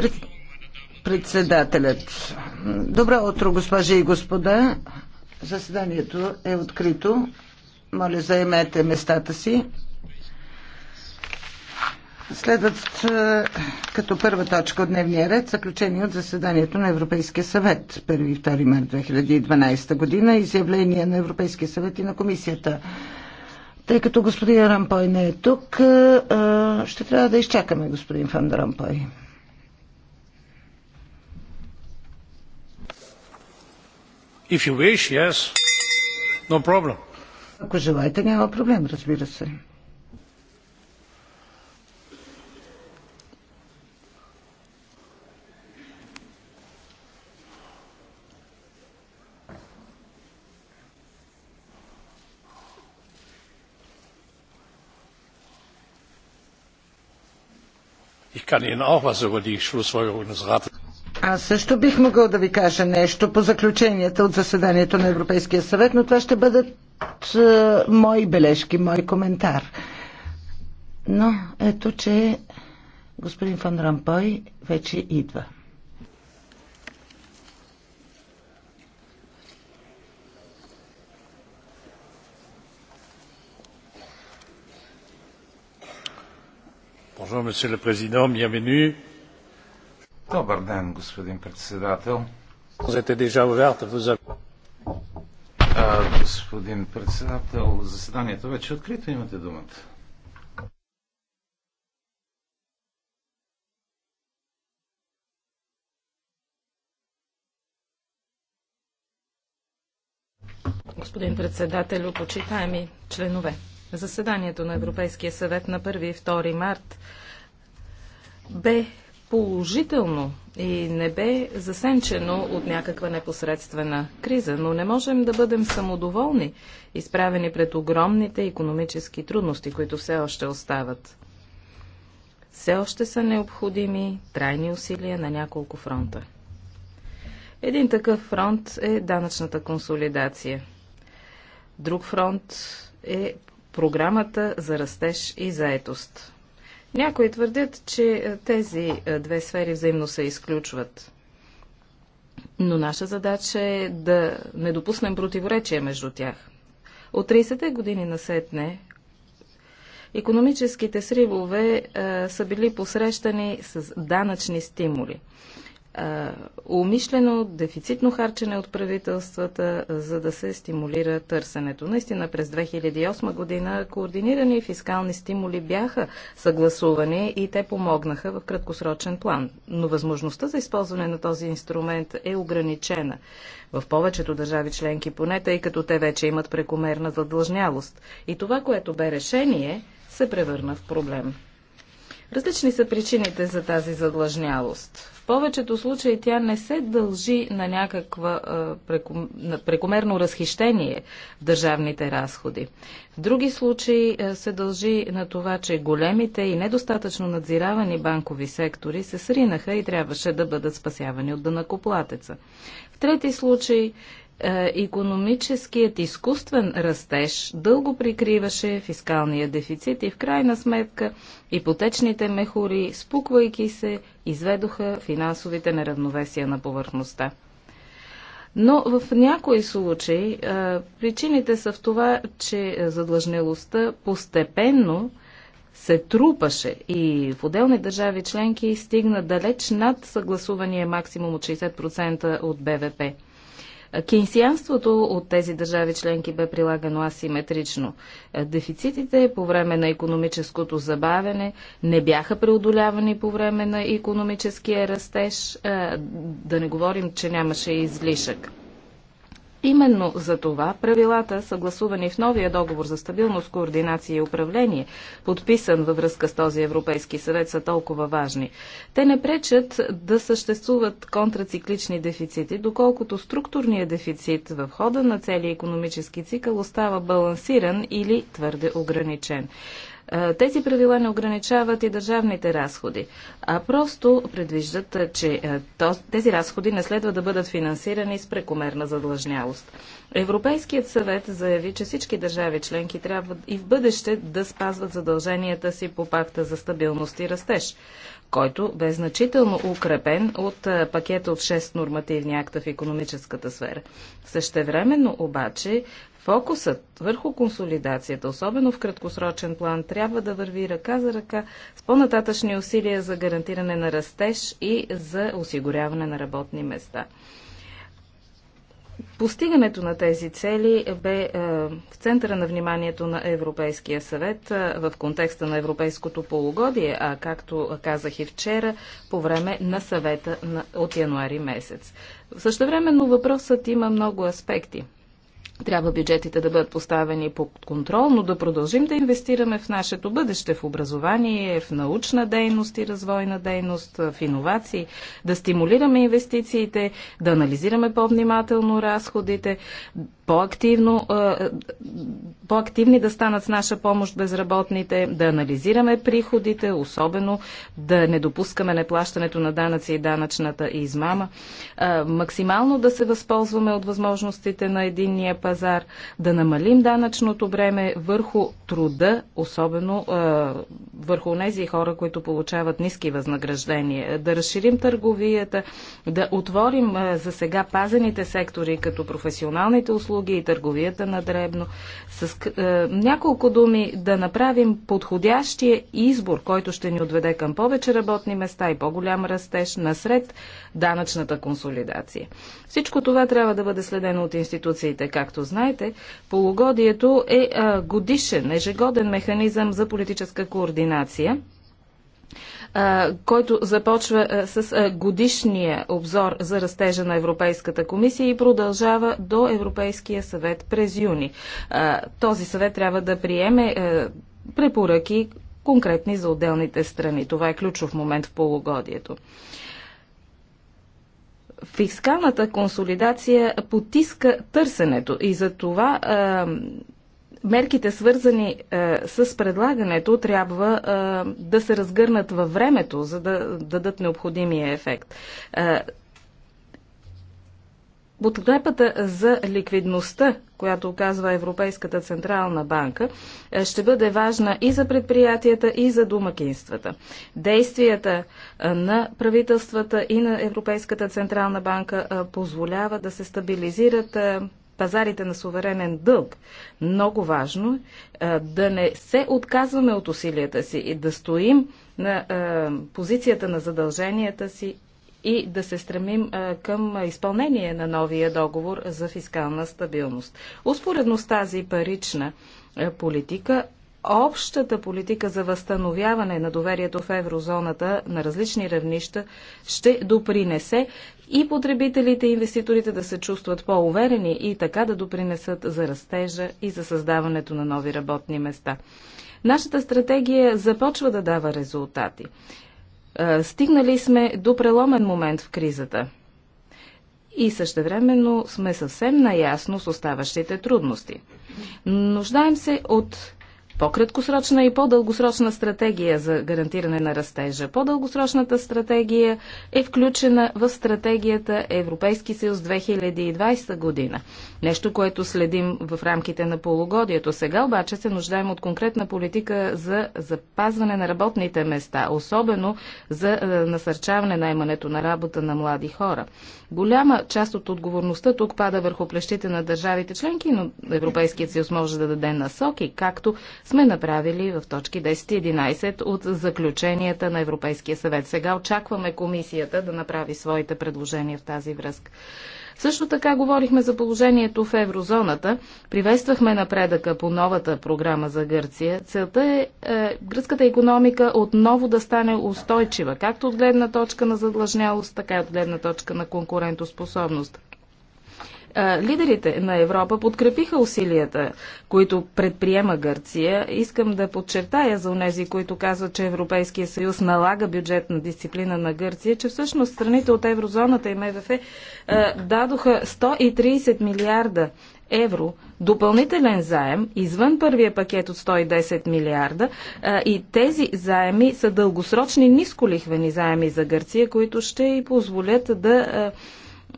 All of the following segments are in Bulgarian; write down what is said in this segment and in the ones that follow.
Пред... Председателят. Добро утро, госпожи и господа. Заседанието е открито. Моля, заемете местата си. Следват е, като първа точка от дневния ред заключение от заседанието на Европейския съвет 1 2 март 2012 година изявление на Европейския съвет и на комисията. Тъй като господин Рампой не е тук, е, е, ще трябва да изчакаме господин Фан Рампой. If you wish, yes. No problem. Ако желаете, няма проблем, разбира се. Ich kann Ihnen auch was über die Schlussfolgerung des Rates. Аз също бих могъл да ви кажа нещо по заключенията от заседанието на Европейския съвет, но това ще бъдат е, мои бележки, мой коментар. Но ето, че господин Фан Рампой вече идва. Bonjour, Monsieur le Président, bienvenue. Добър ден, господин председател. А, господин председател, заседанието вече е открито, имате думата. Господин председател, почитаеми членове, заседанието на Европейския съвет на 1 и 2 март бе положително и не бе засенчено от някаква непосредствена криза, но не можем да бъдем самодоволни, изправени пред огромните економически трудности, които все още остават. Все още са необходими трайни усилия на няколко фронта. Един такъв фронт е данъчната консолидация. Друг фронт е програмата за растеж и заетост. Някои твърдят, че е, тези е, две сфери взаимно се изключват. Но наша задача е да не допуснем противоречие между тях. От 30-те години насетне економическите сривове а, е, са били посрещани с данъчни стимули умишлено дефицитно харчене от правителствата, за да се стимулира търсенето. Наистина през 2008 година координирани фискални стимули бяха съгласувани и те помогнаха в краткосрочен план. Но възможността за използване на този инструмент е ограничена в повечето държави членки поне, тъй като те вече имат прекомерна задлъжнялост. И това, което бе решение, се превърна в проблем. Различни са причините за тази задлъжнялост. В повечето случаи тя не се дължи на някаква на прекомерно разхищение в държавните разходи. В други случаи се дължи на това, че големите и недостатъчно надзиравани банкови сектори се сринаха и трябваше да бъдат спасявани от дънакоплатеца. В трети случаи економическият изкуствен растеж дълго прикриваше фискалния дефицит и в крайна сметка ипотечните мехури, спуквайки се, изведоха финансовите неравновесия на повърхността. Но в някои случаи е, причините са в това, че задлъжнелостта постепенно се трупаше и в отделни държави членки стигна далеч над съгласувания максимум от 60% от БВП. Кейнсианството от тези държави членки бе прилагано асиметрично. Е, дефицитите по време на економическото забавяне не бяха преодолявани по време на економическия растеж, е, да не говорим, че нямаше излишък. Именно за това правилата, съгласувани в новия договор за стабилност, координация и управление, подписан във връзка с този Европейски съвет, са толкова важни. Те не пречат да съществуват контрациклични дефицити, доколкото структурният дефицит в хода на целия економически цикъл остава балансиран или твърде ограничен. Е, тези правила не ограничават и държавните разходи, а просто предвиждат, е, че е, тези разходи не следва да бъдат финансирани с прекомерна задлъжнялост. Европейският съвет заяви, че всички държави членки трябва и в бъдеще да спазват задълженията си по пакта за стабилност и растеж който бе значително укрепен от пакета от 6 нормативни акта в економическата сфера. Същевременно обаче Фокусът върху консолидацията, особено в краткосрочен план, трябва да върви ръка за ръка с по-нататъчни усилия за гарантиране на растеж и за осигуряване на работни места. Постигането на тези цели бе е, в центъра на вниманието на Европейския съвет е, в контекста на европейското полугодие, а както казах и вчера, по време на съвета на, от януари месец. Същевременно въпросът има много аспекти. Трябва бюджетите да бъдат поставени под контрол, но да продължим да инвестираме в нашето бъдеще, в образование, в научна дейност и развойна дейност, в иновации, да стимулираме инвестициите, да анализираме по-внимателно разходите, по-активно, по-активни да станат с наша помощ безработните, да анализираме приходите, особено да не допускаме неплащането на данъци и данъчната измама, максимално да се възползваме от възможностите на единния пазар, да намалим данъчното бреме върху труда, особено върху тези хора, които получават ниски възнаграждения, да разширим търговията, да отворим за сега пазените сектори, като професионалните услуги, услуги и търговията на дребно. С е, няколко думи да направим подходящия избор, който ще ни отведе към повече работни места и по-голям растеж насред данъчната консолидация. Всичко това трябва да бъде следено от институциите. Както знаете, полугодието е, е годишен, ежегоден механизъм за политическа координация – който започва с годишния обзор за растежа на Европейската комисия и продължава до Европейския съвет през юни. Този съвет трябва да приеме препоръки конкретни за отделните страни. Това е ключов момент в полугодието. Фискалната консолидация потиска търсенето и за това мерките свързани е, с предлагането трябва е, да се разгърнат във времето, за да дадат необходимия ефект. Е, подкрепата за ликвидността, която оказва Европейската Централна банка, ще бъде важна и за предприятията, и за домакинствата. Действията на правителствата и на Европейската Централна банка позволява да се стабилизират пазарите на суверенен дълг. Много важно е да не се отказваме от усилията си и да стоим на позицията на задълженията си и да се стремим към изпълнение на новия договор за фискална стабилност. Успоредно с тази парична политика, общата политика за възстановяване на доверието в еврозоната на различни равнища ще допринесе и потребителите и инвеститорите да се чувстват по-уверени и така да допринесат за растежа и за създаването на нови работни места. Нашата стратегия започва да дава резултати. Е, стигнали сме до преломен момент в кризата и същевременно сме съвсем наясно с оставащите трудности. Нуждаем се от по-краткосрочна и по-дългосрочна стратегия за гарантиране на растежа. По-дългосрочната стратегия е включена в стратегията Европейски съюз 2020 година. Нещо, което следим в рамките на полугодието. Сега обаче се нуждаем от конкретна политика за запазване на работните места, особено за е, насърчаване наемането на работа на млади хора. Голяма част от отговорността тук пада върху плещите на държавите членки, но Европейският съюз може да даде насоки, както сме направили в точки 10 и 11 от заключенията на Европейския съвет. Сега очакваме комисията да направи своите предложения в тази връзка. Също така говорихме за положението в еврозоната. Приветствахме напредъка по новата програма за Гърция. Целта е, е гръцката економика отново да стане устойчива, както от гледна точка на задлъжнялост, така и от гледна точка на конкурентоспособност. Лидерите на Европа подкрепиха усилията, които предприема Гърция. Искам да подчертая за онези, които казват, че Европейския съюз налага бюджетна дисциплина на Гърция, че всъщност страните от еврозоната и МВФ дадоха 130 милиарда евро допълнителен заем извън първия пакет от 110 милиарда и тези заеми са дългосрочни нисколихвени заеми за Гърция, които ще й позволят да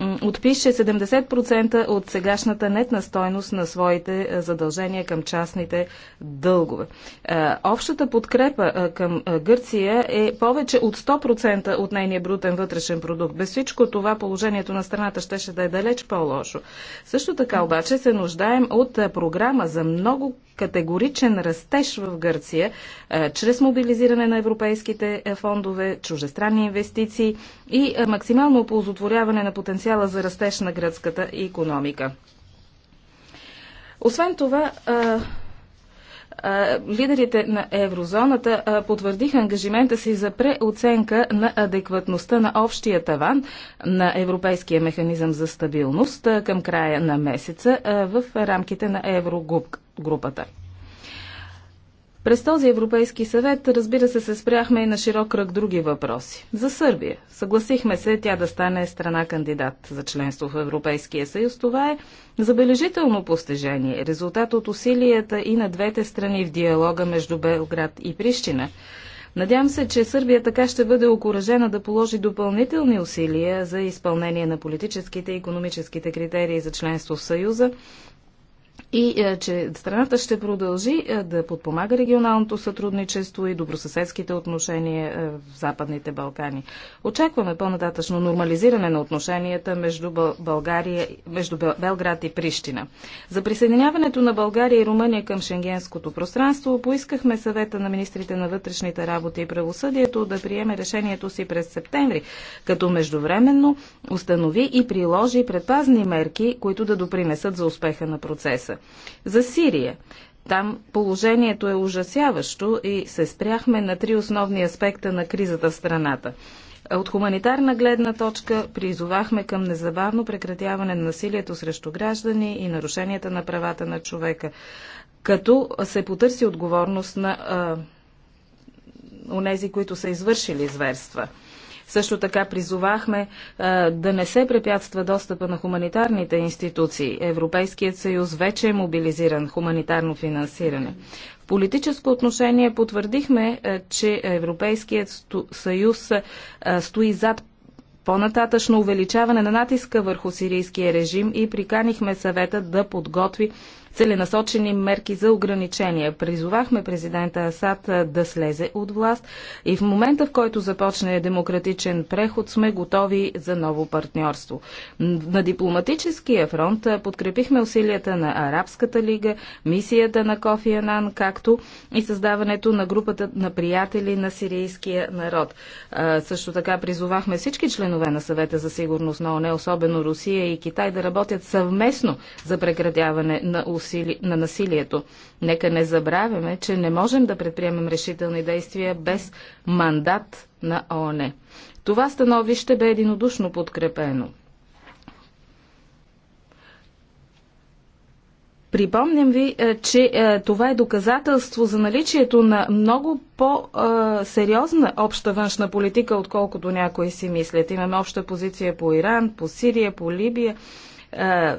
отпише 70% от сегашната нетна стойност на своите е, задължения към частните дългове. Е, общата подкрепа е, към Гърция е повече от 100% от нейния брутен вътрешен продукт. Без всичко това положението на страната щеше да е далеч по-лошо. Също така обаче се нуждаем от програма за много категоричен растеж в Гърция чрез мобилизиране на европейските фондове, чужестранни инвестиции и максимално оползотворяване на потенциалите потенциала за растеж на гръцката економика. Освен това, лидерите на еврозоната потвърдиха ангажимента си за преоценка на адекватността на общия таван на Европейския механизъм за стабилност към края на месеца в рамките на еврогрупата. През този Европейски съвет, разбира се, се спряхме и на широк кръг други въпроси. За Сърбия. Съгласихме се тя да стане страна кандидат за членство в Европейския съюз. Това е забележително постижение, резултат от усилията и на двете страни в диалога между Белград и Прищина. Надявам се, че Сърбия така ще бъде окоръжена да положи допълнителни усилия за изпълнение на политическите и економическите критерии за членство в Съюза, и е, че страната ще продължи е, да подпомага регионалното сътрудничество и добросъседските отношения е, в Западните Балкани. Очакваме по-нататъчно нормализиране на отношенията между, България, между Белград и Прищина. За присъединяването на България и Румъния към шенгенското пространство поискахме съвета на министрите на вътрешните работи и правосъдието да приеме решението си през септември, като междувременно установи и приложи предпазни мерки, които да допринесат за успеха на процеса. За Сирия. Там положението е ужасяващо и се спряхме на три основни аспекта на кризата в страната. От хуманитарна гледна точка призовахме към незабавно прекратяване на насилието срещу граждани и нарушенията на правата на човека, като се потърси отговорност на онези, които са извършили зверства. Също така призовахме да не се препятства достъпа на хуманитарните институции. Европейският съюз вече е мобилизиран хуманитарно финансиране. В политическо отношение потвърдихме, че Европейският съюз стои зад по-нататъчно увеличаване на натиска върху сирийския режим и приканихме съвета да подготви целенасочени мерки за ограничения. Призовахме президента Асад да слезе от власт и в момента, в който започне демократичен преход, сме готови за ново партньорство. На дипломатическия фронт подкрепихме усилията на Арабската лига, мисията на Кофи Анан, както и създаването на групата на приятели на сирийския народ. А, също така призовахме всички членове на съвета за сигурност на ОНЕ, особено Русия и Китай, да работят съвместно за прекратяване на усили... на насилието. Нека не забравяме, че не можем да предприемем решителни действия без мандат на ООН. Това становище бе единодушно подкрепено. Припомням ви, е, че е, това е доказателство за наличието на много по-сериозна обща външна политика, отколкото някои си мислят. Имаме обща позиция по Иран, по Сирия, по Либия. Е,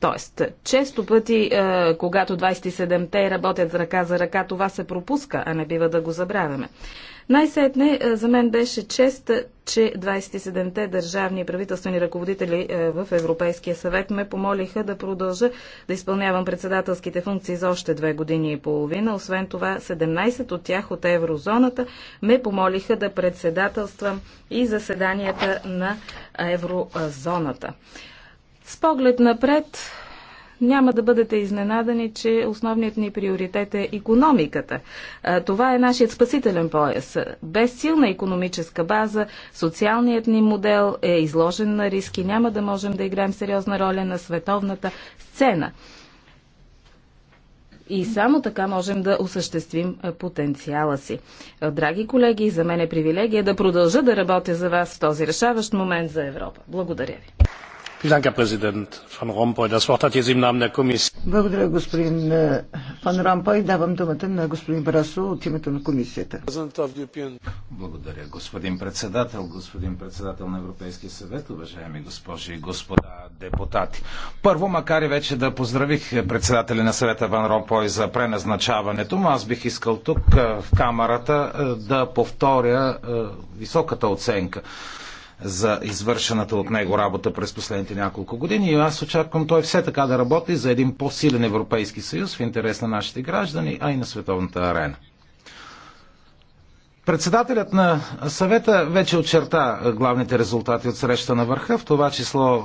Тоест, често пъти, е, когато 27-те работят ръка за ръка, това се пропуска, а не бива да го забравяме. Най-сетне е, за мен беше чест, че 27-те държавни и правителствени ръководители е, в Европейския съвет ме помолиха да продължа да изпълнявам председателските функции за още две години и половина. Освен това, 17 от тях от еврозоната ме помолиха да председателствам и заседанията на еврозоната. С поглед напред, няма да бъдете изненадани, че основният ни приоритет е економиката. Това е нашият спасителен пояс. Без силна економическа база, социалният ни модел е изложен на риски. Няма да можем да играем сериозна роля на световната сцена. И само така можем да осъществим потенциала си. Драги колеги, за мен е привилегия да продължа да работя за вас в този решаващ момент за Европа. Благодаря ви. Благодаря, господин е, Фан Ромпой. Давам думата на господин Барасо от името на комисията. Благодаря, господин председател, господин председател на Европейския съвет, уважаеми госпожи и господа депутати. Първо, макар и вече да поздравих председателя на съвета Ван Ромпой за преназначаването но аз бих искал тук е, в камерата е, да повторя високата оценка за извършената от него работа през последните няколко години и аз очаквам той все така да работи за един по-силен Европейски съюз в интерес на нашите граждани, а и на световната арена. Председателят на съвета вече очерта главните резултати от среща на върха, в това число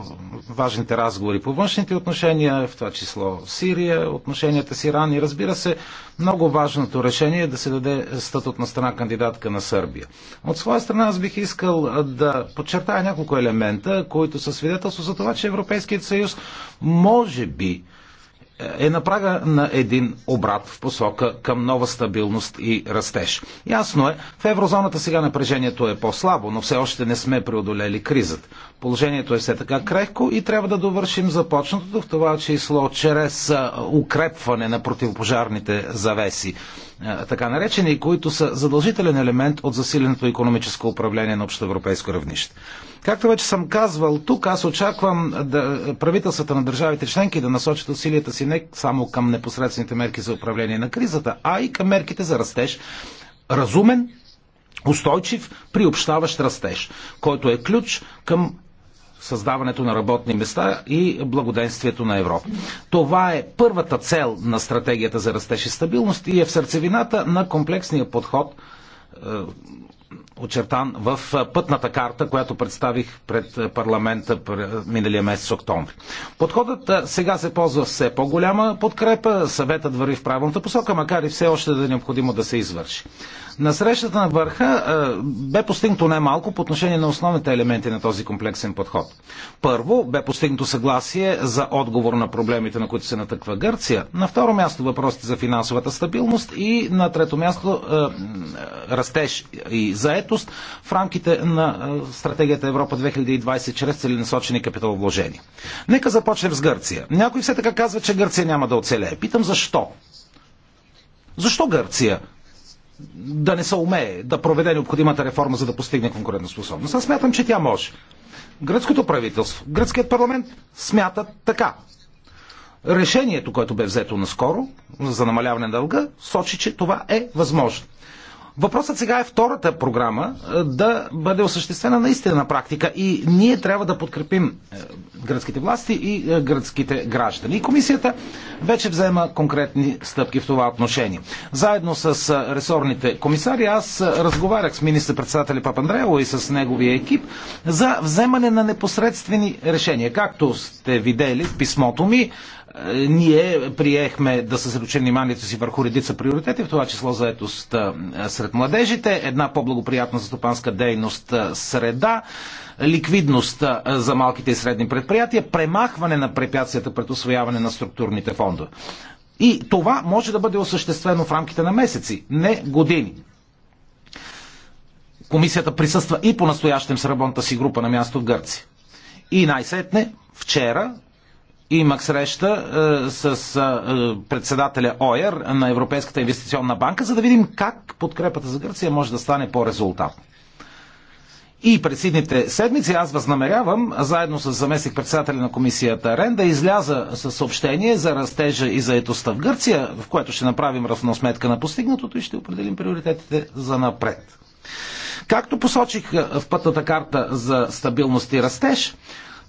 важните разговори по външните отношения, в това число Сирия, отношенията с Иран и разбира се, много важното решение е да се даде статут на страна кандидатка на Сърбия. От своя страна аз бих искал да подчертая няколко елемента, които са свидетелство за това, че Европейският съюз може би е на прага на един обрат в посока към нова стабилност и растеж. Ясно е, в еврозоната сега напрежението е по-слабо, но все още не сме преодолели кризата. Положението е все така крехко и трябва да довършим започнатото в това число чрез укрепване на противопожарните завеси, така наречени, които са задължителен елемент от засиленото економическо управление на общоевропейско равнище. Както вече съм казвал, тук аз очаквам да, правителствата на държавите членки да насочат усилията си не само към непосредствените мерки за управление на кризата, а и към мерките за растеж. Разумен, устойчив, приобщаващ растеж, който е ключ към създаването на работни места и благоденствието на Европа. Това е първата цел на стратегията за растеж и стабилност и е в сърцевината на комплексния подход е, очертан в пътната карта, която представих пред парламента миналия месец октомври. Подходът сега се ползва все по-голяма подкрепа, съветът върви в правилната посока, макар и все още да е необходимо да се извърши. На срещата на върха бе постигнато най-малко по отношение на основните елементи на този комплексен подход. Първо, бе постигнато съгласие за отговор на проблемите, на които се натъква Гърция. На второ място въпросите за финансовата стабилност и на трето място растеж и заед заетост в рамките на стратегията Европа 2020 чрез целенасочени капиталовложения. Нека започнем с Гърция. Някой все така казва, че Гърция няма да оцелее. Питам защо? Защо Гърция? да не се умее да проведе необходимата реформа, за да постигне конкурентоспособност. Аз смятам, че тя може. Гръцкото правителство, гръцкият парламент смятат така. Решението, което бе взето наскоро за намаляване на дълга, сочи, че това е възможно. Въпросът сега е втората програма е, да бъде осъществена наистина на практика и ние трябва да подкрепим е, гръцките власти и е, гръцките граждани. И комисията вече взема конкретни стъпки в това отношение. Заедно с ресорните комисари аз разговарях с министър-председателя Папандрео и с неговия екип за вземане на непосредствени решения. Както сте видели в писмото ми, ние приехме да съсредоточим вниманието си върху редица приоритети, в това число заетост сред младежите, една по-благоприятна за стопанска дейност среда, ликвидност за малките и средни предприятия, премахване на препятствията пред освояване на структурните фондове. И това може да бъде осъществено в рамките на месеци, не години. Комисията присъства и по настоящем с работната си група на място в Гърция. И най-сетне, вчера имах среща е, с е, председателя ОЕР на Европейската инвестиционна банка, за да видим как подкрепата за Гърция може да стане по-резултатна. И през идните седмици аз възнамерявам, заедно с заместник председателя на комисията Рен, да изляза с съобщение за растежа и заетостта в Гърция, в което ще направим равносметка на постигнатото и ще определим приоритетите за напред. Както посочих е, в пътната карта за стабилност и растеж,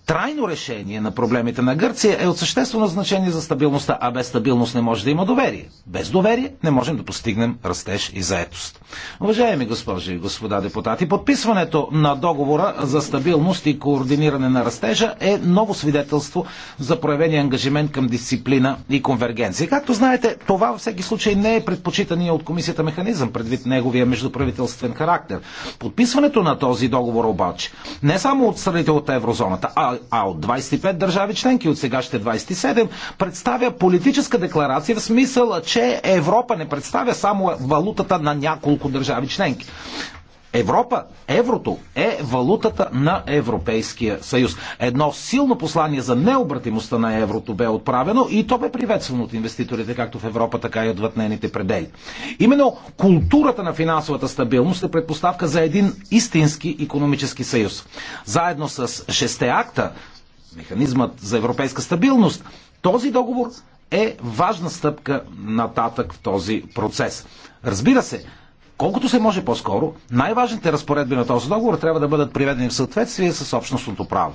трайно решение на проблемите на Гърция е от съществено значение за стабилността, а без стабилност не може да има доверие. Без доверие не можем да постигнем растеж и заетост. Уважаеми госпожи и господа депутати, подписването на договора за стабилност и координиране на растежа е ново свидетелство за проявения ангажимент към дисциплина и конвергенция. Както знаете, това във всеки случай не е предпочитания от комисията механизъм, предвид неговия междуправителствен характер. Подписването на този договор обаче не само от страните от еврозоната, а а от 25 държави членки, от сега ще 27, представя политическа декларация в смисъл, че Европа не представя само валутата на няколко държави членки. Европа, еврото е валутата на Европейския съюз. Едно силно послание за необратимостта на еврото бе отправено и то бе приветствано от инвеститорите както в Европа, така и отвъд нейните предели. Именно културата на финансовата стабилност е предпоставка за един истински економически съюз. Заедно с шесте акта, механизмът за европейска стабилност, този договор е важна стъпка нататък в този процес. Разбира се, колкото се може по-скоро, най-важните разпоредби на този договор трябва да бъдат приведени в съответствие с общностното право.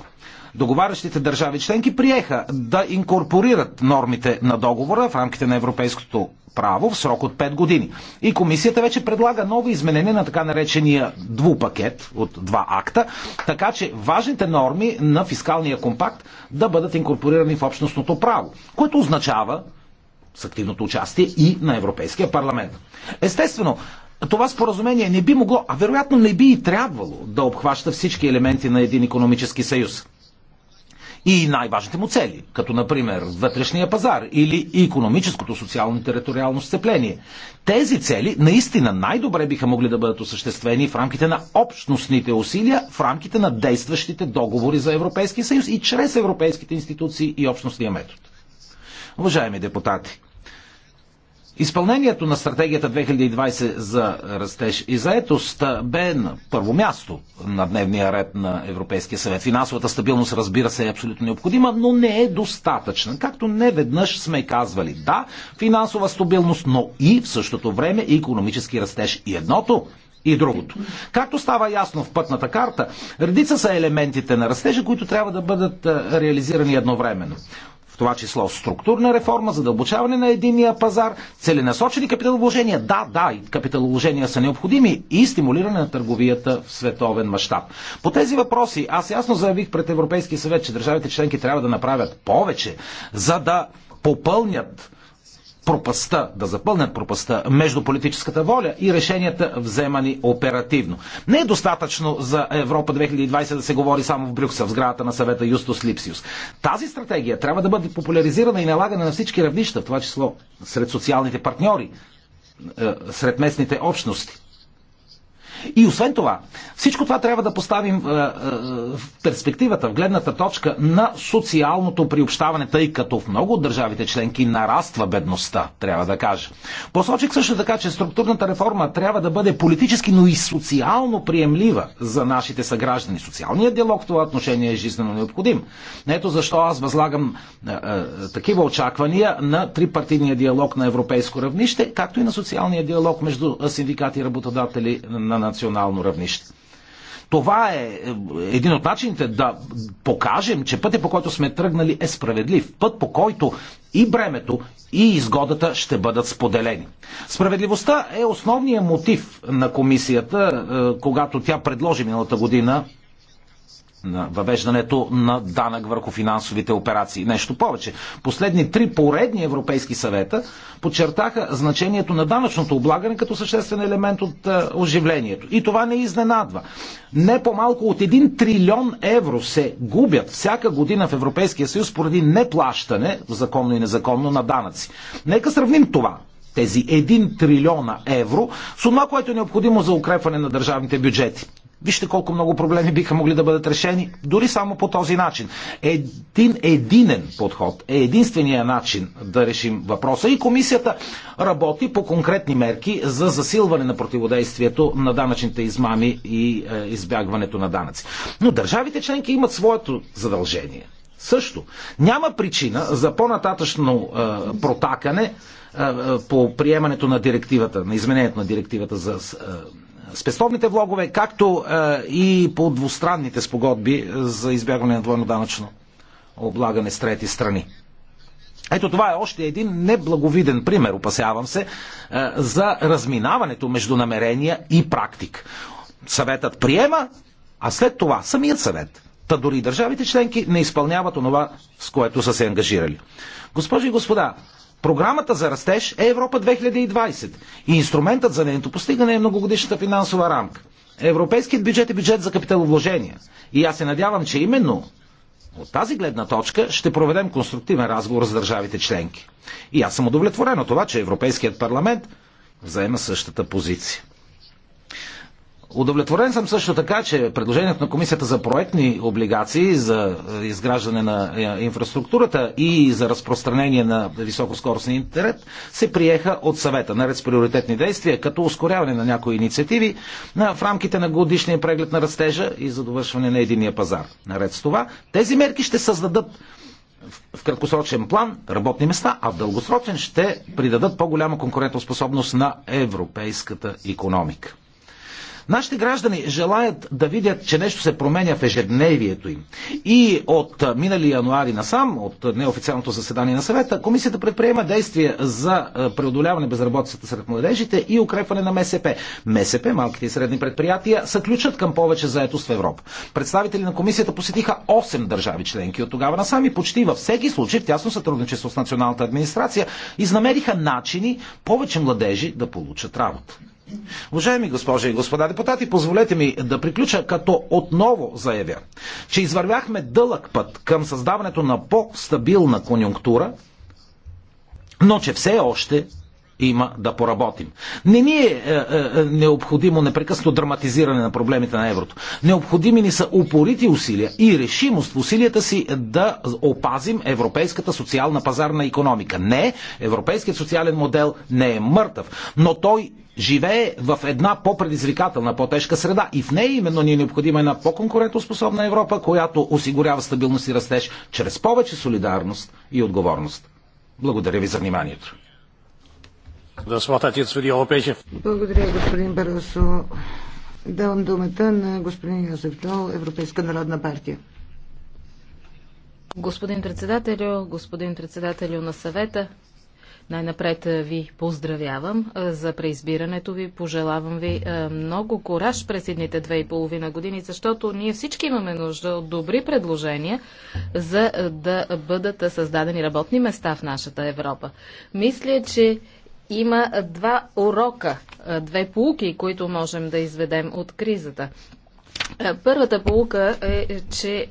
Договарящите държави членки приеха да инкорпорират нормите на договора в рамките на европейското право в срок от 5 години. И комисията вече предлага нови изменения на така наречения двупакет от два акта, така че важните норми на фискалния компакт да бъдат инкорпорирани в общностното право, което означава с активното участие и на Европейския парламент. Естествено, това споразумение не би могло, а вероятно не би и трябвало да обхваща всички елементи на един економически съюз. И най-важните му цели, като например вътрешния пазар или економическото, социално и териториално сцепление. Тези цели наистина най-добре биха могли да бъдат осъществени в рамките на общностните усилия, в рамките на действащите договори за Европейския съюз и чрез европейските институции и общностния метод. Уважаеми депутати, Изпълнението на стратегията 2020 за растеж и заетост бе на първо място на дневния ред на Европейския съвет. Финансовата стабилност, разбира се, е абсолютно необходима, но не е достатъчна. Както не веднъж сме казвали, да, финансова стабилност, но и в същото време и економически растеж. И едното и другото. Както става ясно в пътната карта, редица са елементите на растежа, които трябва да бъдат реализирани едновременно в това число структурна реформа, задълбочаване на единния пазар, целенасочени капиталовложения. Да, да, и капиталовложения са необходими и стимулиране на търговията в световен мащаб. По тези въпроси аз ясно заявих пред Европейския съвет, че държавите членки трябва да направят повече, за да попълнят пропаста, да запълнят пропаста между политическата воля и решенията вземани оперативно. Не е достатъчно за Европа 2020 да се говори само в Брюксел, в сградата на съвета Юстос Липсиус. Тази стратегия трябва да бъде популяризирана и налагана на всички равнища, в това число сред социалните партньори, е, сред местните общности. И освен това, всичко това трябва да поставим е, е, в перспективата, в гледната точка на социалното приобщаване, тъй като в много от държавите членки нараства бедността, трябва да кажа. Посочих също така, че структурната реформа трябва да бъде политически, но и социално приемлива за нашите съграждани. Социалният диалог в това отношение е жизненно необходим. Ето защо аз възлагам а, е, а, такива очаквания на трипартийния диалог на европейско равнище, както и на социалния диалог между синдикати и работодатели на национално равнище. Това е, е един от начините да покажем, че пътя по който сме тръгнали е справедлив. Път по който и бремето, и изгодата ще бъдат споделени. Справедливостта е основният мотив на комисията, е, когато тя предложи миналата година на въвеждането на данък върху финансовите операции. Нещо повече. Последни три поредни европейски съвета подчертаха значението на данъчното облагане като съществен елемент от е, оживлението. И това не изненадва. Не по-малко от 1 трилион евро се губят всяка година в Европейския съюз поради неплащане, законно и незаконно, на данъци. Нека сравним това тези 1 трилиона евро с това, което е необходимо за укрепване на държавните бюджети. Вижте колко много проблеми биха могли да бъдат решени, дори само по този начин. Един единен подход е единствения начин да решим въпроса и комисията работи по конкретни мерки за засилване на противодействието на данъчните измами и е, избягването на данъци. Но държавите членки имат своето задължение. Също няма причина за по-нататъчно е, протакане е, е по приемането на директивата, на изменението на директивата за е, спестовните влогове, както е, и по двустранните спогодби е, за избягване на двойно данъчно облагане с трети страни. Ето това е още един неблаговиден пример, опасявам се, е, за разминаването между намерения и практик. Съветът приема, а след това самият съвет. Та дори държавите членки не изпълняват онова, с което са се ангажирали. Госпожи и господа, Програмата за растеж е Европа 2020 и инструментът за нейното постигане е многогодишната финансова рамка. Европейският бюджет е бюджет за капиталовложения. И аз се надявам, че именно от тази гледна точка ще проведем конструктивен разговор с държавите членки. И аз съм удовлетворен от това, че Европейският парламент взема същата позиция. Удовлетворен съм също така, че предложението на Комисията за проектни облигации за е, изграждане на е, инфраструктурата и за разпространение на високоскоростния интернет се приеха от съвета, наред с приоритетни действия, като ускоряване на някои инициативи в рамките на годишния преглед на растежа и за довършване на единия пазар. Наред с това, тези мерки ще създадат в краткосрочен план работни места, а в дългосрочен ще придадат по-голяма конкурентоспособност на европейската економика. Нашите граждани желаят да видят, че нещо се променя в ежедневието им. И от минали януари насам, от неофициалното заседание на съвета, комисията предприема действия за преодоляване безработицата сред младежите и укрепване на МСП. МСП, малките и средни предприятия, са ключът към повече заетост в Европа. Представители на комисията посетиха 8 държави членки от тогава насам и почти във всеки случай в тясно сътрудничество с националната администрация изнамериха начини повече младежи да получат работа. Уважаеми госпожи и господа депутати, позволете ми да приключа, като отново заявя, че извървяхме дълъг път към създаването на по-стабилна конюнктура, но че все още има да поработим. Не ни е, е, е необходимо непрекъснато драматизиране на проблемите на еврото. Необходими ни са упорити усилия и решимост в усилията си да опазим европейската социална пазарна економика. Не, европейският социален модел не е мъртъв, но той живее в една по-предизвикателна, по-тежка среда. И в нея именно ни е необходима една по-конкурентоспособна Европа, която осигурява стабилност и растеж чрез повече солидарност и отговорност. Благодаря ви за вниманието. Благодаря, господин Баросо. Давам думата на господин Йозеф Дол, Европейска народна партия. Господин председателю, господин председателю на съвета, най-напред ви поздравявам за преизбирането ви. Пожелавам ви много кораж през едните две и половина години, защото ние всички имаме нужда от добри предложения, за да бъдат създадени работни места в нашата Европа. Мисля, че има два урока, две полуки, които можем да изведем от кризата. Първата полука е, че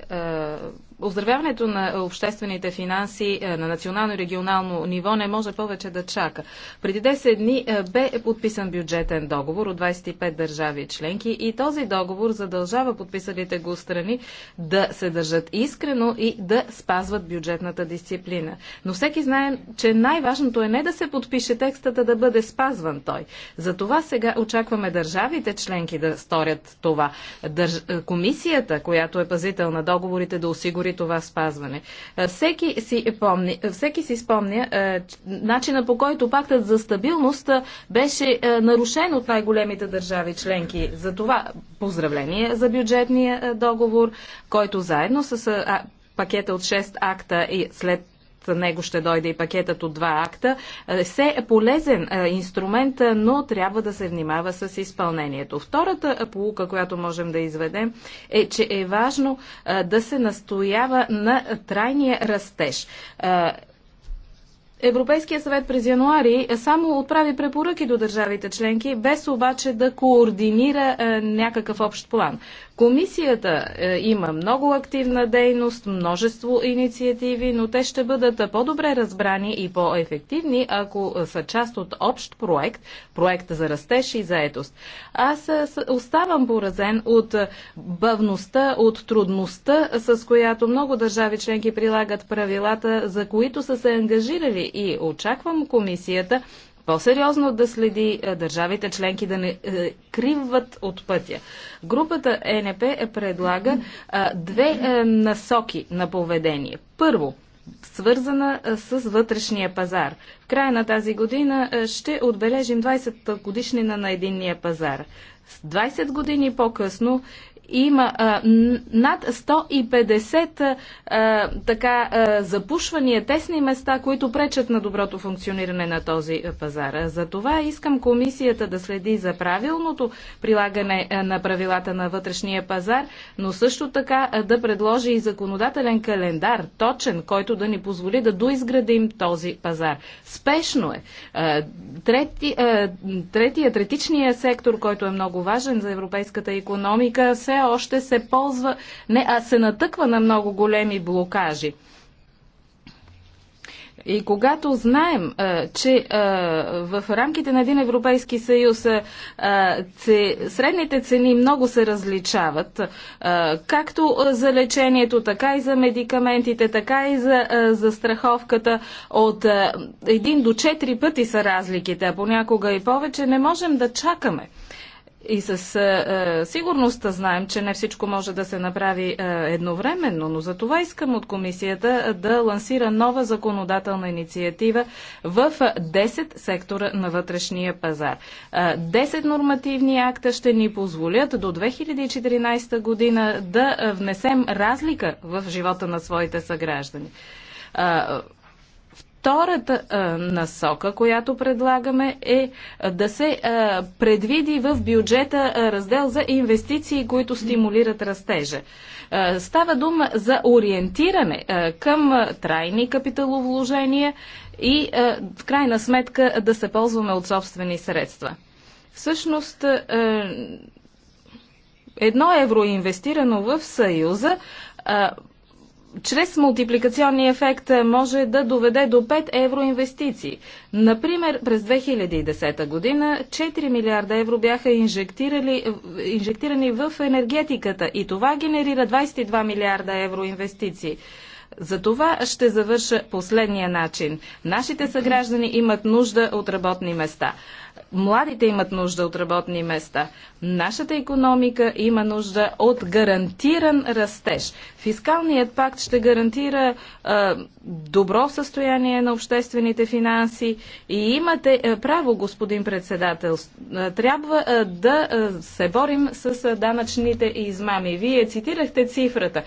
Оздравяването на обществените финанси е, на национално и регионално ниво не може повече да чака. Преди 10 дни е, бе подписан бюджетен договор от 25 държави членки и този договор задължава подписалите го страни да се държат искрено и да спазват бюджетната дисциплина. Но всеки знае, че най-важното е не да се подпише текстът, а да бъде спазван той. Затова сега очакваме държавите членки да сторят това. Е, комисията, която е пазител на договорите, да осигури при това спазване. Всеки си, помни, всеки си спомня начина по който пактът за стабилност беше нарушен от най-големите държави членки. За това поздравление за бюджетния договор, който заедно с пакета от 6 акта и след него ще дойде и пакетът от два акта, е, се е полезен е, инструмент, е, но трябва да се внимава с изпълнението. Втората полука, която можем да изведем, е, че е важно да се настоява на трайния растеж. Европейския съвет през януари само отправи препоръки до държавите членки, без обаче да координира някакъв общ план. Комисията е, има много активна дейност, множество инициативи, но те ще бъдат по-добре разбрани и по-ефективни, ако са част от общ проект, проект за растеж и заетост. Аз е, оставам поразен от е, бавността, от трудността, с която много държави членки прилагат правилата, за които са се ангажирали и очаквам комисията по-сериозно да следи е, държавите членки да не е, от пътя. Групата ЕНП е предлага е, две е, насоки на поведение. Първо, свързана е, с вътрешния пазар. В края на тази година е, ще отбележим 20 годишнина на единния пазар. 20 години по-късно има а, над 150 а, така а, запушвания, тесни места, които пречат на доброто функциониране на този пазар. За това искам комисията да следи за правилното прилагане на правилата на вътрешния пазар, но също така да предложи и законодателен календар, точен, който да ни позволи да доизградим този пазар. Спешно е. Трети, третия, третичния сектор, който е много важен за европейската економика, се още се ползва, не, а се натъква на много големи блокажи. И когато знаем, че в рамките на един Европейски съюз средните цени много се различават, както за лечението, така и за медикаментите, така и за застраховката, от един до четири пъти са разликите, а понякога и повече, не можем да чакаме. И с е, е сигурност знаем, че не всичко може да се направи е, едновременно, но за това искам от комисията е, да лансира нова законодателна инициатива в 10 е, сектора на вътрешния пазар. 10 нормативни акта ще ни позволят до 2014 година да внесем разлика в живота на своите съграждани Втората а, насока, която предлагаме е да се а, предвиди в бюджета а, раздел за инвестиции, които стимулират растежа. А, става дума за ориентиране а, към а, трайни капиталовложения и а, в крайна сметка да се ползваме от собствени средства. Всъщност, а, едно евро е инвестирано в Съюза а, чрез мултипликационния ефект е, може да доведе до 5 евро инвестиции. Например, през 2010 година 4 милиарда евро бяха инжектирани в енергетиката и това генерира 22 милиарда евро инвестиции. За това ще завърша последния начин. Нашите съграждани имат нужда от работни места. Младите имат нужда от работни места. Нашата економика има нужда от гарантиран растеж. Фискалният пакт ще гарантира е, добро състояние на обществените финанси. И имате е, право, господин председател. Трябва е, да е, се борим с е, данъчните измами. Вие цитирахте цифрата. Е,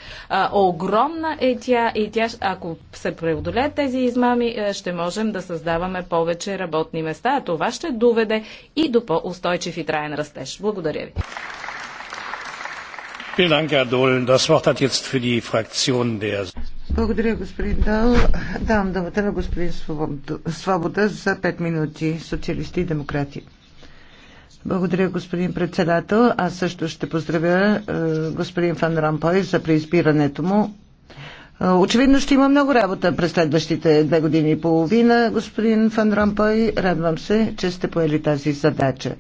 огромна е тя и тя, ако се преодолеят тези измами, е, ще можем да създаваме повече работни места. А това ще доведе доведе и до по-устойчив и траен растеж. Благодаря ви. Благодаря, господин Дал. Давам думата на господин Свобода за 5 минути. Социалисти и демократи. Благодаря, господин председател. Аз също ще поздравя е, господин Фан Рампой за преизбирането му Очевидно ще има много работа през следващите две години и половина, господин Фан Ромпой. Радвам се, че сте поели тази задача.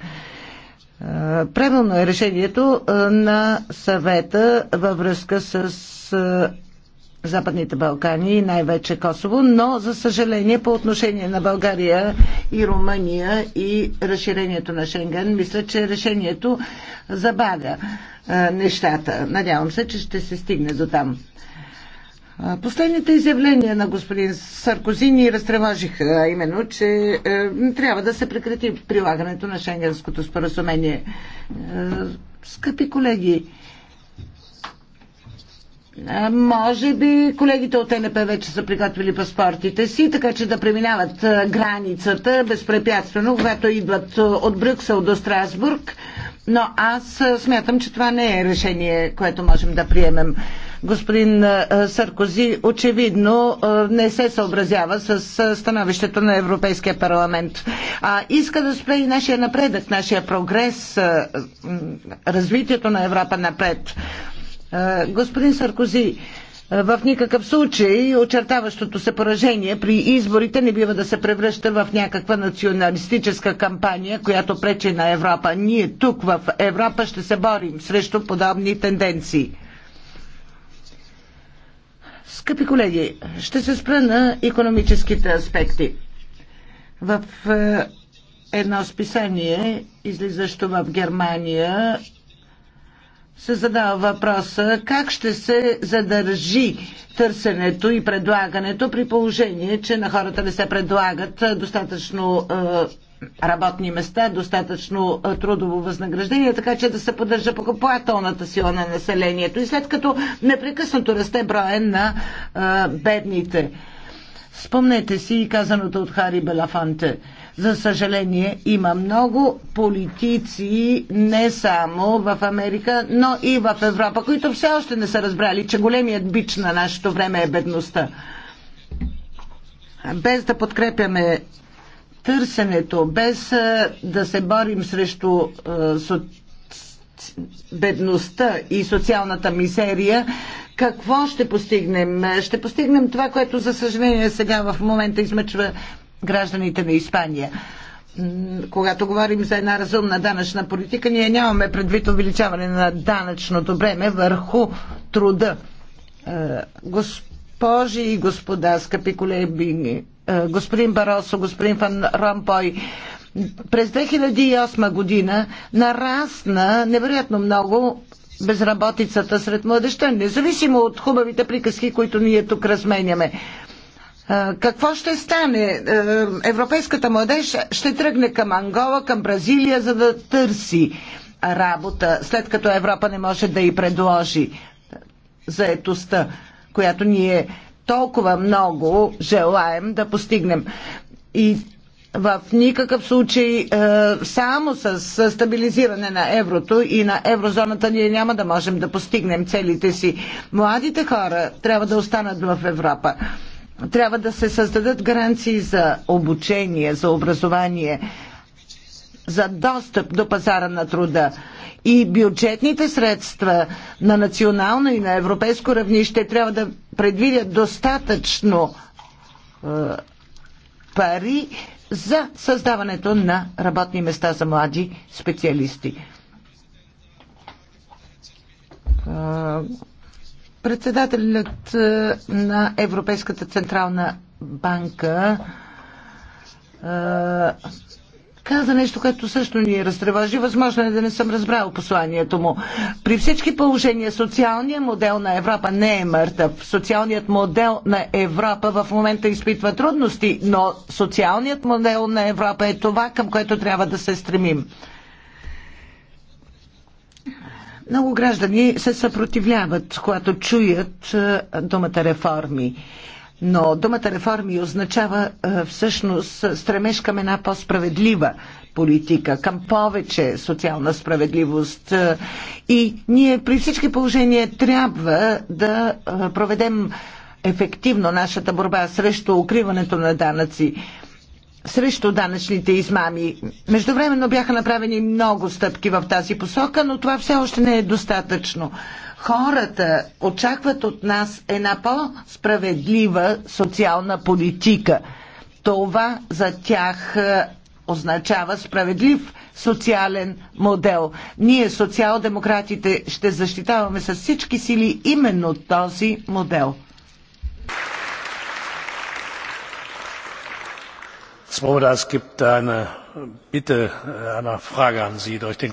Правилно е решението на съвета във връзка с Западните Балкани и най-вече Косово, но за съжаление по отношение на България и Румъния и разширението на Шенген, мисля, че решението забавя нещата. Надявам се, че ще се стигне до там. Последните изявления на господин Саркози ни а именно, че е, трябва да се прекрати прилагането на Шенгенското споразумение. Е, скъпи колеги, е, може би колегите от НП вече са приготвили паспортите си, така че да преминават е, границата безпрепятствено, когато идват е, от Брюксел до Страсбург. Но аз е, смятам, че това не е решение, което можем да приемем господин Саркози очевидно не се съобразява с становището на Европейския парламент. А иска да спре и нашия напредък, нашия прогрес, развитието на Европа напред. Господин Саркози, в никакъв случай очертаващото се поражение при изборите не бива да се превръща в някаква националистическа кампания, която пречи на Европа. Ние тук в Европа ще се борим срещу подобни тенденции. Скъпи колеги, ще се спра на економическите аспекти. В е, едно списание, излизащо в Германия, се задава въпроса как ще се задържи търсенето и предлагането при положение, че на хората не се предлагат достатъчно е, работни места, достатъчно трудово възнаграждение, така че да се поддържа покупателната сила на населението. И след като непрекъснато расте броя на а, бедните. Спомнете си и казаното от Хари Белафанте. За съжаление, има много политици, не само в Америка, но и в Европа, които все още не са разбрали, че големият бич на нашето време е бедността. Без да подкрепяме търсенето, без да се борим срещу бедността и социалната мисерия, какво ще постигнем? Ще постигнем това, което за съжаление сега в момента измъчва гражданите на Испания. Когато говорим за една разумна данъчна политика, ние нямаме предвид увеличаване на данъчното бреме върху труда. Е, госпожи и господа, скъпи колеги, е, господин Баросо, господин Фан Ромпой, през 2008 година нарасна невероятно много безработицата сред младеща, независимо от хубавите приказки, които ние тук разменяме. Е, какво ще стане? Е, европейската младеж ще тръгне към Ангола, към Бразилия, за да търси работа, след като Европа не може да й предложи заетостта, която ние толкова много желаем да постигнем. И в никакъв случай е, само с стабилизиране на еврото и на еврозоната ние няма да можем да постигнем целите си. Младите хора трябва да останат в Европа. Трябва да се създадат гаранции за обучение, за образование, за достъп до пазара на труда и бюджетните средства на национално и на европейско равнище трябва да предвидят достатъчно е, пари за създаването на работни места за млади специалисти. Е, председателят е, на Европейската централна банка е, каза нещо, което също ни разтревожи. Възможно е да не съм разбрал посланието му. При всички положения социалният модел на Европа не е мъртъв. Социалният модел на Европа в момента изпитва трудности, но социалният модел на Европа е това, към което трябва да се стремим. Много граждани се съпротивляват, когато чуят думата реформи. Но думата реформи означава е, всъщност стремеж към една по-справедлива политика, към повече социална справедливост. Е, и ние при всички положения трябва да е, проведем ефективно нашата борба срещу укриването на данъци срещу данъчните измами. Междувременно бяха направени много стъпки в тази посока, но това все още не е достатъчно. Хората очакват от нас една по-справедлива социална политика. Това за тях е, означава справедлив социален модел. Ние, социал-демократите, ще защитаваме с всички сили именно този модел. Свобода, es gibt eine bitte einer frage an sie durch den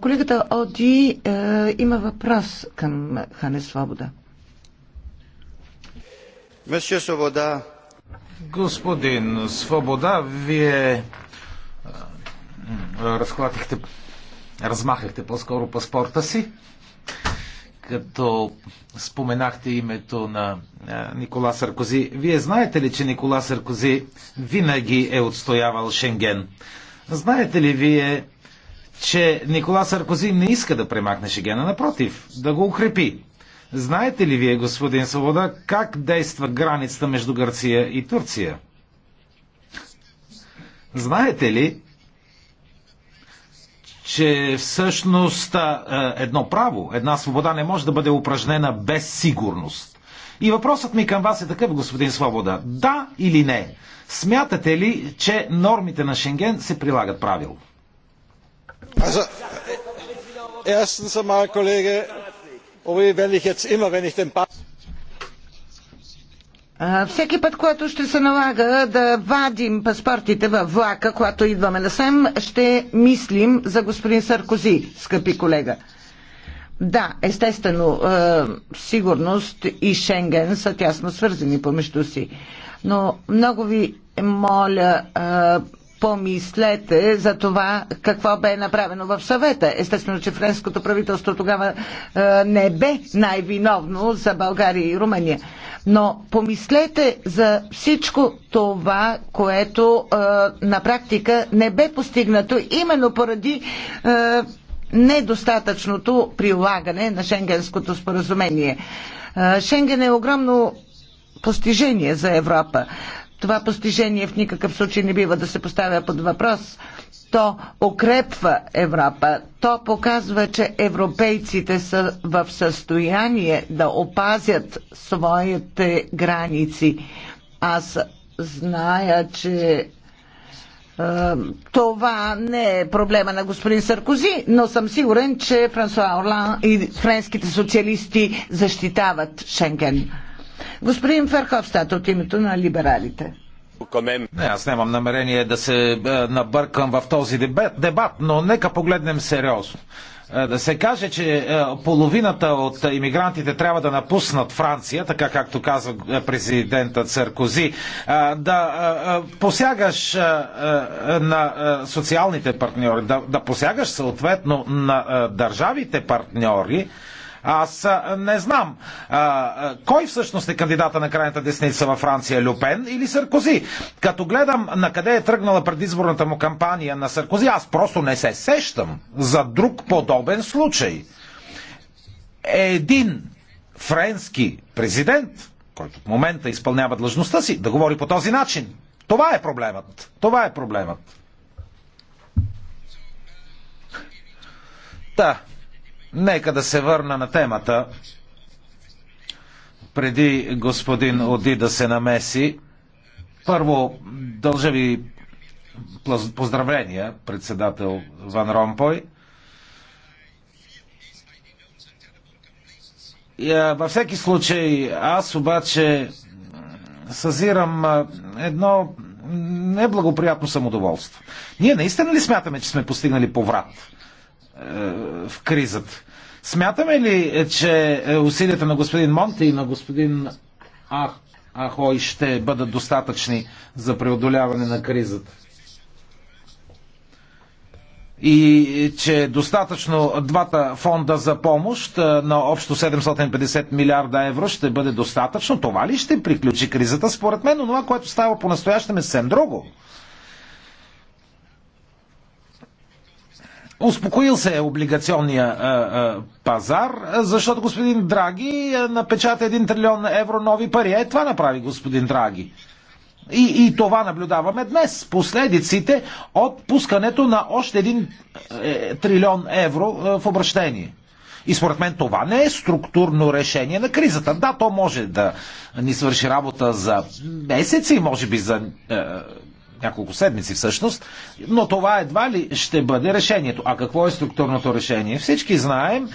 Колегата Оди е, има въпрос към Хане Свобода. Месье Свобода. Господин Свобода, вие е, разхватихте, размахахте по-скоро паспорта си, като споменахте името на е, Никола Саркози. Вие знаете ли, че Никола Саркози винаги е отстоявал Шенген? Знаете ли вие, че Никола Саркози не иска да премахне Шегена, напротив, да го укрепи. Знаете ли вие, господин Свобода, как действа границата между Гърция и Турция? Знаете ли, че всъщност едно право, една свобода не може да бъде упражнена без сигурност? И въпросът ми към вас е такъв, господин Свобода. Да или не? Смятате ли, че нормите на Шенген се прилагат правилно? erstens einmal kollege ory wenn ich jetzt immer wenn ich den всеки път, когато ще се налага да вадим паспортите във влака, когато идваме насам, ще мислим за господин Саркози, скъпи колега. Да, естествено, сигурност и Шенген са тясно свързани помежду си. Но много ви моля, помислете за това какво бе направено в съвета. Естествено, че френското правителство тогава е, не бе най-виновно за България и Румъния. Но помислете за всичко това, което е, на практика не бе постигнато именно поради е, недостатъчното прилагане на Шенгенското споразумение. Е, Шенген е огромно постижение за Европа това постижение в никакъв случай не бива да се поставя под въпрос. То укрепва Европа. То показва, че европейците са в състояние да опазят своите граници. Аз зная, че е, това не е проблема на господин Саркози, но съм сигурен, че Франсуа Орлан и френските социалисти защитават Шенген. Господин Ферховстат от името на либералите. Не, аз нямам намерение да се е, набъркам в този дебат, но нека погледнем сериозно е, да се каже, че е, половината от иммигрантите трябва да напуснат Франция, така както казва президента Саркози, да посягаш на социалните партньори, да посягаш съответно на държавите партньори, аз не знам а, кой всъщност е кандидата на крайната десница във Франция, Люпен или Саркози. Като гледам на къде е тръгнала предизборната му кампания на Саркози, аз просто не се сещам за друг подобен случай. Един френски президент, който в момента изпълнява длъжността си, да говори по този начин. Това е проблемът. Това е проблемът. да. Нека да се върна на темата, преди господин Оди да се намеси. Първо, дължа ви поздравления, председател Ван Ромпой. Във всеки случай, аз обаче съзирам едно неблагоприятно самодоволство. Ние наистина ли смятаме, че сме постигнали поврат? Е, в кризата. Смятаме ли, е, че е, усилията на господин Монте и на господин Ахой ще бъдат достатъчни за преодоляване на кризата? и че достатъчно двата фонда за помощ на общо 750 милиарда евро ще бъде достатъчно. Това ли ще приключи кризата? Според мен, но това, което става по-настоящем е съвсем друго. Успокоил се е облигационния а, е, а, е, пазар, защото господин Драги е, напечата 1 трилион евро нови пари. Е, това направи господин Драги. И, и това наблюдаваме днес. Последиците от пускането на още 1 е, трилион евро в обращение. И според мен това не е структурно решение на кризата. Да, то може да ни свърши работа за месеци, може би за няколко седмици всъщност, но това едва ли ще бъде решението. А какво е структурното решение? Всички знаем,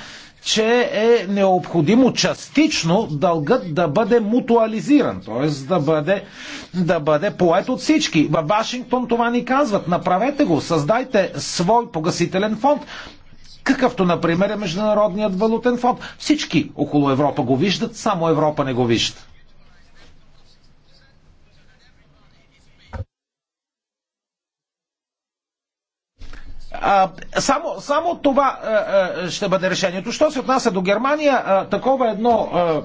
че е необходимо частично дългът да бъде мутуализиран, т.е. Да бъде, да бъде поет от всички. Във Вашингтон това ни казват. Направете го, създайте свой погасителен фонд, какъвто, например, е Международният валутен фонд. Всички около Европа го виждат, само Европа не го вижда. А, само, само това а, ще бъде решението. Що се отнася до Германия, а, такова едно а,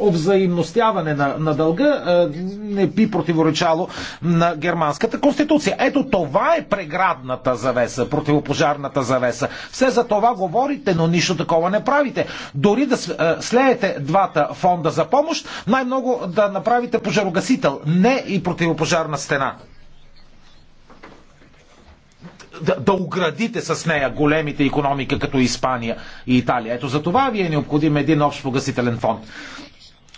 на, на дълга а, не би противоречало на германската конституция. Ето това е преградната завеса, противопожарната завеса. Все за това говорите, но нищо такова не правите. Дори да слеете двата фонда за помощ, най-много да направите пожарогасител, не и противопожарна стена да, да оградите с нея големите економики, като Испания и Италия. Ето за това ви е необходим един общ погасителен фонд.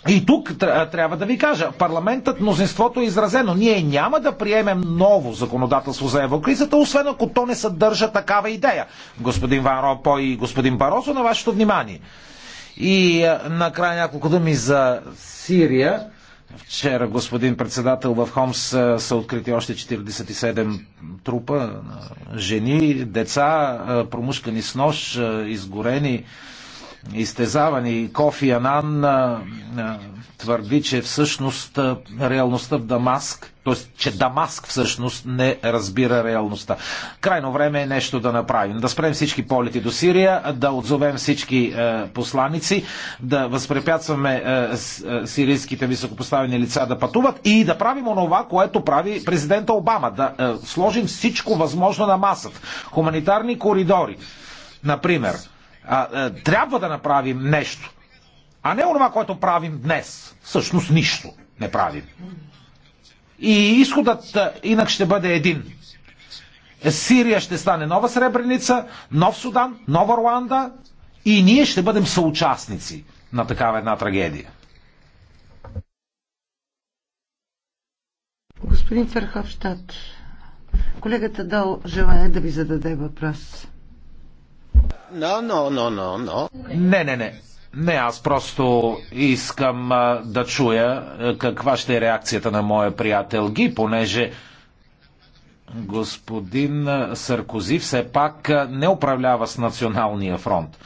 И тук трябва да ви кажа, парламентът, мнозинството е изразено. Ние няма да приемем ново законодателство за еврокризата, освен ако то не съдържа такава идея. Господин Ван Ропо и господин Барозо, на вашето внимание. И накрая няколко думи за Сирия. Вчера, господин председател, в Хомс са открити още 47 трупа, жени, деца, промушкани с нож, изгорени изтезавани. Кофи Анан твърди, че всъщност реалността в Дамаск, т.е. че Дамаск всъщност не разбира реалността. Крайно време е нещо да направим. Да спрем всички полети до Сирия, да отзовем всички а, посланици, да възпрепятстваме сирийските високопоставени лица да пътуват и да правим онова, което прави президента Обама. Да а, сложим всичко възможно на масата. Хуманитарни коридори, например а, а, е, трябва да направим нещо, а не онова, което правим днес. Всъщност нищо не правим. И изходът а, е, инак ще бъде един. Сирия ще стане нова Сребреница, нов Судан, нова Руанда и ние ще бъдем съучастници на такава една трагедия. Господин Ферховщад, колегата Дал желая да ви зададе въпрос. No, no, no, no, no. Не, не, не. Не, аз просто искам а, да чуя каква ще е реакцията на моя приятел Ги, понеже господин Саркози все пак не управлява с Националния фронт.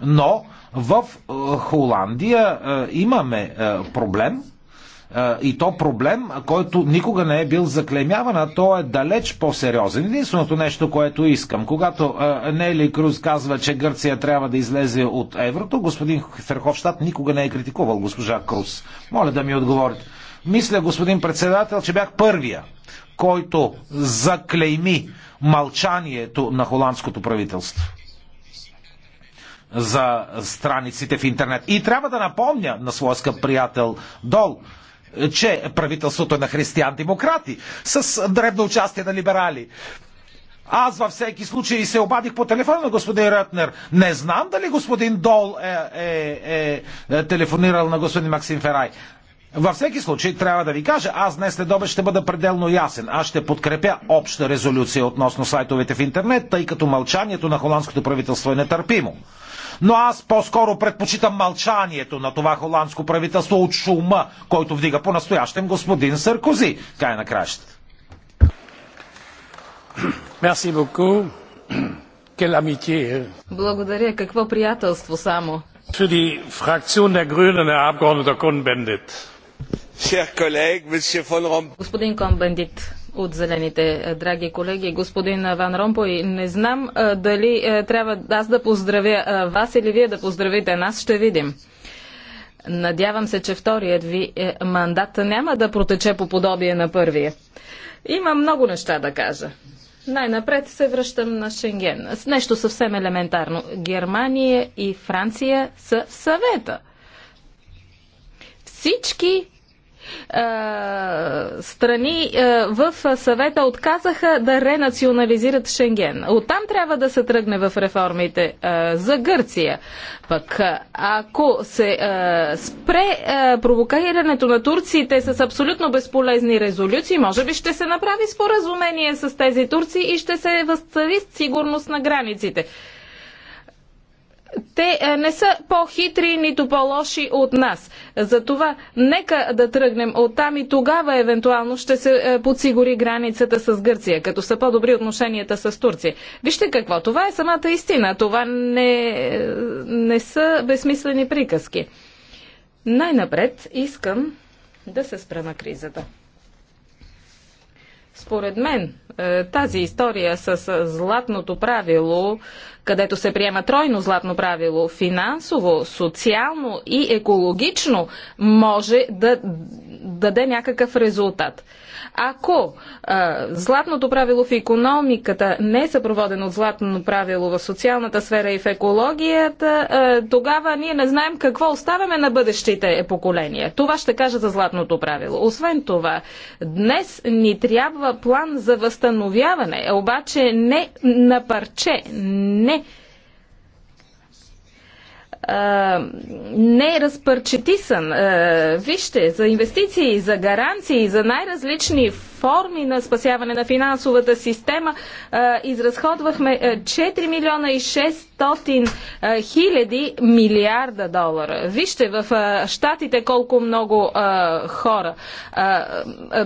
Но в Холандия имаме проблем, и то проблем, който никога не е бил заклемяван, а то е далеч по-сериозен. Единственото нещо, което искам, когато Нели Круз казва, че Гърция трябва да излезе от еврото, господин Ферховщад никога не е критикувал госпожа Круз. Моля да ми отговорите. Мисля, господин председател, че бях първия, който заклейми мълчанието на холандското правителство за страниците в интернет. И трябва да напомня на своя скъп приятел Дол, че правителството е на християн-демократи с дребно участие на либерали. Аз във всеки случай се обадих по телефона на господин Рътнер. Не знам дали господин Дол е, е, е, е телефонирал на господин Максим Ферай. Във всеки случай трябва да ви кажа, аз днес след обед ще бъда пределно ясен. Аз ще подкрепя обща резолюция относно сайтовете в интернет, тъй като мълчанието на холандското правителство е нетърпимо. Но аз по-скоро предпочитам мълчанието на това холандско правителство от шума, който вдига по-настоящем господин Саркози. Край на кращата. Благодаря. Какво приятелство само. Für die Fraktion der Grünen, Herr Abgeordneter bendit Господин Кон Бендит, от зелените, е, драги колеги, господин Ван Ромпой. Не знам е, дали е, трябва аз да поздравя вас или вие да поздравите нас. Ще видим. Надявам се, че вторият ви мандат няма да протече по подобие на първия. Има много неща да кажа. Най-напред се връщам на Шенген. С нещо съвсем елементарно. Германия и Франция са в съвета. Всички страни в съвета отказаха да ренационализират Шенген. Оттам трябва да се тръгне в реформите за Гърция. Пък ако се спре провокирането на турците с абсолютно безполезни резолюции, може би ще се направи споразумение с тези турци и ще се възцари сигурност на границите те е, не са по-хитри, нито по-лоши от нас. Затова нека да тръгнем оттам и тогава евентуално ще се е, подсигури границата с Гърция, като са по-добри отношенията с Турция. Вижте какво, това е самата истина, това не, е, не са безсмислени приказки. Най-напред искам да се спра на кризата. Според мен тази история с златното правило където се приема тройно златно правило финансово, социално и екологично, може да даде някакъв резултат. Ако а, златното правило в економиката не е съпроводено от златното правило в социалната сфера и в екологията, а, тогава ние не знаем какво оставяме на бъдещите поколения. Това ще кажа за златното правило. Освен това, днес ни трябва план за възстановяване, обаче не на парче, не не разпърчети съм. вижте, за инвестиции, за гаранции, за най-различни форми на спасяване на финансовата система изразходвахме 4 милиона и 600 хиляди милиарда долара. Вижте в Штатите колко много хора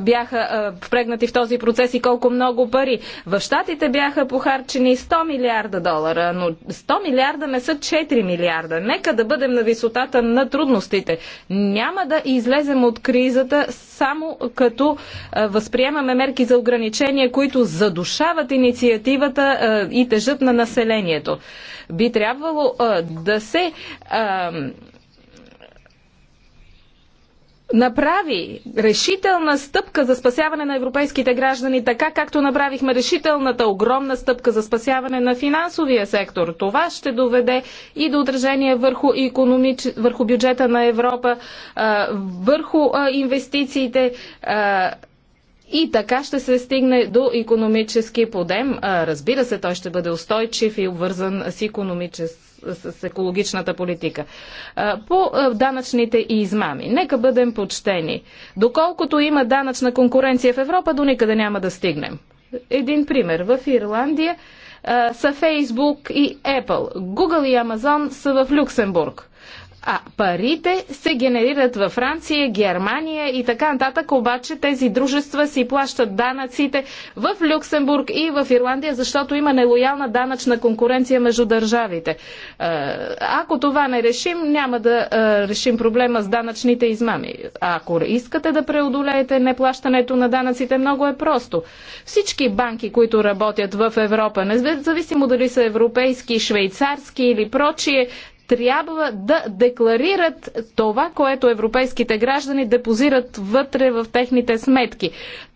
бяха впрегнати в този процес и колко много пари. В щатите бяха похарчени 100 милиарда долара, но 100 милиарда не са 4 милиарда. Нека да бъдем на висотата на трудностите. Няма да излезем от кризата само като възприемаме предприемаме мерки за ограничения, които задушават инициативата е, и тежат на населението. Би трябвало е, да се е, направи решителна стъпка за спасяване на европейските граждани, така както направихме решителната огромна стъпка за спасяване на финансовия сектор. Това ще доведе и до отражение върху, економич... върху бюджета на Европа, върху инвестициите. И така ще се стигне до економически подем. Разбира се, той ще бъде устойчив и обвързан с економически с екологичната политика. По данъчните измами. Нека бъдем почтени. Доколкото има данъчна конкуренция в Европа, до никъде няма да стигнем. Един пример. В Ирландия са Фейсбук и Apple. Google и Амазон са в Люксембург. А парите се генерират във Франция, Германия и така нататък, обаче тези дружества си плащат данъците в Люксембург и в Ирландия, защото има нелоялна данъчна конкуренция между държавите. Е, ако това не решим, няма да е, решим проблема с данъчните измами. ако искате да преодолеете неплащането на данъците, много е просто. Всички банки, които работят в Европа, независимо дали са европейски, швейцарски или прочие, трябва да декларират това, което европейските граждани депозират вътре в техните сметки.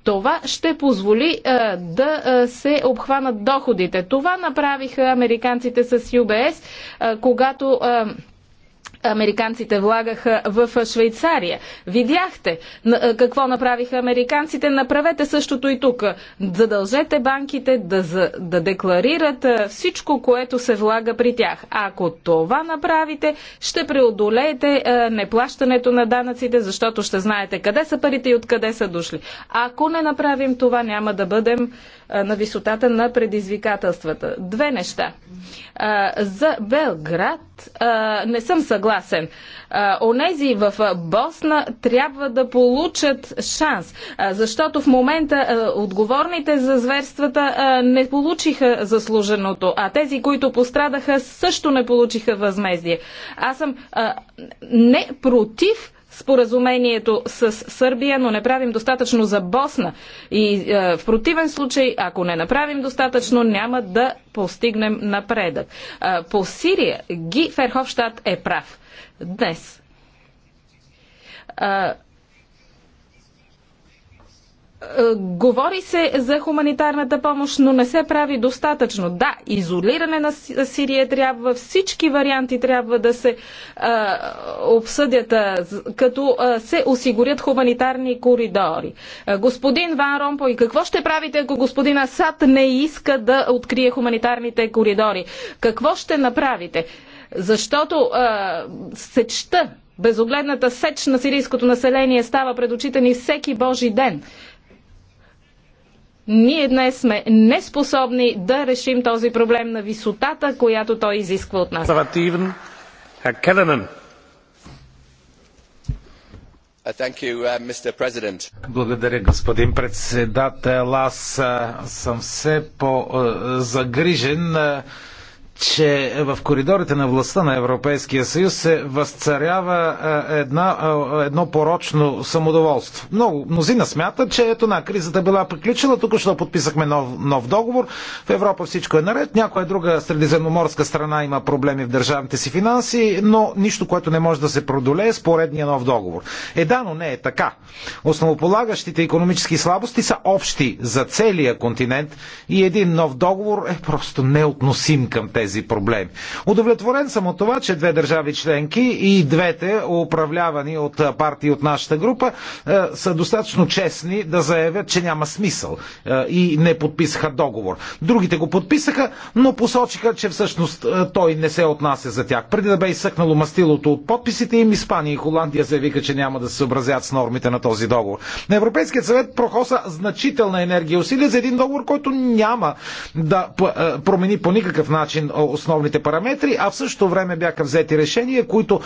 Това ще позволи а, е, да а, е, се обхванат доходите. Това направиха американците с UBS, а, е, когато. А, американците влагаха в Швейцария. Видяхте какво направиха американците. Направете същото и тук. Задължете банките да, за, да декларират всичко, което се влага при тях. Ако това направите, ще преодолеете неплащането на данъците, защото ще знаете къде са парите и откъде са дошли. Ако не направим това, няма да бъдем на висотата на предизвикателствата. Две неща. За Белград не съм съгласен. Онези в Босна трябва да получат шанс, защото в момента отговорните за зверствата не получиха заслуженото, а тези, които пострадаха, също не получиха възмездие. Аз съм не против споразумението с Сърбия, но не правим достатъчно за Босна. И е, в противен случай, ако не направим достатъчно, няма да постигнем напредък. Е, по Сирия Ги Ферховщад е прав. Днес. Е, е, говори се за хуманитарната помощ, но не се прави достатъчно. Да, изолиране на Сирия трябва, всички варианти трябва да се а, е, обсъдят, а, е, като а, се осигурят хуманитарни коридори. А, господин Ван Ромпо, и какво ще правите, ако господин Асад не иска да открие хуманитарните коридори? Какво ще направите? Защото а, сечта Безогледната сеч на сирийското население става пред очите ни всеки божи ден. Ние днес сме неспособни да решим този проблем на висотата, която той изисква от нас. Uh, uh, Благодаря, господин председател. Аз uh, съм все по-загрижен. Uh, че в коридорите на властта на Европейския съюз се възцарява една, едно порочно самодоволство. Много мнозина смята, че ето на кризата била приключила, тук що подписахме нов, нов договор, в Европа всичко е наред, някоя друга средиземноморска страна има проблеми в държавните си финанси, но нищо, което не може да се продолее е с поредния нов договор. Е да, но не е така. Основополагащите економически слабости са общи за целия континент и един нов договор е просто неотносим към тези тези проблеми. Удовлетворен съм от това, че две държави членки и двете, управлявани от партии от нашата група, са достатъчно честни да заявят, че няма смисъл и не подписаха договор. Другите го подписаха, но посочиха, че всъщност той не се отнася за тях. Преди да бе изсъкнало мастилото от подписите им, Испания и Холандия заявиха, че няма да се съобразят с нормите на този договор. На Европейският съвет прохоса значителна енергия и усилия за един договор, който няма да промени по никакъв начин основните параметри, а в същото време бяха взети решения, които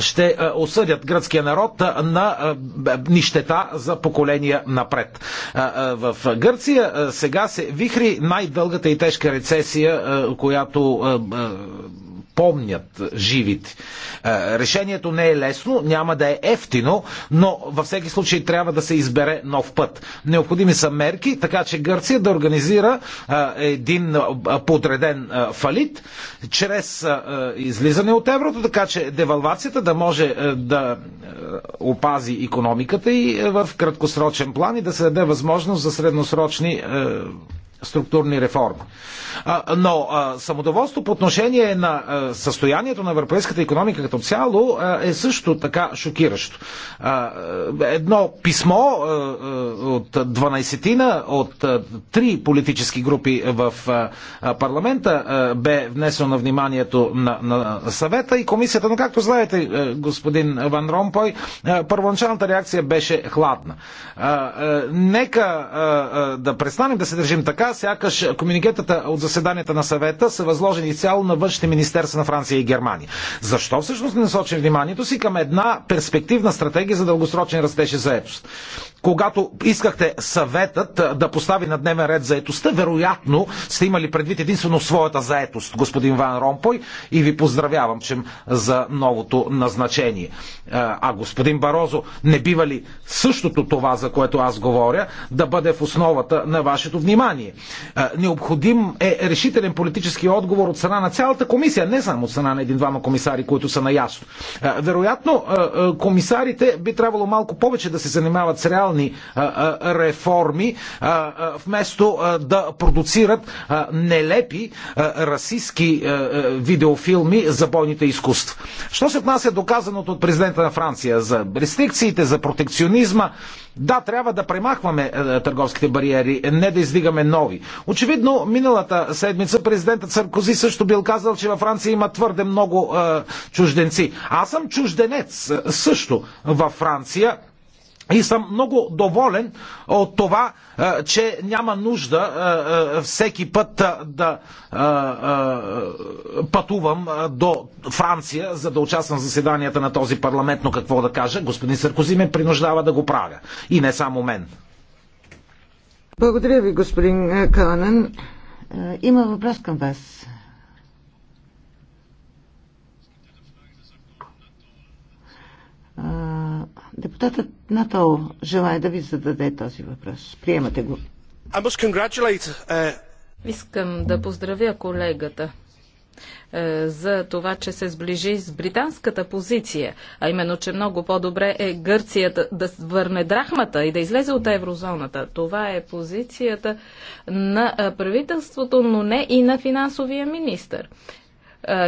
ще е, осъдят гръцкия народ е, на е, нищета за поколения напред. В Гърция сега се вихри най-дългата и тежка рецесия, която помнят живите. Е, решението не е лесно, няма да е ефтино, но във всеки случай трябва да се избере нов път. Необходими са мерки, така че Гърция да организира е, един е, подреден фалит чрез излизане от еврото, така че девалвацията да може да опази економиката и в краткосрочен план и да се даде възможност за средносрочни структурни реформи. Но самодоволство по отношение на състоянието на европейската економика като цяло е също така шокиращо. Едно писмо от 12-тина от три политически групи в парламента бе внесено на вниманието на, на съвета и комисията, но както знаете, господин Ван Ромпой, първоначалната реакция беше хладна. Нека да престанем да се държим така, сякаш е, комуникетата от заседанията на съвета са възложени изцяло на външните министерства на Франция и Германия. Защо всъщност не насочим вниманието си към една перспективна стратегия за дългосрочен растеж и заедост? когато искахте съветът да постави на дневен ред заетостта, вероятно сте имали предвид единствено своята заетост, господин Ван Ромпой, и ви поздравявам, че за новото назначение. А господин Барозо, не бива ли същото това, за което аз говоря, да бъде в основата на вашето внимание? Необходим е решителен политически отговор от страна на цялата комисия, не само от страна на един-двама комисари, които са наясно. Вероятно, комисарите би трябвало малко повече да се занимават с реалната социални реформи, вместо да продуцират нелепи расистски видеофилми за бойните изкуства. Що се отнася до казаното от президента на Франция за рестрикциите, за протекционизма, да, трябва да премахваме търговските бариери, не да издигаме нови. Очевидно, миналата седмица президентът Саркози също бил казал, че във Франция има твърде много чужденци. Аз съм чужденец също във Франция. И съм много доволен от това, че няма нужда всеки път да пътувам до Франция, за да участвам в заседанията на този парламент, но какво да кажа, господин Саркози ме принуждава да го правя. И не само мен. Благодаря ви, господин Каланен. Има въпрос към вас. Депутатът Натал желая да ви зададе този въпрос. Приемате го. Uh, Искам да поздравя колегата е, за това, че се сближи с британската позиция, а именно, че много по-добре е Гърцията да върне драхмата и да излезе от еврозоната. Това е позицията на е, правителството, но не и на финансовия министр.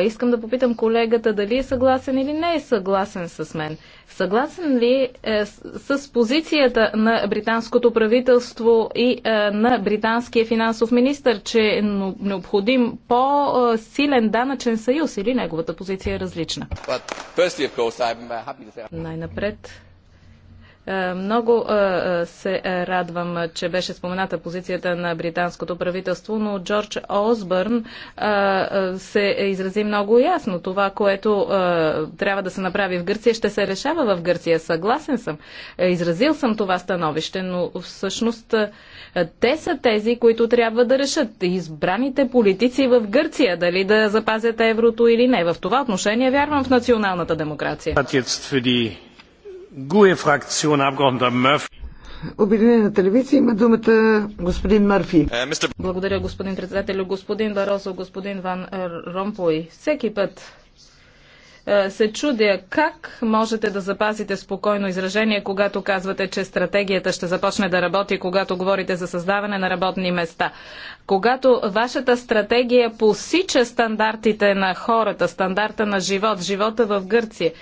Искам да попитам колегата дали е съгласен или не е съгласен с мен. Съгласен ли е с позицията на британското правителство и е, на британския финансов министр, че е необходим по-силен данъчен съюз или неговата позиция е различна? Uh, say... Най-напред е, много е, се е, радвам, че беше спомената позицията на британското правителство, но Джордж Осбърн се изрази много ясно. Това, което трябва да се направи в Гърция, ще се решава в Гърция. Съгласен съм. Изразил съм това становище, но всъщност те са тези, които трябва да решат избраните политици в Гърция, дали да запазят еврото или не. В това отношение вярвам в националната демокрация. Обединена телевизия има думата господин Мърфи. Е, Благодаря господин председател, господин Баросо, господин Ван Ромпой. Всеки път е, се чудя как можете да запазите спокойно изражение, когато казвате, че стратегията ще започне да работи, когато говорите за създаване на работни места. Когато вашата стратегия посича стандартите на хората, стандарта на живот, живота в Гърция, е,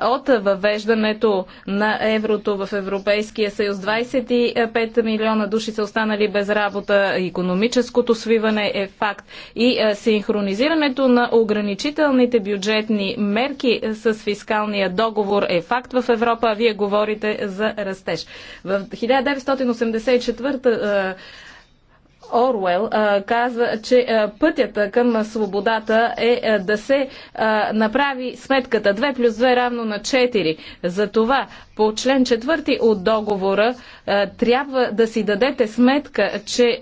от въвеждането на еврото в Европейския съюз. 25 милиона души са останали без работа, економическото свиване е факт и е, синхронизирането на ограничителните бюджетни мерки с фискалния договор е факт в Европа, а вие говорите за растеж. В 1984 е, Оруел е, каза, че е, пътята към свободата е да се направи сметката 2 плюс 2 равно на 4. Затова по член 4 от договора трябва да си дадете сметка, че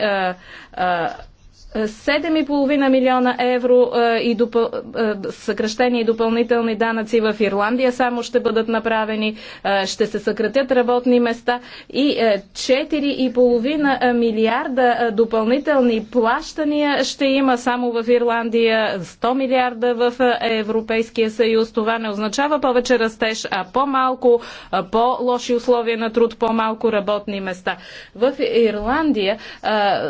7,5 милиона евро е, и допъл... Е, съкръщени и допълнителни данъци в Ирландия само ще бъдат направени, е, ще се съкратят работни места и 4,5 милиарда допълнителни плащания ще има само в Ирландия, 100 милиарда в Европейския съюз. Това не означава повече растеж, а по-малко, по-лоши условия на труд, по-малко работни места. В Ирландия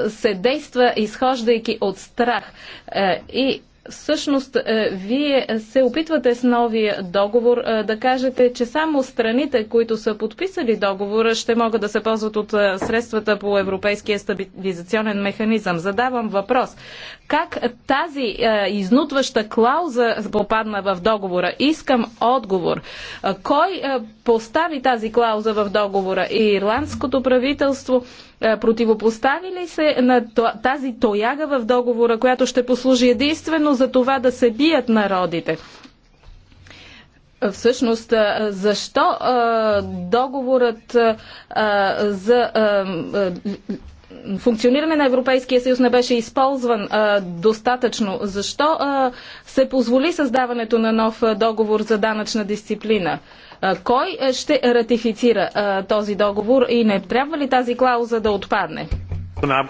се действа изхожда изхождайки от страх. Е, и Всъщност, е, вие се опитвате с новия договор е, да кажете, че само страните, които са подписали договора, ще могат да се ползват от средствата по Европейския стабилизационен механизъм. Задавам въпрос как тази а, е, изнутваща клауза попадна в договора. Искам отговор. Е, кой а, е, постави тази клауза в договора? И ирландското правителство а, противопостави ли се на тази тояга в договора, която ще послужи единствено за това да се бият народите? Всъщност, защо договорът за функциониране на Европейския съюз не беше използван а, достатъчно. Защо а, се позволи създаването на нов договор за данъчна дисциплина? А, кой ще ратифицира а, този договор и не трябва ли тази клауза да отпадне? На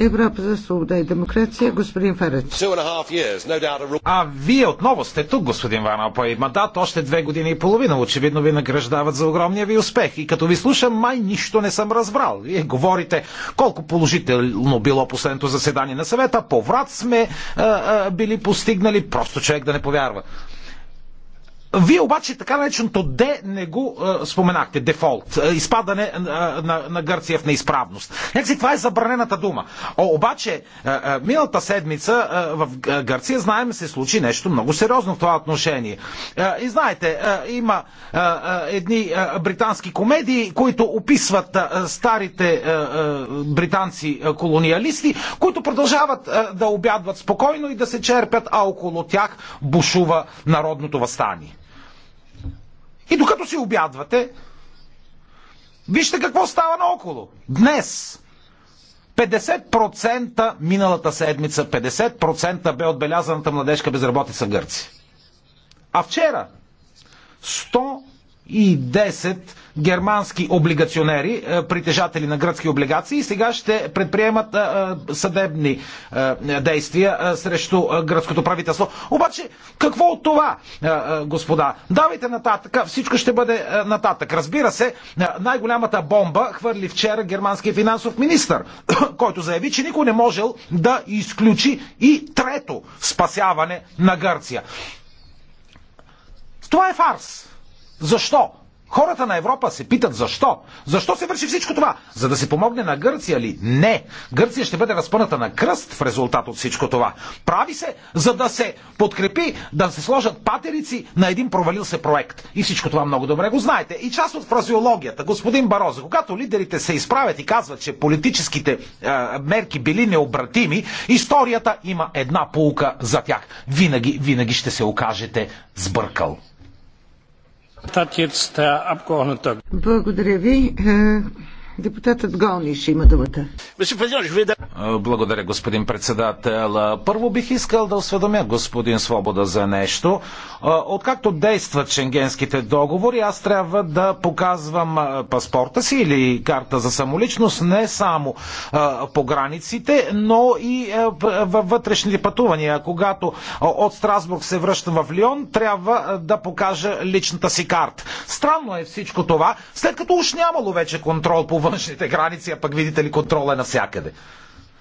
Европа за свобода и демокрация, господин Фарач. А вие отново сте тук, господин Ван Алпой. Мадат още две години и половина. Очевидно ви награждават за огромния ви успех. И като ви слушам, май нищо не съм разбрал. Вие говорите колко положително било последното заседание на съвета. Поврат сме а, а, били постигнали. Просто човек да не повярва. Вие обаче така нареченото Д не го а, е, споменахте. Дефолт. а, е, изпадане е, а, на, на Гърция в неизправност. Някакси това е забранената дума. О, обаче, а, а, миналата седмица а, в Гърция, знаем, се случи нещо много сериозно в това отношение. А, и знаете, а, има а, а, едни а, британски комедии, които описват а, старите а, а, британци а, колониалисти, които продължават а, да обядват спокойно и да се черпят, а около тях бушува народното възстание. И докато си обядвате, вижте какво става наоколо. Днес 50% миналата седмица, 50% бе отбелязаната младежка безработица гърци. А вчера 110 германски облигационери, е, притежатели на гръцки облигации, сега ще предприемат е, е, съдебни действия срещу гръцкото правителство. Обаче, какво от това, господа? Давайте нататък, всичко ще бъде нататък. Разбира се, най-голямата бомба хвърли вчера германския финансов министр, който заяви, че никой не можел да изключи и трето спасяване на Гърция. Това е фарс. Защо? Хората на Европа се питат защо. Защо се върши всичко това? За да се помогне на Гърция ли? Не. Гърция ще бъде разпъната на кръст в резултат от всичко това. Прави се, за да се подкрепи, да се сложат патерици на един провалил се проект. И всичко това много добре го знаете. И част от фразеологията, господин Бароза, когато лидерите се изправят и казват, че политическите е, мерки били необратими, историята има една полука за тях. Винаги, винаги ще се окажете сбъркал. Благодаря ви. Е, Депутатът ще има думата. Благодаря, господин председател. Първо бих искал да осведомя господин Свобода за нещо. Откакто действат шенгенските договори, аз трябва да показвам паспорта си или карта за самоличност не само по границите, но и във вътрешните пътувания. Когато от Страсбург се връщам в Лион, трябва да покажа личната си карта. Странно е всичко това, след като уж нямало вече контрол по външните граници, а пък видите ли контрола е навсякъде.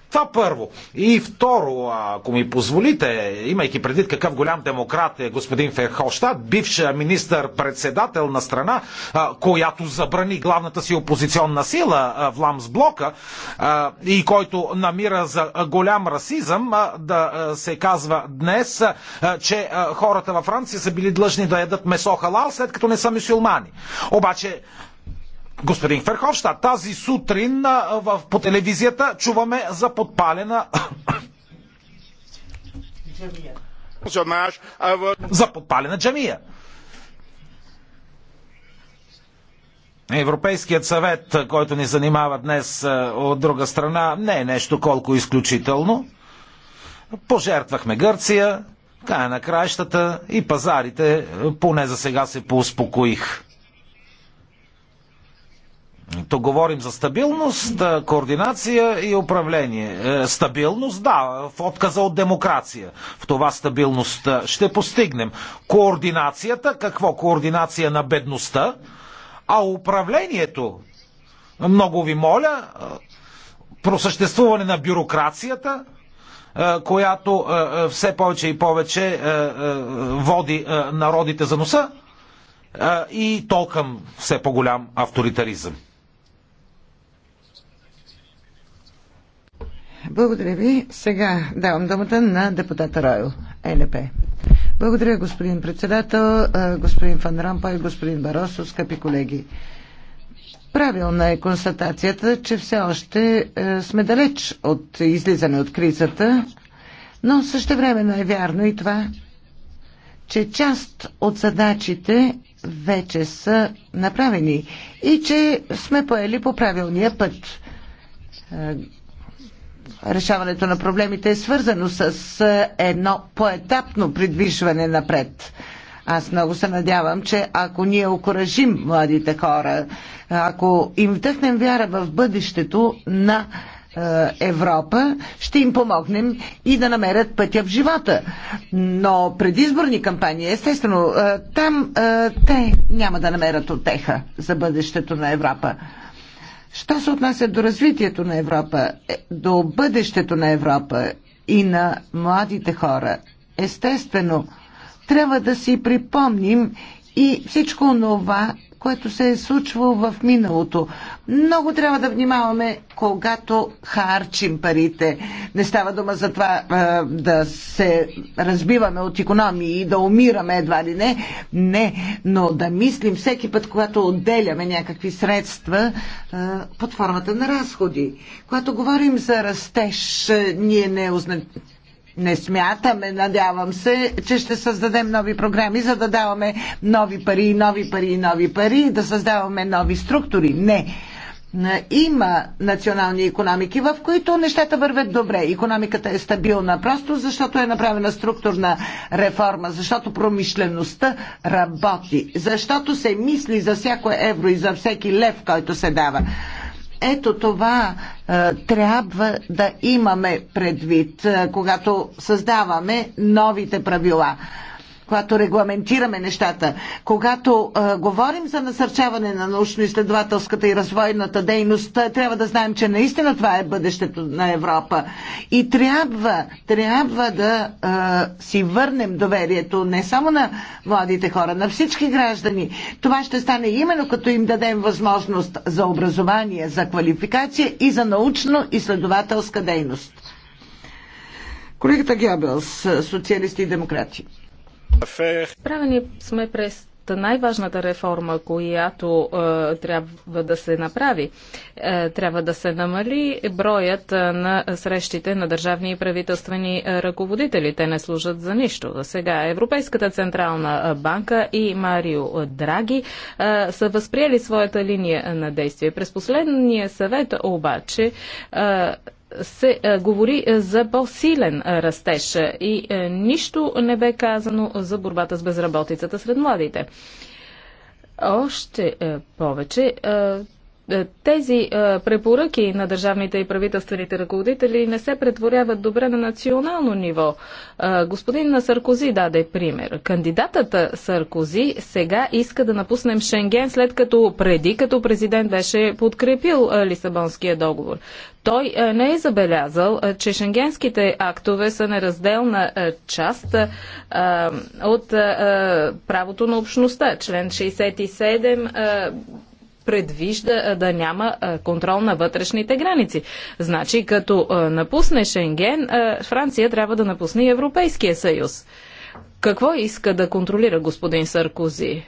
Това първо. И второ, ако ми позволите, имайки предвид какъв голям демократ е господин Ферхолштад, бивш министър-председател на страна, която забрани главната си опозиционна сила в Ламсблока и който намира за голям расизъм да се казва днес, че хората във Франция са били длъжни да ядат месо халал, след като не са мусулмани. Обаче Господин Ферховща, тази сутрин в, по телевизията чуваме за подпалена за подпалена джамия. Европейският съвет, който ни занимава днес от друга страна, не е нещо колко изключително. Пожертвахме Гърция, края на краищата и пазарите поне за сега се поуспокоих. То говорим за стабилност, координация и управление. Е, стабилност, да, в отказа от демокрация. В това стабилност ще постигнем. Координацията, какво? Координация на бедността, а управлението, много ви моля, просъществуване на бюрокрацията, която все повече и повече води народите за носа и то към все по-голям авторитаризъм. Благодаря ви. Сега давам думата на депутата Ройл, е ЛП. Благодаря, господин председател, господин Фан Рампа и господин Баросо, скъпи колеги. Правилна е констатацията, че все още сме далеч от излизане от кризата, но също времено е вярно и това, че част от задачите вече са направени и че сме поели по правилния път решаването на проблемите е свързано с е, едно поетапно придвижване напред. Аз много се надявам, че ако ние окоръжим младите хора, ако им вдъхнем вяра в бъдещето на е, Европа, ще им помогнем и да намерят пътя в живота. Но предизборни кампании, естествено, е, там те няма да намерят отеха за бъдещето на Европа. Що се отнася до развитието на Европа, е, до бъдещето на Европа и на младите хора, естествено, трябва да си припомним и всичко това, което се е случвало в миналото. Много трябва да внимаваме, когато харчим парите. Не става дума за това да се разбиваме от економии и да умираме едва ли не. Не, но да мислим всеки път, когато отделяме някакви средства под формата на разходи. Когато говорим за растеж, ние не означаваме не смятаме, надявам се, че ще създадем нови програми, за да даваме нови пари, нови пари, нови пари, да създаваме нови структури. Не има национални економики, в които нещата вървят добре. Економиката е стабилна, просто защото е направена структурна реформа, защото промишлеността работи, защото се мисли за всяко евро и за всеки лев, който се дава. Ето това е, трябва да имаме предвид, е, когато създаваме новите правила когато регламентираме нещата, когато а, говорим за насърчаване на научно-изследователската и развойната дейност, трябва да знаем, че наистина това е бъдещето на Европа. И трябва, трябва да а, си върнем доверието не само на младите хора, на всички граждани. Това ще стане именно като им дадем възможност за образование, за квалификация и за научно-изследователска дейност. Колегата Гебелс, социалисти и демократи. Правени сме през най-важната реформа, която е, трябва да се направи. Е, трябва да се намали броят е, на срещите на държавни и правителствени е, ръководители. Те не служат за нищо. За сега Европейската централна е, банка и Марио Драги е, са възприели своята линия на действие. През последния съвет обаче е, се е, говори е, за по-силен е, растеж и нищо не бе казано за борбата с безработицата сред младите. Още повече е, тези е, препоръки на държавните и правителствените ръководители не се претворяват добре на национално ниво. Е, господин Саркози даде пример. Кандидатата Саркози сега иска да напуснем Шенген, след като преди като президент беше подкрепил Лисабонския договор. Той не е забелязал, че шенгенските актове са неразделна част от правото на общността. Член 67 предвижда да няма контрол на вътрешните граници. Значи, като напусне Шенген, Франция трябва да напусне Европейския съюз. Какво иска да контролира господин Саркози?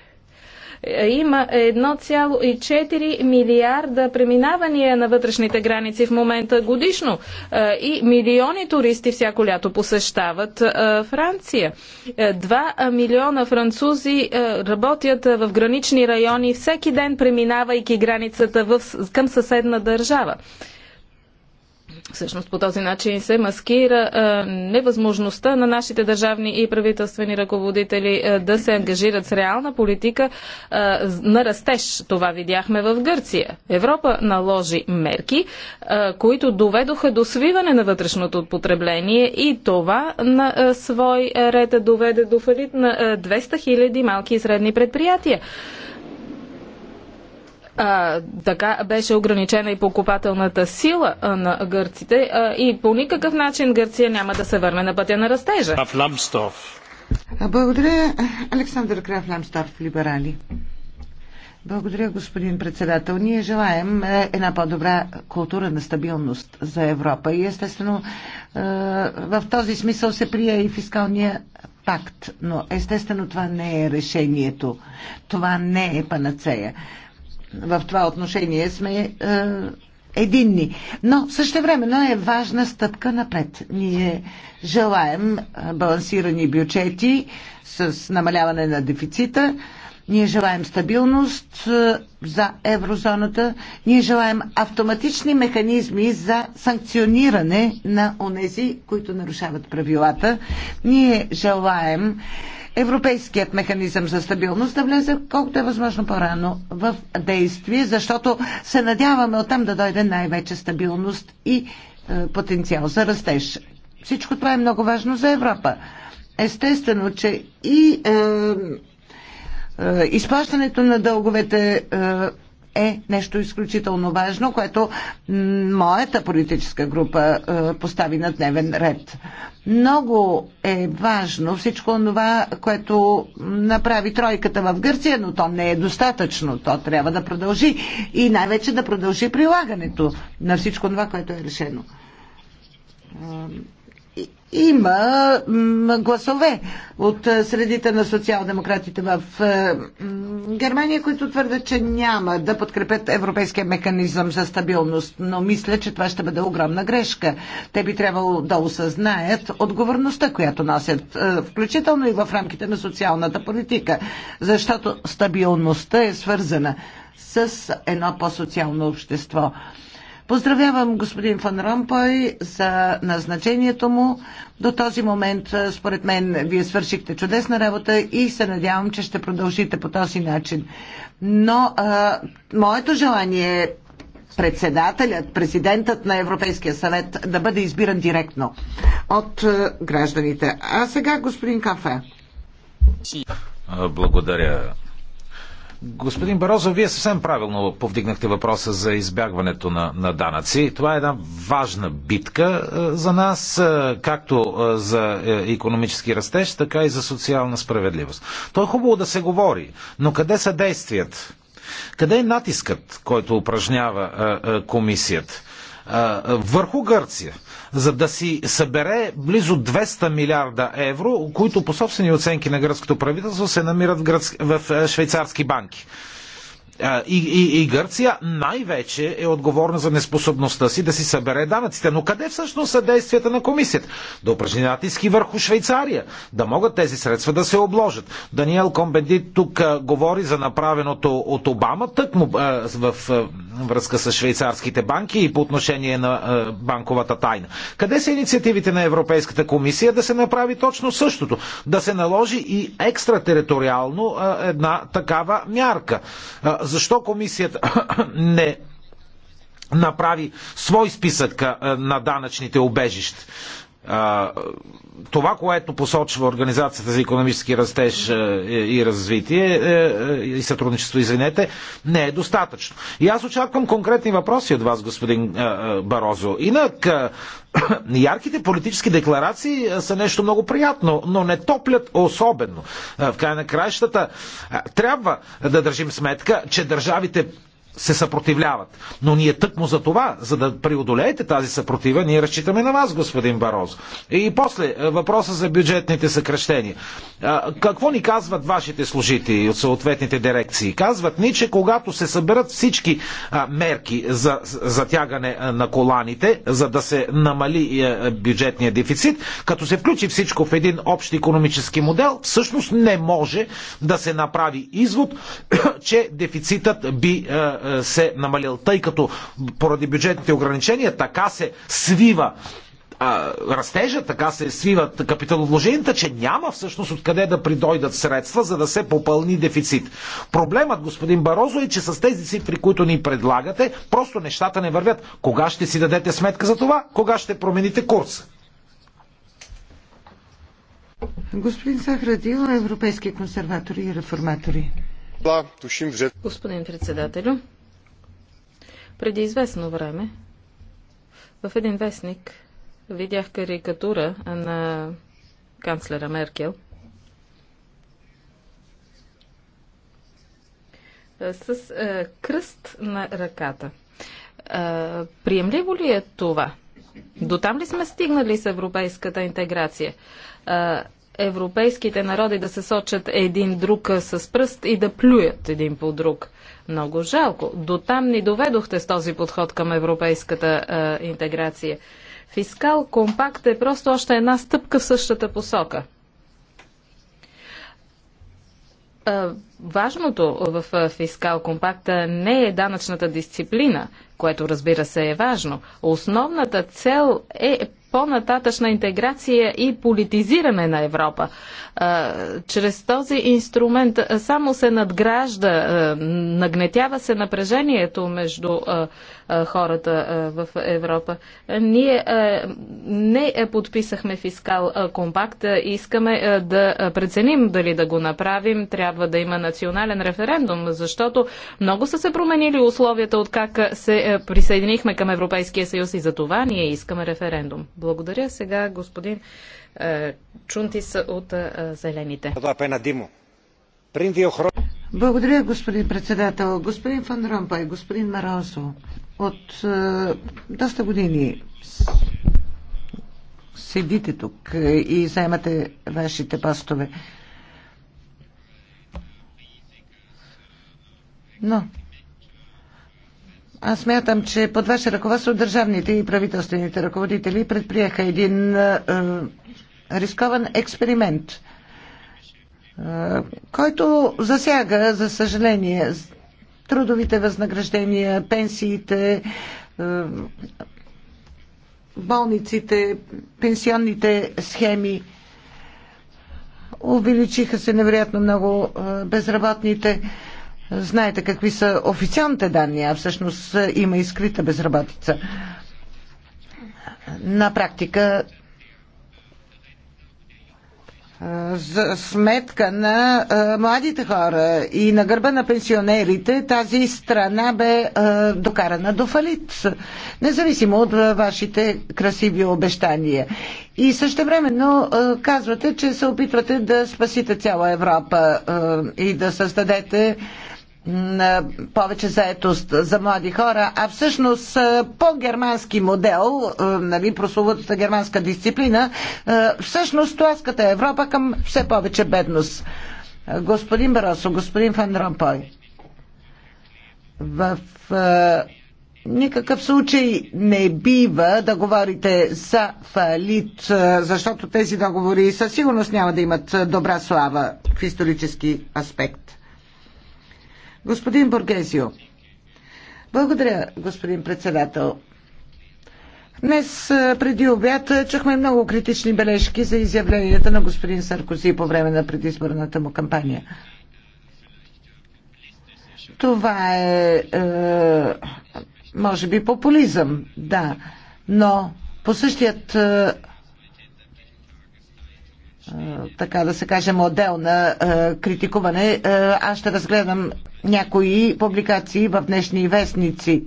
Има 1,4 милиарда преминавания на вътрешните граници в момента годишно е, и милиони туристи всяко лято посещават е, Франция. Е, два милиона французи работят в гранични райони всеки ден, преминавайки границата към съседна държава. Всъщност по този начин се маскира а, невъзможността на нашите държавни и правителствени ръководители а, да се ангажират с реална политика а, на растеж. Това видяхме в Гърция. Европа наложи мерки, а, които доведоха до свиване на вътрешното потребление и това на а, свой ред доведе до фалит на а, 200 000 малки и средни предприятия. А, така беше ограничена и покупателната сила на гърците а, и по никакъв начин Гърция няма да се върне на пътя на растежа. Благодаря, Александър Краф Ламстов, либерали. Благодаря, господин председател. Ние желаем е, една по-добра култура на стабилност за Европа. И естествено, е, в този смисъл се прие и фискалния пакт. Но естествено това не е решението. Това не е панацея. В това отношение сме е, единни. Но същевременно е важна стъпка напред. Ние желаем е, балансирани бюджети с намаляване на дефицита. Ние желаем стабилност е, за еврозоната. Ние желаем автоматични механизми за санкциониране на онези, които нарушават правилата. Ние желаем европейският механизъм за стабилност да влезе колкото е възможно по-рано в действие, защото се надяваме оттам да дойде най-вече стабилност и е, потенциал за растеж. Всичко това е много важно за Европа. Естествено, че и е, е, изплащането на дълговете. Е, е нещо изключително важно, което моята политическа група е, постави на дневен ред. Много е важно всичко това, което направи тройката в Гърция, но то не е достатъчно. То трябва да продължи и най-вече да продължи прилагането на всичко това, което е решено има гласове от е, средите на социал-демократите в е, Германия, които твърдят, че няма да подкрепят европейския механизъм за стабилност. Но мисля, че това ще бъде огромна грешка. Те би трябвало да осъзнаят отговорността, която носят, е, включително и в рамките на социалната политика, защото стабилността е свързана с едно по-социално общество. Поздравявам господин Фан Ромпой за назначението му. До този момент, според мен, вие свършихте чудесна работа и се надявам, че ще продължите по този начин. Но а, моето желание е председателят, президентът на Европейския съвет да бъде избиран директно от гражданите. А сега господин Кафе. Благодаря, Господин Барозо, вие съвсем правилно повдигнахте въпроса за избягването на, на данъци. Това е една важна битка е, за нас, е, както е, за економически растеж, така и за социална справедливост. То е хубаво да се говори, но къде са действията? Къде е натискът, който упражнява комисията? върху Гърция, за да си събере близо 200 милиарда евро, които по собствени оценки на гръцкото правителство се намират в, гръц... в швейцарски банки и, и, и Гърция най-вече е отговорна за неспособността си да си събере данъците. Но къде всъщност са действията на комисията? Да упражни натиски върху Швейцария, да могат тези средства да се обложат. Даниел Комбендит тук говори за направеното от Обама, тък му в връзка с швейцарските банки и по отношение на банковата тайна. Къде са инициативите на Европейската комисия да се направи точно същото? Да се наложи и екстратериториално една такава мярка защо комисията не направи свой списък на данъчните обежища това, което посочва Организацията за економически растеж е, и развитие е, е, и сътрудничество, извинете, не е достатъчно. И аз очаквам конкретни въпроси от вас, господин Барозо. Инак, ярките политически декларации са нещо много приятно, но не топлят особено. В край на краищата трябва да държим сметка, че държавите се съпротивляват. Но ние тъкмо за това, за да преодолеете тази съпротива, ние разчитаме на вас, господин Бароз. И после, е, въпроса за бюджетните съкръщения. Какво ни казват вашите служители от съответните дирекции? Казват ни, че когато се съберат всички мерки за затягане на коланите, за да се намали е, бюджетния дефицит, като се включи всичко в един общ економически модел, всъщност не може да се направи извод, че дефицитът би е, се намалил, тъй като поради бюджетните ограничения така се свива а, растежа, така се свиват капиталовложенията, че няма всъщност откъде да придойдат средства, за да се попълни дефицит. Проблемът, господин Барозо, е, че с тези цифри, които ни предлагате, просто нещата не вървят. Кога ще си дадете сметка за това? Кога ще промените курс? Господин Сахрадил, европейски консерватори и реформатори. Господин председателю, преди известно време в един вестник видях карикатура на канцлера Меркел с кръст на ръката. Приемливо ли е това? До там ли сме стигнали с европейската интеграция? европейските народи да се сочат един друг с пръст и да плюят един по друг. Много жалко. До там ни доведохте с този подход към европейската а, интеграция. Фискал компакт е просто още една стъпка в същата посока. Важното в фискал компакта не е данъчната дисциплина, което разбира се е важно. Основната цел е по-нататъчна интеграция и политизиране на Европа. Чрез този инструмент само се надгражда, нагнетява се напрежението между хората в Европа. Ние не е, подписахме фискал компакт. Искаме да преценим дали да го направим. Трябва да има национален референдум, защото много са се променили условията от как се присъединихме към Европейския съюз и за това ние искаме референдум. Благодаря сега господин Чунтис от Зелените. Това е на Димо. Благодаря, господин председател. Господин Фан Ромпай, господин Марозо, от е, доста години седите тук е, и заемате вашите постове. Но аз мятам, че под ваше ръководство държавните и правителствените ръководители предприеха един е, рискован експеримент – който засяга, за съжаление, трудовите възнаграждения, пенсиите, болниците, пенсионните схеми. Увеличиха се невероятно много безработните. Знаете какви са официалните данни, а всъщност има и скрита безработица. На практика за сметка на а, младите хора и на гърба на пенсионерите тази страна бе а, докарана до фалит, независимо от а, вашите красиви обещания. И също времено казвате, че се опитвате да спасите цяла Европа а, и да създадете повече заетост за млади хора, а всъщност по-германски модел, нали, прословутата германска дисциплина, всъщност тласката Европа към все повече бедност. Господин Баросо, господин Фан Ромпой, в никакъв случай не бива да говорите за фалит, защото тези договори със сигурност няма да имат добра слава в исторически аспект. Господин Боргезио. Благодаря, господин председател. Днес преди обяд чухме много критични бележки за изявленията на господин Саркози по време на предизборната му кампания. Това е, е може би, популизъм, да, но по същият така да се каже, модел на критикуване, аз ще разгледам някои публикации в днешни вестници.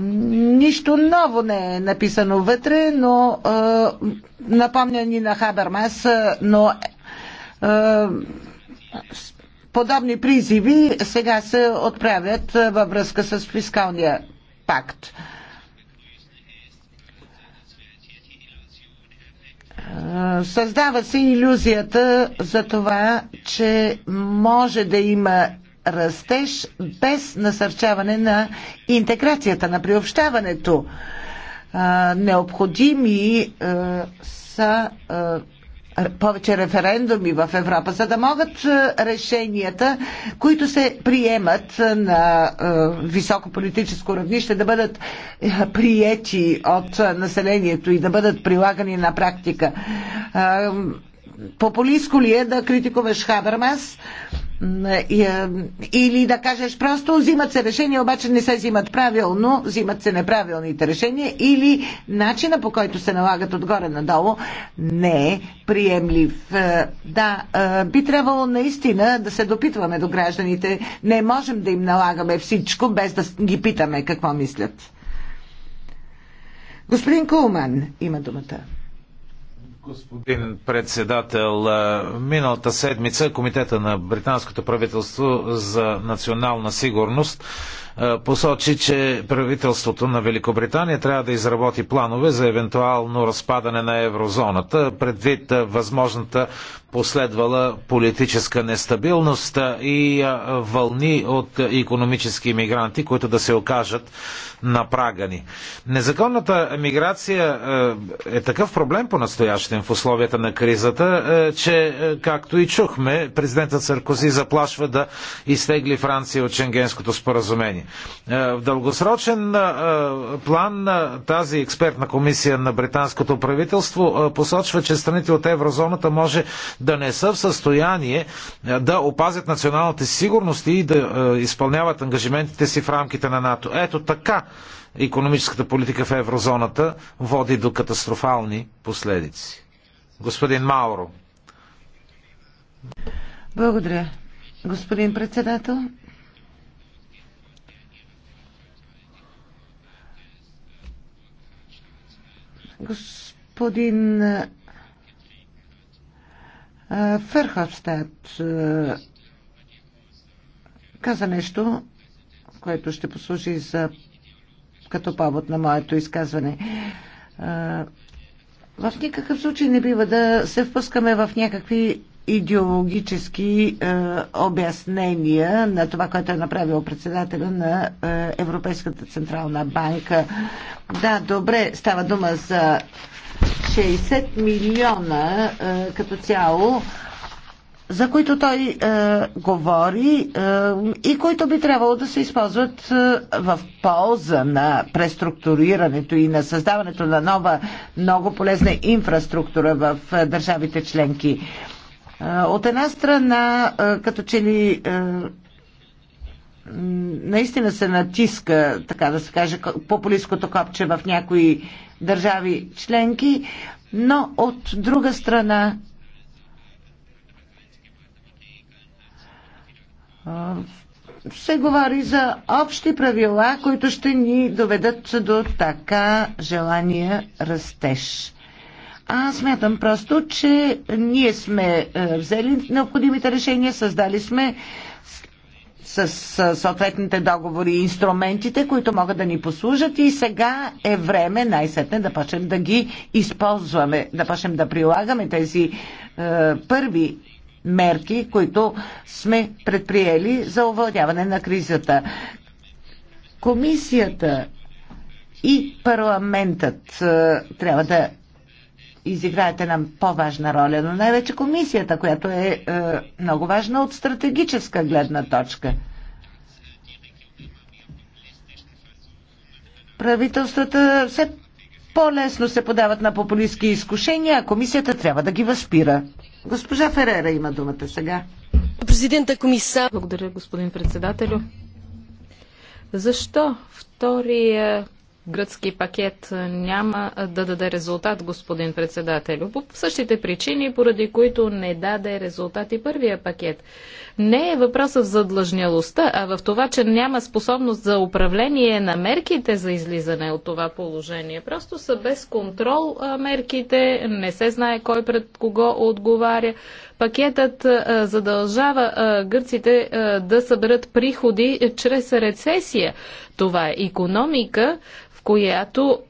Нищо ново не е написано вътре, но е, напомня ни на Хабермас, но е, подобни призиви сега се отправят във връзка с фискалния пакт. Е, Създава се иллюзията за това, че може да има растеж без насърчаване на интеграцията, на приобщаването. Необходими са повече референдуми в Европа, за да могат е, решенията, които се приемат на е, високо политическо равнище, да бъдат е, приети от населението и да бъдат прилагани на практика. Популистко ли е да критикуваш Хабермас? Е, е, или да кажеш просто, взимат се решения, обаче не се взимат правилно, взимат се неправилните решения, или начина по който се налагат отгоре надолу не е приемлив. Е, да, би трябвало наистина да се допитваме до гражданите. Не можем да им налагаме всичко, без да ги питаме какво мислят. Господин Кулман има думата. Господин председател, миналата седмица Комитета на британското правителство за национална сигурност посочи, че правителството на Великобритания трябва да изработи планове за евентуално разпадане на еврозоната, предвид възможната последвала политическа нестабилност и вълни от економически мигранти, които да се окажат на прагани. Незаконната миграция е такъв проблем по настоящем в условията на кризата, че, както и чухме, президентът Саркози заплашва да изтегли Франция от Шенгенското споразумение. Е, в дългосрочен е, план е, тази експертна комисия на британското правителство посочва, че страните от еврозоната може да не са в състояние да опазят националната си сигурност и да изпълняват ангажиментите си в рамките на НАТО. Ето така економическата политика в еврозоната води до катастрофални последици. Господин Мауро. Благодаря. Господин председател, Господин Ферховстад каза нещо, което ще послужи за, като повод на моето изказване. В никакъв случай не бива да се впускаме в някакви идеологически е, обяснения на това, което е направил председателя на е, Европейската Централна банка. Да, добре, става дума за 60 милиона е, като цяло за които той е, говори е, и които би трябвало да се използват е, в полза на преструктурирането и на създаването на нова, много полезна инфраструктура в е, държавите членки. Е, е, от една страна, е, като че ли е, наистина се натиска, така да се каже, популистското копче в някои държави членки, но от друга страна се говори за общи правила, които ще ни доведат до така желания растеж. Аз смятам просто, че ние сме е, взели необходимите решения, създали сме с съответните договори и инструментите, които могат да ни послужат и сега е време най-сетне да почнем да ги използваме, да почнем да прилагаме тези е, първи мерки, които сме предприели за овладяване на кризата. Комисията и парламентът е, трябва да изиграят една по-важна роля, но най-вече комисията, която е, е много важна от стратегическа гледна точка. Правителствата все по-лесно се подават на популистски изкушения, а комисията трябва да ги възпира. Госпожа Ферера има думата сега. Президента комисар. Благодаря, господин председателю. Защо втория гръцки пакет няма да даде резултат, господин председател. По същите причини, поради които не даде резултат и първия пакет. Не е въпросът в задлъжнялостта, а в това, че няма способност за управление на мерките за излизане от това положение. Просто са без контрол мерките, не се знае кой пред кого отговаря. Пакетът задължава гърците да съберат приходи чрез рецесия. Това е економика, в която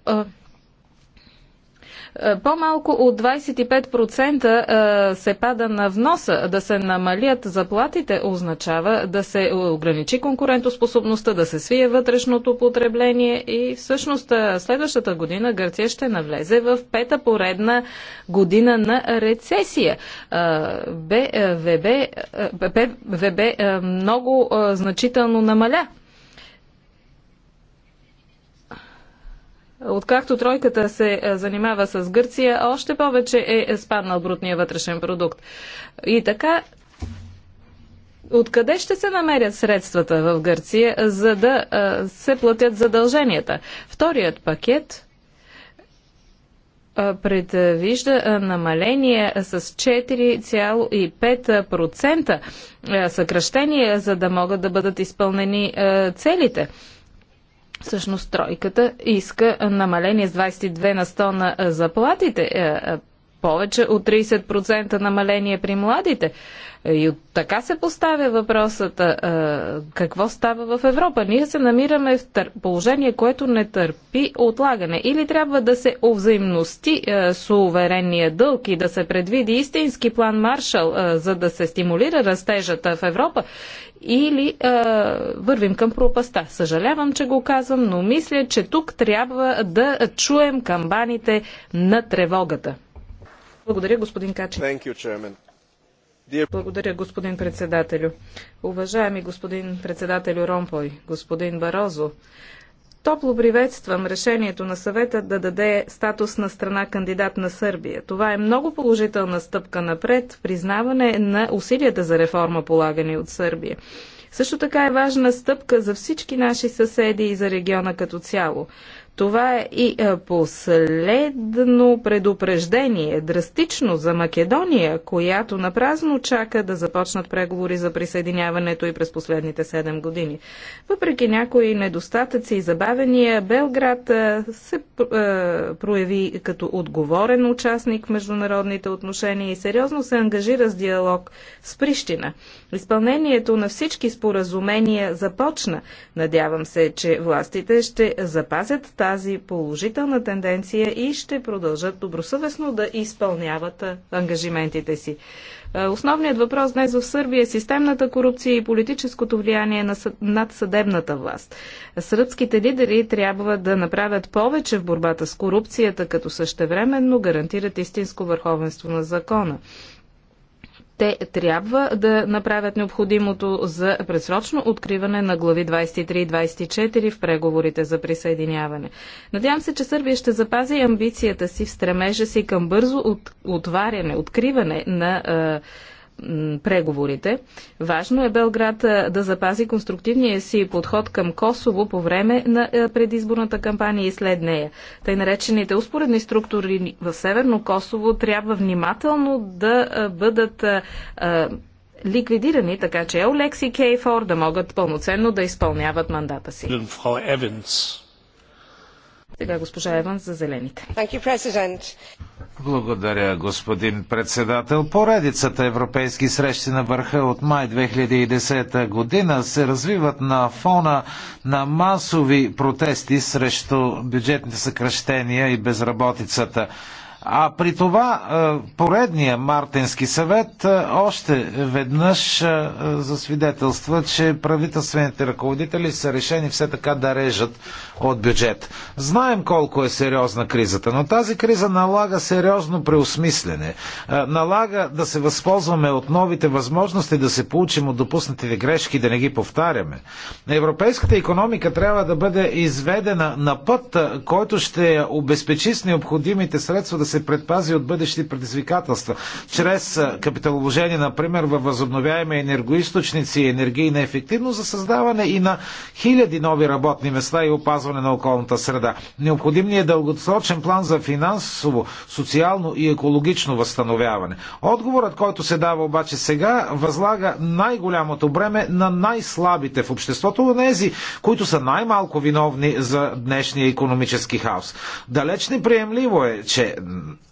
е, по-малко от 25% е, се пада на вноса. Да се намалят заплатите означава да се ограничи конкурентоспособността, да се свие вътрешното потребление и всъщност е, следващата година Гърция ще навлезе в пета поредна година на рецесия. ВБ много значително намаля Откакто тройката се е, занимава с Гърция, още повече е спаднал брутния вътрешен продукт. И така, Откъде ще се намерят средствата в Гърция, за да е, се платят задълженията? Вторият пакет е, предвижда намаление с 4,5% съкръщение, за да могат да бъдат изпълнени целите. Всъщност тройката иска намаление с 22 на 100 на заплатите е, е, повече от 30% намаление при младите. И от така се поставя въпросът какво става в Европа. Ние се намираме в тър... положение, което не търпи отлагане. Или трябва да се овзаимности суверенния дълг и да се предвиди истински план Маршал, за да се стимулира растежата в Европа, или а, вървим към пропаста. Съжалявам, че го казвам, но мисля, че тук трябва да чуем камбаните на тревогата. Благодаря, господин Качев. Благодаря, господин председателю. Уважаеми господин председателю Ромпой, господин Барозо, топло приветствам решението на съвета да даде статус на страна кандидат на Сърбия. Това е много положителна стъпка напред в признаване на усилията за реформа полагани от Сърбия. Също така е важна стъпка за всички наши съседи и за региона като цяло. Това е и е, последно предупреждение, драстично за Македония, която напразно чака да започнат преговори за присъединяването и през последните 7 години. Въпреки някои недостатъци и забавения, Белград е, се е, прояви като отговорен участник в международните отношения и сериозно се ангажира с диалог с Прищина. Изпълнението на всички споразумения започна. Надявам се, че властите ще запазят тази тази положителна тенденция и ще продължат добросъвестно да изпълняват ангажиментите си. Основният въпрос днес в Сърбия е системната корупция и политическото влияние на над съдебната власт. Сръбските лидери трябва да направят повече в борбата с корупцията, като същевременно гарантират истинско върховенство на закона те трябва да направят необходимото за предсрочно откриване на глави 23 и 24 в преговорите за присъединяване. Надявам се, че Сърбия ще запази амбицията си в стремежа си към бързо от, отваряне, откриване на е, преговорите. Важно е Белград да запази конструктивния си подход към Косово по време на предизборната кампания и след нея. Тъй наречените успоредни структури в Северно Косово трябва внимателно да бъдат ликвидирани, така че Елекс и Кейфор да могат пълноценно да изпълняват мандата си. Сега госпожа Еван за зелените. Благодаря, господин председател. Поредицата европейски срещи на върха от май 2010 година се развиват на фона на масови протести срещу бюджетните съкръщения и безработицата. А при това е, поредния Мартински съвет е, още веднъж е, засвидетелства, че правителствените ръководители са решени все така да режат от бюджет. Знаем колко е сериозна кризата, но тази криза налага сериозно преосмислене. Налага да се възползваме от новите възможности, да се получим от допуснатите грешки, да не ги повтаряме. Европейската економика трябва да бъде изведена на път, който ще обезпечи с необходимите средства да се се предпази от бъдещи предизвикателства. Чрез капиталовложение, например, във възобновяеми енергоисточници и енергийна ефективност за създаване и на хиляди нови работни места и опазване на околната среда. Необходим ни е дългосрочен план за финансово, социално и екологично възстановяване. Отговорът, който се дава обаче сега, възлага най-голямото бреме на най-слабите в обществото, онези, които са най-малко виновни за днешния економически хаос. Далеч неприемливо е, че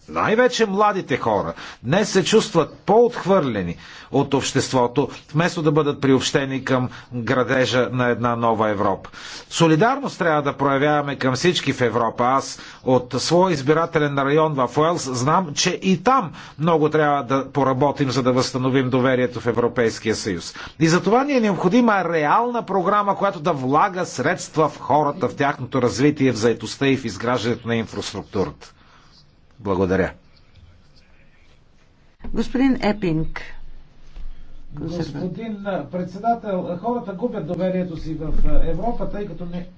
най-вече младите хора, днес се чувстват по-отхвърлени от обществото, вместо да бъдат приобщени към градежа на една нова Европа. Солидарност трябва да проявяваме към всички в Европа. Аз от своя избирателен район в Уелс знам, че и там много трябва да поработим, за да възстановим доверието в Европейския съюз. И за това ни е необходима реална програма, която да влага средства в хората, в тяхното развитие, в заетостта и в изграждането на инфраструктурата. Благодаря. Господин Епинг. Господин председател, хората губят доверието си в Европа, тъй като не,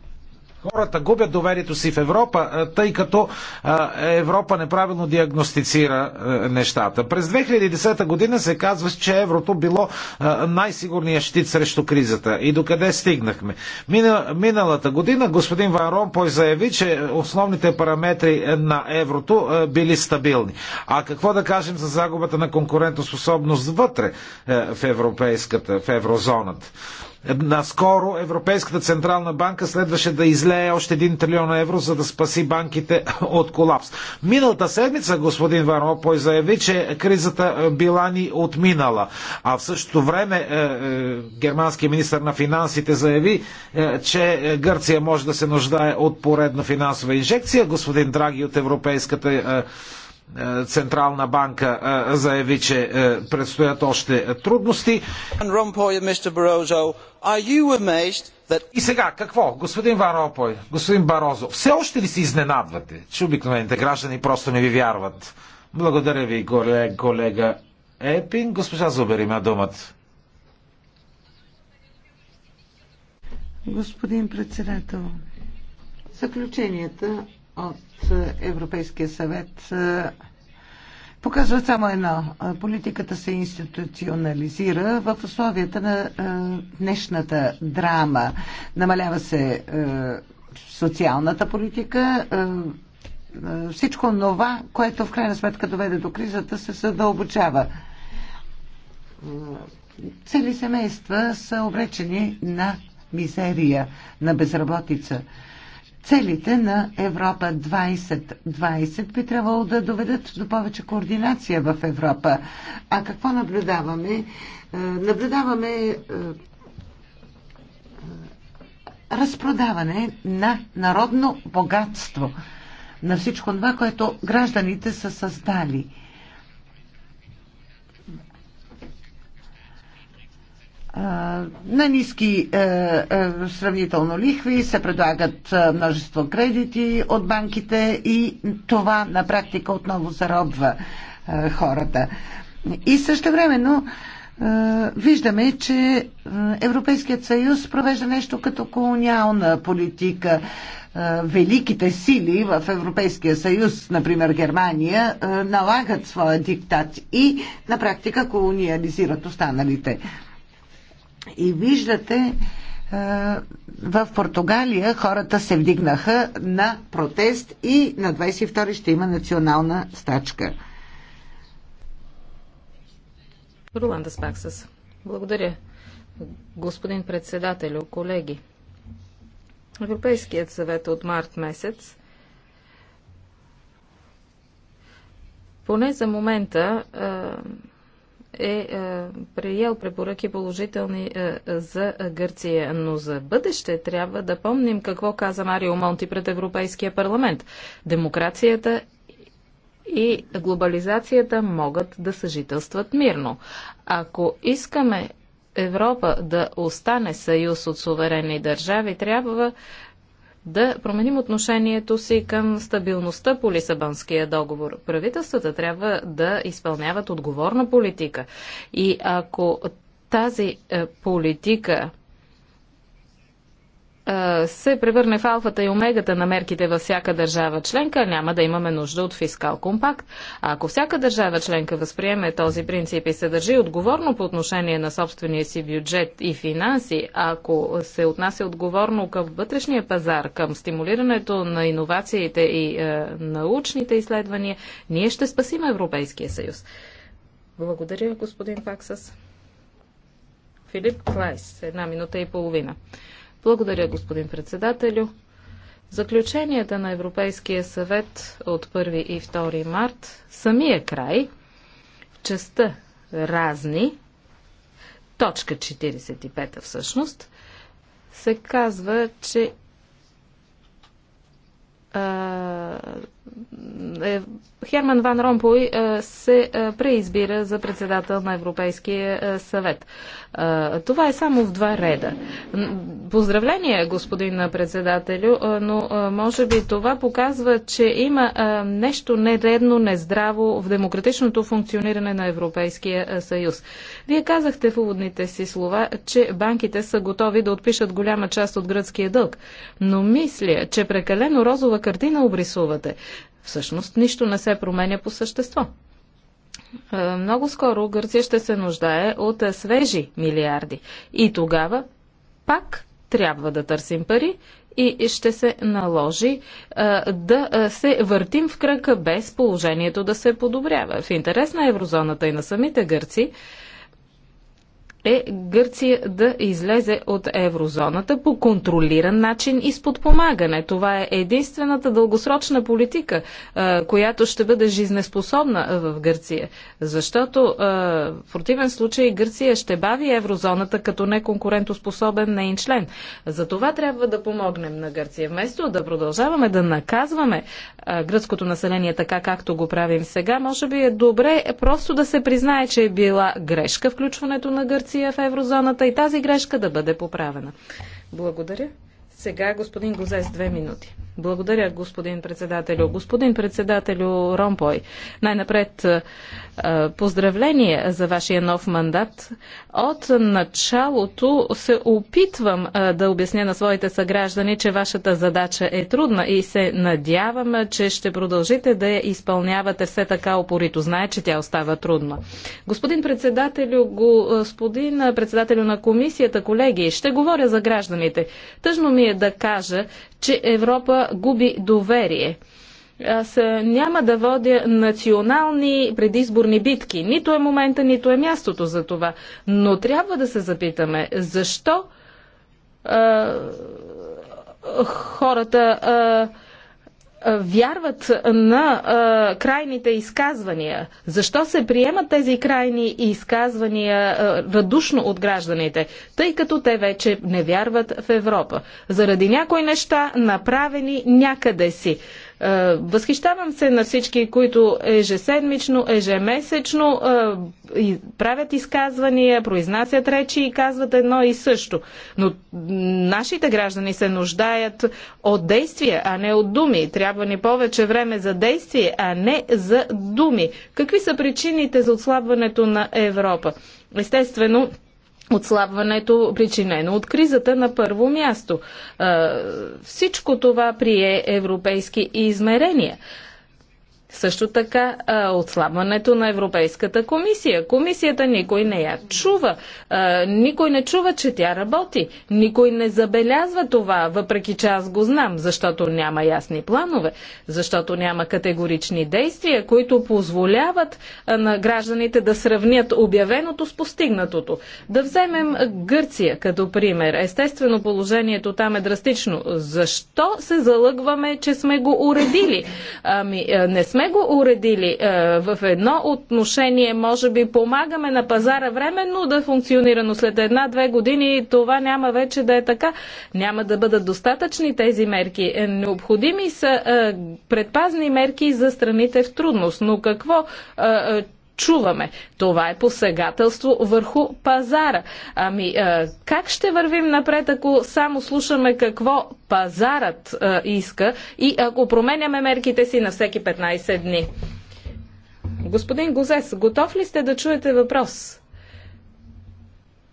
Хората губят доверието си в Европа, тъй като Европа неправилно диагностицира нещата. През 2010 година се казва, че еврото било най-сигурният щит срещу кризата. И докъде стигнахме? Миналата година господин Ван Ромпой заяви, че основните параметри на еврото били стабилни. А какво да кажем за загубата на конкурентоспособност вътре в европейската, в еврозоната? Наскоро Европейската централна банка следваше да излее още 1 трилион евро, за да спаси банките от колапс. Миналата седмица господин Ван Ропой заяви, че кризата е, била ни отминала. А в същото време е, е, германският министр на финансите заяви, е, че е, Гърция може да се нуждае от поредна финансова инжекция. Господин Драги от Европейската е, е, Централна банка е, заяви, че е, предстоят още трудности. И сега, какво? Господин Ван Ропой, господин Барозо, все още ли се изненадвате, че обикновените граждани просто не ви вярват? Благодаря ви, колег, колега Епин. Госпожа Зубер има думата. Господин председател, заключенията от Европейския съвет показват само едно. Политиката се институционализира в условията на днешната драма. Намалява се социалната политика. Всичко нова, което в крайна сметка доведе до кризата, се задълбочава цели семейства са обречени на мизерия, на безработица. Целите на Европа 2020 20 би трябвало да доведат до повече координация в Европа. А какво наблюдаваме? Е, наблюдаваме е, е, разпродаване на народно богатство, на всичко това, което гражданите са създали – на ниски е, е, сравнително лихви се предлагат е, множество кредити от банките и това на практика отново заробва хората. И също времено виждаме, че Европейският съюз провежда нещо като колониална политика. Великите сили в Европейския съюз, например Германия, налагат своя диктат и на практика колониализират останалите. И виждате, е, в Португалия хората се вдигнаха на протест и на 22 ще има национална стачка. Роланда Спаксас. Благодаря. Господин председателю, колеги. Европейският съвет от март месец поне за момента е, е, е приел препоръки положителни е, за Гърция, но за бъдеще трябва да помним какво каза Марио Монти пред Европейския парламент. Демокрацията и глобализацията могат да съжителстват мирно. Ако искаме Европа да остане съюз от суверенни държави, трябва да променим отношението си към стабилността по Лисабонския договор. Правителствата трябва да изпълняват отговорна политика. И ако тази е, политика се превърне в алфата и омегата на мерките във всяка държава членка, няма да имаме нужда от фискал компакт. А ако всяка държава членка възприеме този принцип и се държи отговорно по отношение на собствения си бюджет и финанси, ако се отнася отговорно към вътрешния пазар, към стимулирането на иновациите и е, научните изследвания, ние ще спасим Европейския съюз. Благодаря, господин Паксас. Филип Клайс, една минута и половина. Благодаря, господин председателю. Заключенията на Европейския съвет от 1 и 2 март, самия е край, в частта разни, точка 45 всъщност, се казва, че а, е, Херман Ван Ромпой е, се е, преизбира за председател на Европейския съвет. Това е само в два реда. Поздравление, господин председателю, но може би това показва, че има нещо нередно, нездраво в демократичното функциониране на Европейския съюз. Вие казахте в уводните си слова, че банките са готови да отпишат голяма част от гръцкия дълг, но мисля, че прекалено розова картина обрисувате. Всъщност нищо не се променя по същество. Е, много скоро Гърция ще се нуждае от свежи милиарди. И тогава пак трябва да търсим пари и ще се наложи а, е, да е, се въртим в кръка без положението да се подобрява. В интерес на еврозоната и на самите гърци, е Гърция да излезе от еврозоната по контролиран начин и с подпомагане. Това е единствената дългосрочна политика, която ще бъде жизнеспособна в Гърция. Защото в противен случай Гърция ще бави еврозоната като неконкурентоспособен нейн член. За това трябва да помогнем на Гърция. Вместо да продължаваме да наказваме гръцкото население така, както го правим сега, може би е добре просто да се признае, че е била грешка включването на Гърция Гърция в еврозоната и тази грешка да бъде поправена. Благодаря. Сега господин Гозес, две минути. Благодаря, господин председателю. Господин председателю Ромпой, най-напред поздравление за вашия нов мандат. От началото се опитвам да обясня на своите съграждани, че вашата задача е трудна и се надявам, че ще продължите да я изпълнявате все така опорито. Знае, че тя остава трудна. Господин председателю, господин председателю на комисията, колеги, ще говоря за гражданите. Тъжно ми е да кажа, че Европа губи доверие. Аз е, няма да водя национални предизборни битки. Нито е момента, нито е мястото за това. Но трябва да се запитаме, защо а, е, хората а, е, вярват на а, крайните изказвания. Защо се приемат тези крайни изказвания а, радушно от гражданите? Тъй като те вече не вярват в Европа. Заради някои неща, направени някъде си. Е, възхищавам се на всички, които ежеседмично, ежемесечно е, правят изказвания, произнасят речи и казват едно и също. Но нашите граждани се нуждаят от действия, а не от думи. Трябва ни повече време за действие, а не за думи. Какви са причините за отслабването на Европа? Естествено, отслабването, причинено от кризата на първо място. Всичко това прие европейски измерения. Също така отслабването на Европейската комисия. Комисията никой не я чува. Никой не чува, че тя работи. Никой не забелязва това, въпреки че аз го знам, защото няма ясни планове, защото няма категорични действия, които позволяват на гражданите да сравнят обявеното с постигнатото. Да вземем Гърция като пример. Естествено положението там е драстично. Защо се залъгваме, че сме го уредили? Ами не сме сме го уредили е, в едно отношение, може би помагаме на пазара временно да е функционира, но след една-две години това няма вече да е така. Няма да бъдат достатъчни тези мерки. Е, необходими са предпазни мерки за страните в трудност. Но какво чуваме. Това е посегателство върху пазара. Ами, е, как ще вървим напред, ако само слушаме какво пазарът е, иска и ако променяме мерките си на всеки 15 дни? Господин Гозес, готов ли сте да чуете въпрос?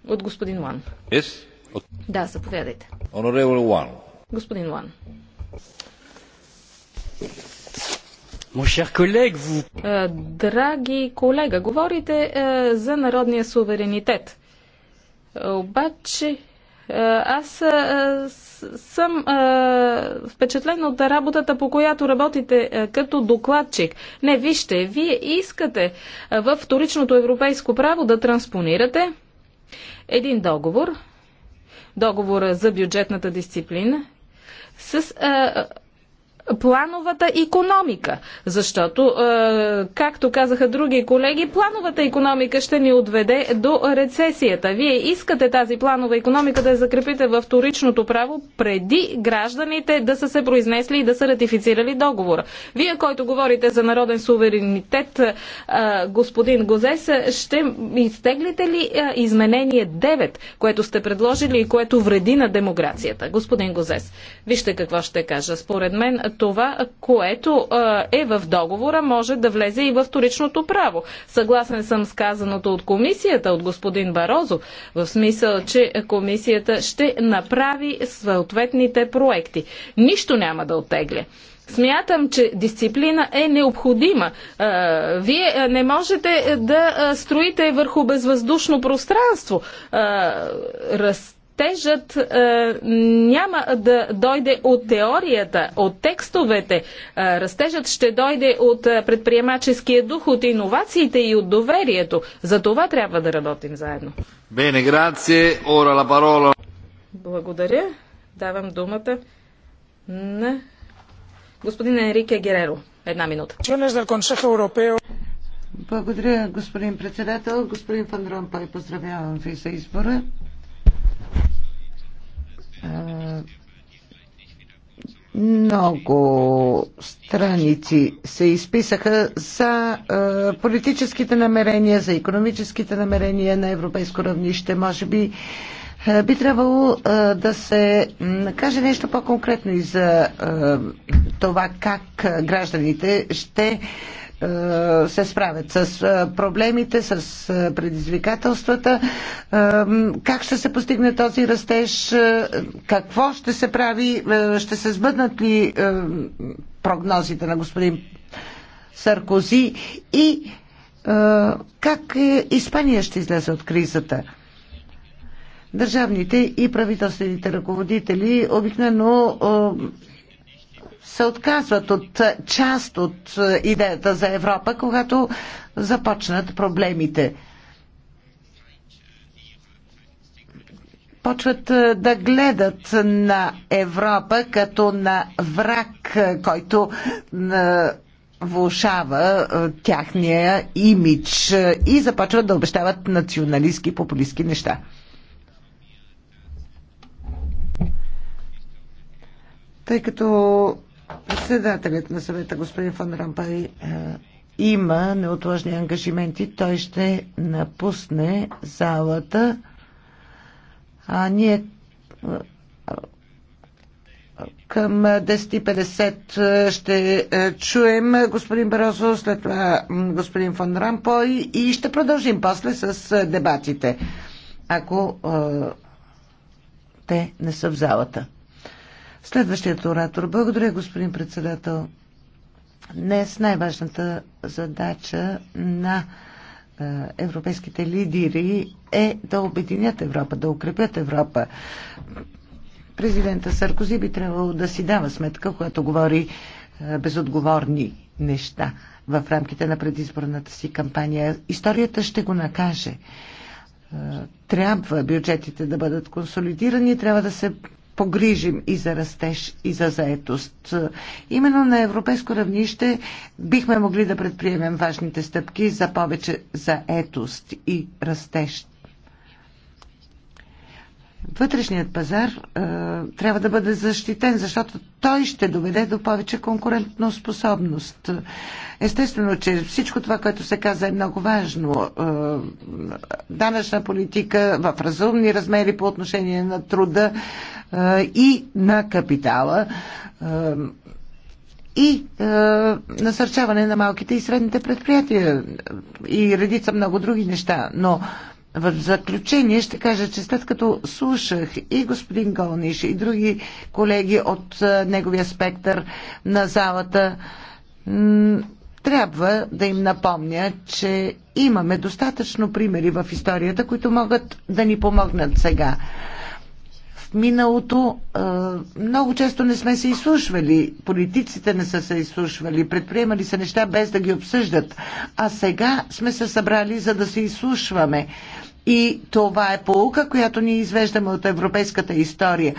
От господин Лан. Yes? От... Да, заповядайте. Honorable Господин Лан. Е, драги колега, говорите е, за народния суверенитет. Обаче е, аз съм впечатлен от работата, по която работите като докладчик. Не, вижте, вие искате в вторичното европейско право да транспонирате един договор, договора за бюджетната дисциплина, с плановата економика. Защото, е, както казаха други колеги, плановата економика ще ни отведе до рецесията. Вие искате тази планова економика да я закрепите в вторичното право преди гражданите да са се произнесли и да са ратифицирали договора. Вие, който говорите за народен суверенитет, е, господин Гозес, ще изтеглите ли е, изменение 9, което сте предложили и което вреди на демокрацията? Господин Гозес, вижте какво ще кажа. Според мен това, което е в договора, може да влезе и в вторичното право. Съгласен съм с казаното от комисията, от господин Барозо, в смисъл, че комисията ще направи съответните проекти. Нищо няма да оттегля. Смятам, че дисциплина е необходима. Вие не можете да строите върху безвъздушно пространство. Раз Тежът е, няма да дойде от теорията, от текстовете. Е, растежът ще дойде от е, предприемаческия дух, от иновациите и от доверието. За това трябва да работим заедно. Бене, грация. Ора ла парола. Благодаря. Давам думата на господин Енрике Гереро. Една минута. Благодаря, господин председател. Господин Фандрон, пай поздравявам ви за избора много страници се изписаха за а, политическите намерения, за економическите намерения на европейско равнище. Може би а, би трябвало а, да се каже нещо по-конкретно и за а, това как гражданите ще е, се справят с е, проблемите, с е, предизвикателствата, как ще се постигне този растеж, какво ще се прави, ще се сбъднат ли прогнозите на господин Саркози и как Испания ще излезе от кризата. Държавните и правителствените ръководители обикновено се отказват от част от идеята за Европа, когато започнат проблемите. Почват е, да гледат на Европа като на враг, е, който е, влушава тяхния имидж и започват да обещават националистски, популистски неща. Тъй като Председателят на съвета, господин Фон Рампай, е, има неотложни ангажименти. Той ще напусне залата. А ние е, към 10.50 е, ще чуем господин Барозо, след това господин Фон Рампой и ще продължим после с дебатите, ако те не са в залата. Следващият оратор. Благодаря, господин председател. Днес най-важната задача на е, европейските лидери е да обединят Европа, да укрепят Европа. Президента Саркози би трябвало да си дава сметка, когато говори е, безотговорни неща в рамките на предизборната си кампания. Историята ще го накаже е, трябва бюджетите да бъдат консолидирани, трябва да се погрижим и за растеж, и за заетост. Именно на европейско равнище бихме могли да предприемем важните стъпки за повече заетост и растеж. Вътрешният пазар е, трябва да бъде защитен, защото той ще доведе до повече конкурентно способност. Естествено, че всичко това, което се каза, е много важно. Е, данъчна политика в разумни размери по отношение на труда е, и на капитала. Е, и е, насърчаване на малките и средните предприятия и редица много други неща. Но в заключение ще кажа, че след като слушах и господин Голниш, и други колеги от неговия спектър на залата, трябва да им напомня, че имаме достатъчно примери в историята, които могат да ни помогнат сега миналото много често не сме се изслушвали, политиците не са се изслушвали, предприемали са неща без да ги обсъждат, а сега сме се събрали за да се изслушваме. И това е полука, която ние извеждаме от европейската история.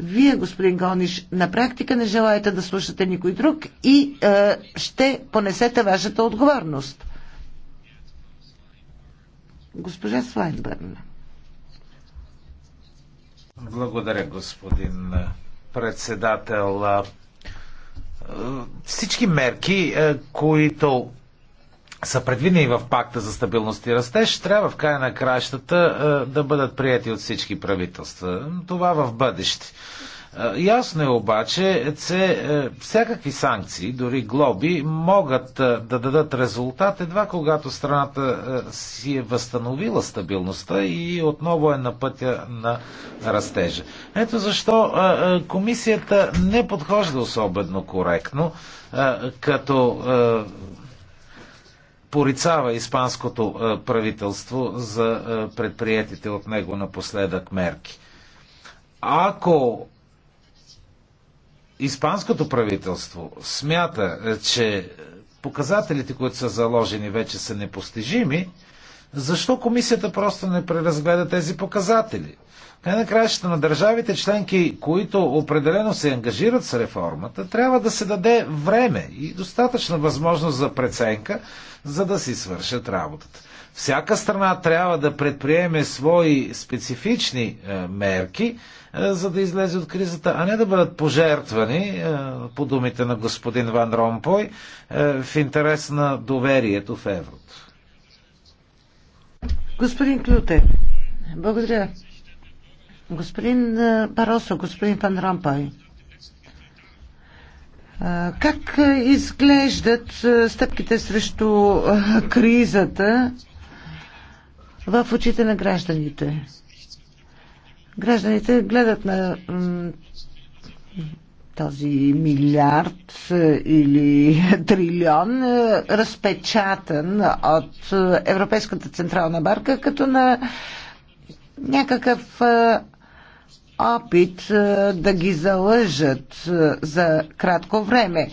Вие, господин Гониш, на практика не желаете да слушате никой друг и е, ще понесете вашата отговорност. Госпожа Слайнберна. Благодаря, господин председател. Всички мерки, които са предвидени в пакта за стабилност и растеж, трябва в края на краищата да бъдат прияти от всички правителства. Това в бъдеще. Е, ясно е обаче, че е, всякакви санкции, дори глоби, могат е, да дадат резултат едва когато страната си е възстановила стабилността и отново е на пътя на растежа. Ето защо комисията не подхожда особено коректно, като порицава испанското правителство за предприятите от него напоследък мерки. Ако Испанското правителство смята, е, че показателите, които са заложени, вече са непостижими, защо комисията просто не преразгледа тези показатели? Край на краищата на държавите членки, които определено се ангажират с реформата, трябва да се даде време и достатъчна възможност за преценка, за да си свършат работата. Всяка страна трябва да предприеме свои специфични е, мерки, е, за да излезе от кризата, а не да бъдат пожертвани, е, по думите на господин Ван Ромпой, в интерес на доверието в еврото. Господин Клюте, благодаря. Господин Баросо, господин Ван Ромпой, как изглеждат стъпките срещу кризата в очите на гражданите. Гражданите гледат на този милиард е, или трилион, е, разпечатан от Европейската централна банка, като на някакъв е, опит да ги залъжат за кратко време.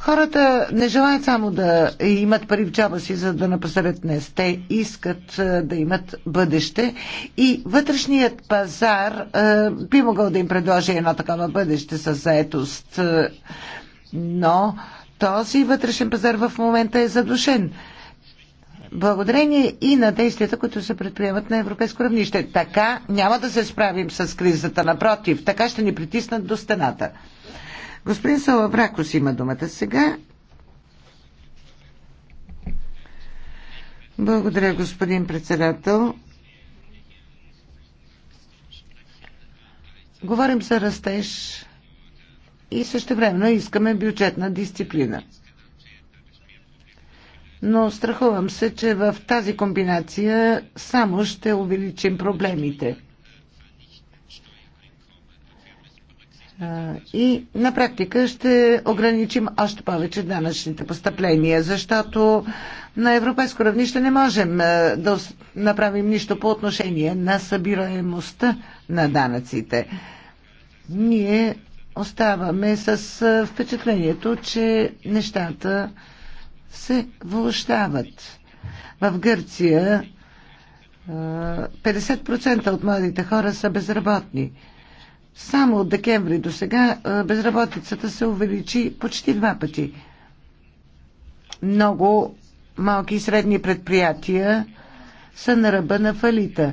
Хората не желаят само да имат пари в джоба си, за да напазарят днес. Те искат да имат бъдеще и вътрешният пазар би могъл да им предложи едно такова бъдеще с заетост. Но този вътрешен пазар в момента е задушен. Благодарение и на действията, които се предприемат на европейско равнище. Така няма да се справим с кризата. Напротив, така ще ни притиснат до стената. Господин Салавракос има думата сега. Благодаря, господин председател. Говорим за растеж и също времено искаме бюджетна дисциплина. Но страхувам се, че в тази комбинация само ще увеличим проблемите – И на практика ще ограничим още повече данъчните постъпления, защото на европейско равнище не можем да направим нищо по отношение на събираемостта на данъците. Ние оставаме с впечатлението, че нещата се влощават. В Гърция 50% от младите хора са безработни. Само от декември до сега безработицата се увеличи почти два пъти. Много малки и средни предприятия са на ръба на фалита.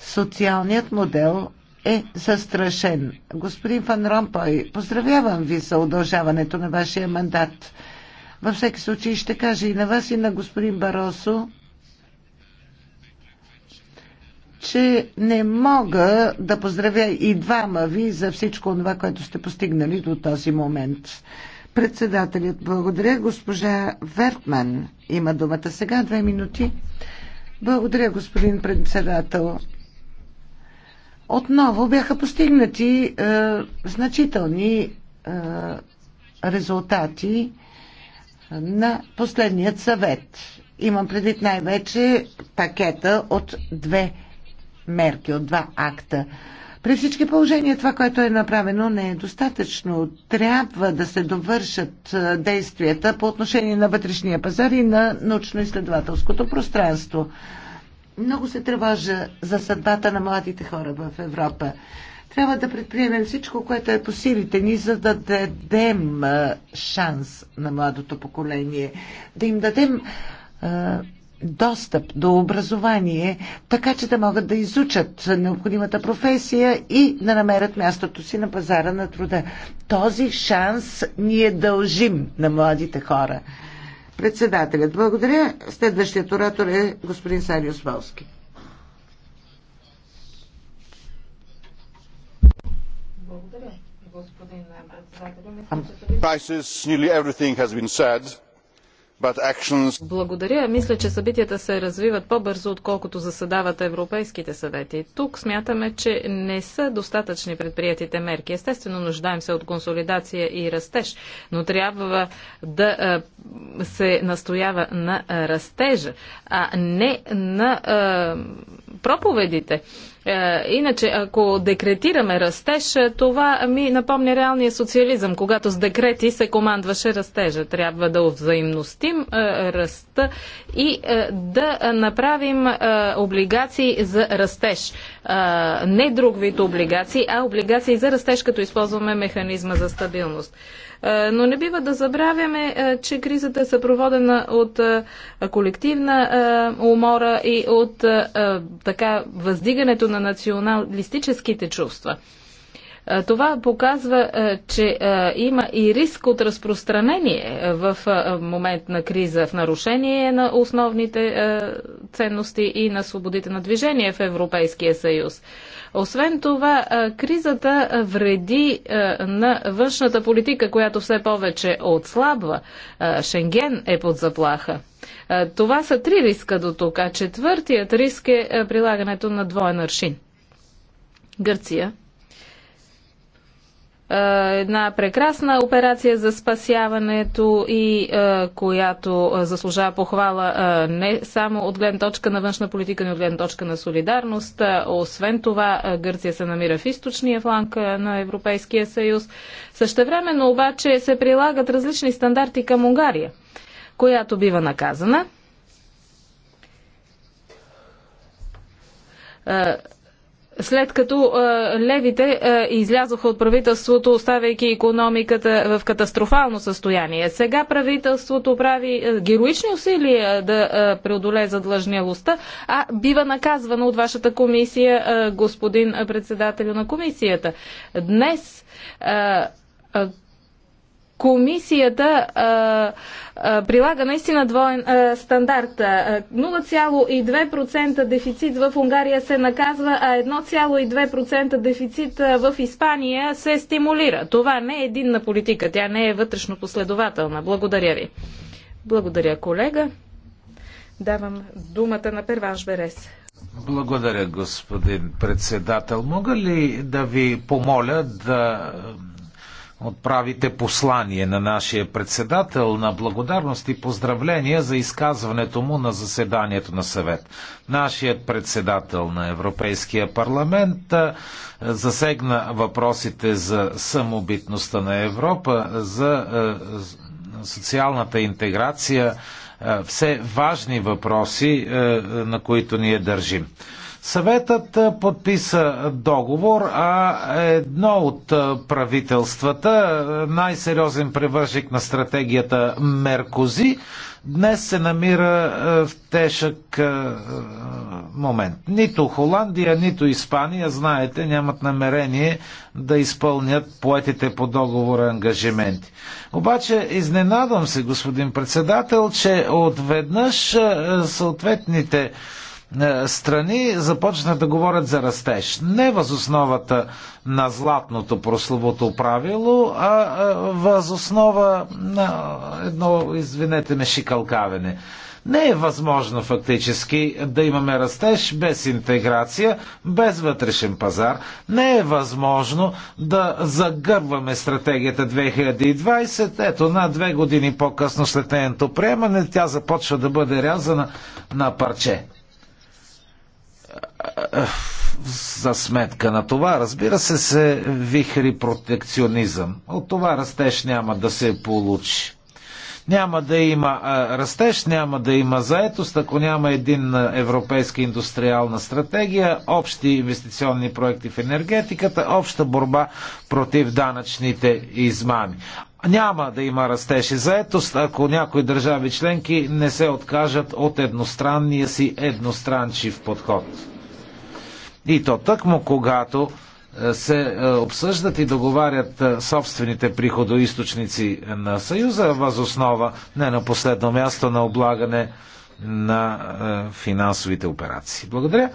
Социалният модел е застрашен. Господин Фан Ромпой, поздравявам ви за удължаването на вашия мандат. Във всеки случай ще кажа и на вас, и на господин Баросо, че не мога да поздравя и двама ви за всичко това, което сте постигнали до този момент. Председателят, благодаря. Госпожа Вертман има думата сега. Две минути. Благодаря, господин председател. Отново бяха постигнати е, значителни е, резултати е, на последният съвет. Имам предвид най-вече пакета от две мерки, от два акта. При всички положения това, което е направено, не е достатъчно. Трябва да се довършат действията по отношение на вътрешния пазар и на научно-изследователското пространство. Много се тревожа за съдбата на младите хора в Европа. Трябва да предприемем всичко, което е по силите ни, за да дадем шанс на младото поколение, да им дадем достъп до образование, така че да могат да изучат необходимата професия и да намерят мястото си на пазара на труда. Този шанс ние дължим на младите хора. Председателят, благодаря. Следващият оратор е господин Сарио Волски. Благодаря, господин председател. Благодаря. Мисля, че събитията се развиват по-бързо, отколкото заседават европейските съвети. Тук смятаме, че не са достатъчни предприятите мерки. Естествено, нуждаем се от консолидация и растеж, но трябва да се настоява на растежа, а не на проповедите. Е, иначе, ако декретираме растеж, е, това ми напомня реалния социализъм, когато с декрети се командваше растежа. Трябва да взаимностим е, ръста и да направим облигации за растеж. Не друг вид облигации, а облигации за растеж, като използваме механизма за стабилност. Е, но не бива да забравяме, е, че кризата е съпроводена от е, колективна умора и от така въздигането на националистическите чувства. Това показва, че има и риск от разпространение в момент на криза в нарушение на основните ценности и на свободите на движение в Европейския съюз. Освен това, кризата вреди на външната политика, която все повече отслабва. Шенген е под заплаха. Това са три риска до тук, а четвъртият риск е прилагането на двоен аршин. Гърция е, една прекрасна операция за спасяването и е, която заслужава похвала е, не само от гледна точка на външна политика, но и от гледна точка на солидарност. Освен това, Гърция се намира в източния фланг на Европейския съюз. Същевременно обаче се прилагат различни стандарти към Унгария, която бива наказана след като е, левите е, излязоха от правителството, оставяйки економиката в катастрофално състояние. Сега правителството прави е, героични усилия да е, преодолее задлъжнялостта, а бива наказвано от вашата комисия, е, господин председателю на комисията. Днес е, комисията а, а, прилага наистина двоен а, стандарт. 0,2% дефицит в Унгария се наказва, а 1,2% дефицит в Испания се стимулира. Това не е единна политика, тя не е вътрешно последователна. Благодаря ви. Благодаря, колега. Давам думата на Перванш Берес. Благодаря, господин председател. Мога ли да ви помоля да отправите послание на нашия председател на благодарност и поздравления за изказването му на заседанието на съвет. Нашият председател на Европейския парламент засегна въпросите за самобитността на Европа, за социалната интеграция, все важни въпроси, на които ние държим. Съветът подписа договор, а едно от правителствата, най-сериозен превържик на стратегията Меркози, днес се намира в тежък момент. Нито Холандия, нито Испания, знаете, нямат намерение да изпълнят поетите по договора ангажименти. Обаче изненадвам се, господин председател, че отведнъж съответните е, страни започнат да говорят за растеж. Не въз основата на златното прословото правило, а въз основа на едно, извинете ме, шикалкавене. Не е възможно фактически да имаме растеж без интеграция, без вътрешен пазар. Не е възможно да загърваме стратегията 2020. Ето, на две години по-късно след нейното приемане, тя започва да бъде рязана на парче за сметка на това, разбира се, се вихри протекционизъм. От това растеж няма да се получи. Няма да има растеж, няма да има заетост, ако няма един европейска индустриална стратегия, общи инвестиционни проекти в енергетиката, обща борба против данъчните измами. Няма да има растеж и заетост, ако някои държави членки не се откажат от едностранния си едностранчив подход. И то тъкмо когато е, се е, обсъждат и договарят е, собствените приходоисточници на Съюза, възоснова не на последно място на облагане на финансовите операции. Благодаря.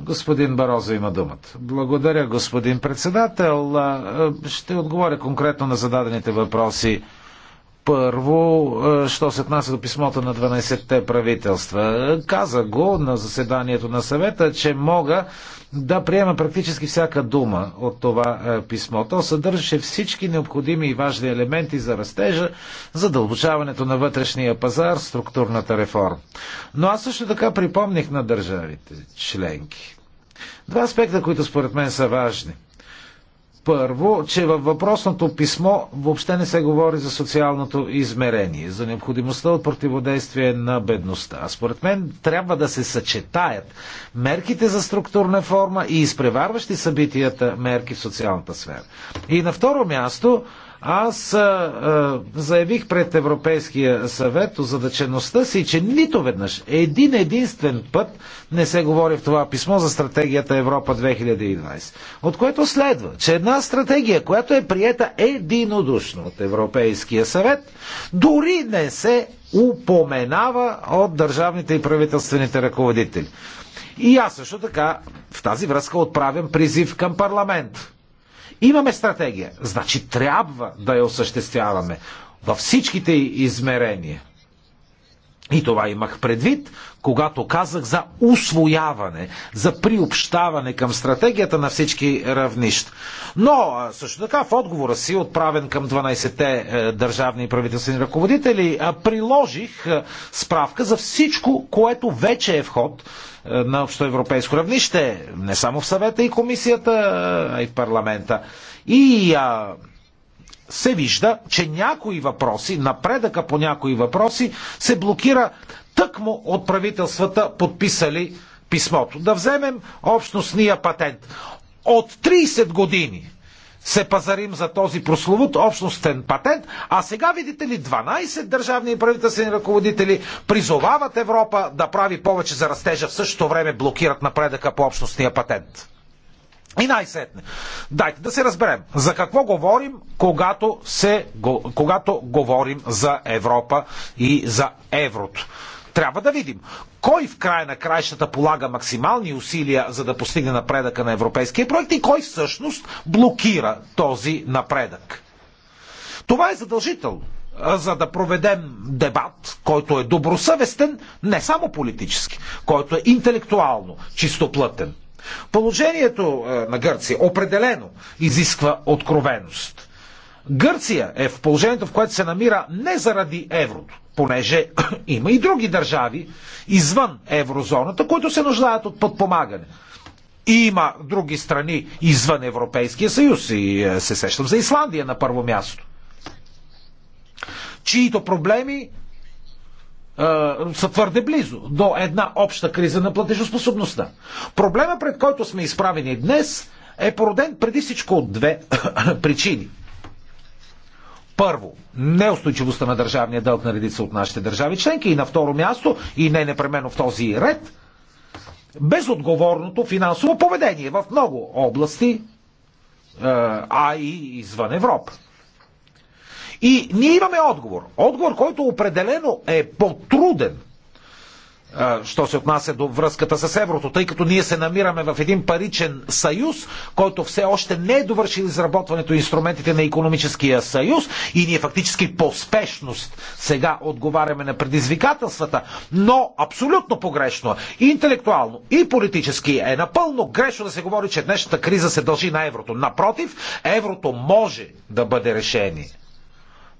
Господин Барозо има думата. Благодаря, господин председател. Ще отговоря конкретно на зададените въпроси. Първо, е, що се отнася до писмото на 12-те правителства. Каза го на заседанието на съвета, че мога да приема практически всяка дума от това е, писмо. То съдържаше всички необходими и важни елементи за растежа, задълбочаването на вътрешния пазар, структурната реформа. Но аз също така припомних на държавите членки. Два аспекта, които според мен са важни – първо, че във въпросното писмо въобще не се говори за социалното измерение, за необходимостта от противодействие на бедността. А според мен трябва да се съчетаят мерките за структурна форма и изпреварващи събитията мерки в социалната сфера. И на второ място, аз а, а, заявих пред Европейския съвет озадачеността си, че нито веднъж, един единствен път не се говори в това писмо за стратегията Европа 2020. От което следва, че една стратегия, която е приета единодушно от Европейския съвет, дори не се упоменава от държавните и правителствените ръководители. И аз също така в тази връзка отправям призив към парламент Имаме стратегия, значи трябва да я осъществяваме във всичките измерения. И това имах предвид, когато казах за усвояване, за приобщаване към стратегията на всички равнища. Но също така в отговора си, отправен към 12-те е, държавни и правителствени ръководители, приложих е, справка за всичко, което вече е вход е, на общоевропейско равнище, не само в съвета и комисията, а и в парламента. И а, се вижда, че някои въпроси, напредъка по някои въпроси се блокира тъкмо от правителствата, подписали писмото. Да вземем общностния патент. От 30 години се пазарим за този прословут общностен патент, а сега видите ли 12 държавни и правителствени ръководители призовават Европа да прави повече за растежа, в същото време блокират напредъка по общностния патент. И най-сетне, дайте да се разберем за какво говорим, когато, се, когато говорим за Европа и за еврото. Трябва да видим кой в края на краищата полага максимални усилия за да постигне напредъка на европейския проект и кой всъщност блокира този напредък. Това е задължително, за да проведем дебат, който е добросъвестен, не само политически, който е интелектуално чистоплътен. Положението е, на Гърция определено изисква откровеност. Гърция е в положението, в което се намира не заради еврото, понеже има и други държави извън еврозоната, които се нуждаят от подпомагане. И има други страни извън Европейския съюз и е, се сещам за Исландия на първо място, чието проблеми е, са твърде близо до една обща криза на платежоспособността. Проблема, пред който сме изправени днес, е породен преди всичко от две причини. Първо, неустойчивостта на държавния дълг на редица от нашите държави членки и на второ място, и не непременно в този ред, безотговорното финансово поведение в много области, е, а и извън Европа. И ние имаме отговор. Отговор, който определено е по-труден, що се отнася до връзката с еврото, тъй като ние се намираме в един паричен съюз, който все още не е довършил изработването и инструментите на економическия съюз и ние фактически по спешност сега отговаряме на предизвикателствата, но абсолютно погрешно, и е. интелектуално и политически е напълно грешно да се говори, че днешната криза се дължи на еврото. Напротив, еврото може да бъде решение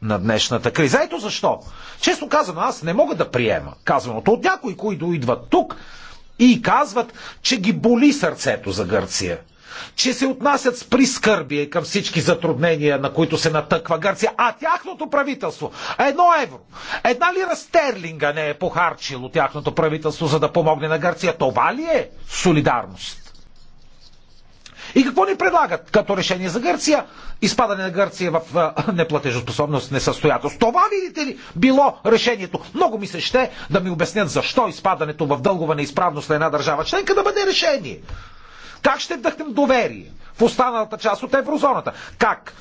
на днешната криза. Ето защо. Често казано, аз не мога да приема казаното от някои, които идват тук и казват, че ги боли сърцето за Гърция. Че се отнасят с прискърбие към всички затруднения, на които се натъква Гърция, а тяхното правителство, едно евро, една лира стерлинга не е похарчило тяхното правителство, за да помогне на Гърция. Това ли е солидарност? И какво ни предлагат като решение за Гърция? Изпадане на Гърция в неплатежоспособност, несъстоятелност. Това, видите ли, било решението. Много ми се ще да ми обяснят защо изпадането в дългова неизправност на една държава членка да бъде решение. Как ще вдъхнем доверие в останалата част от еврозоната? Как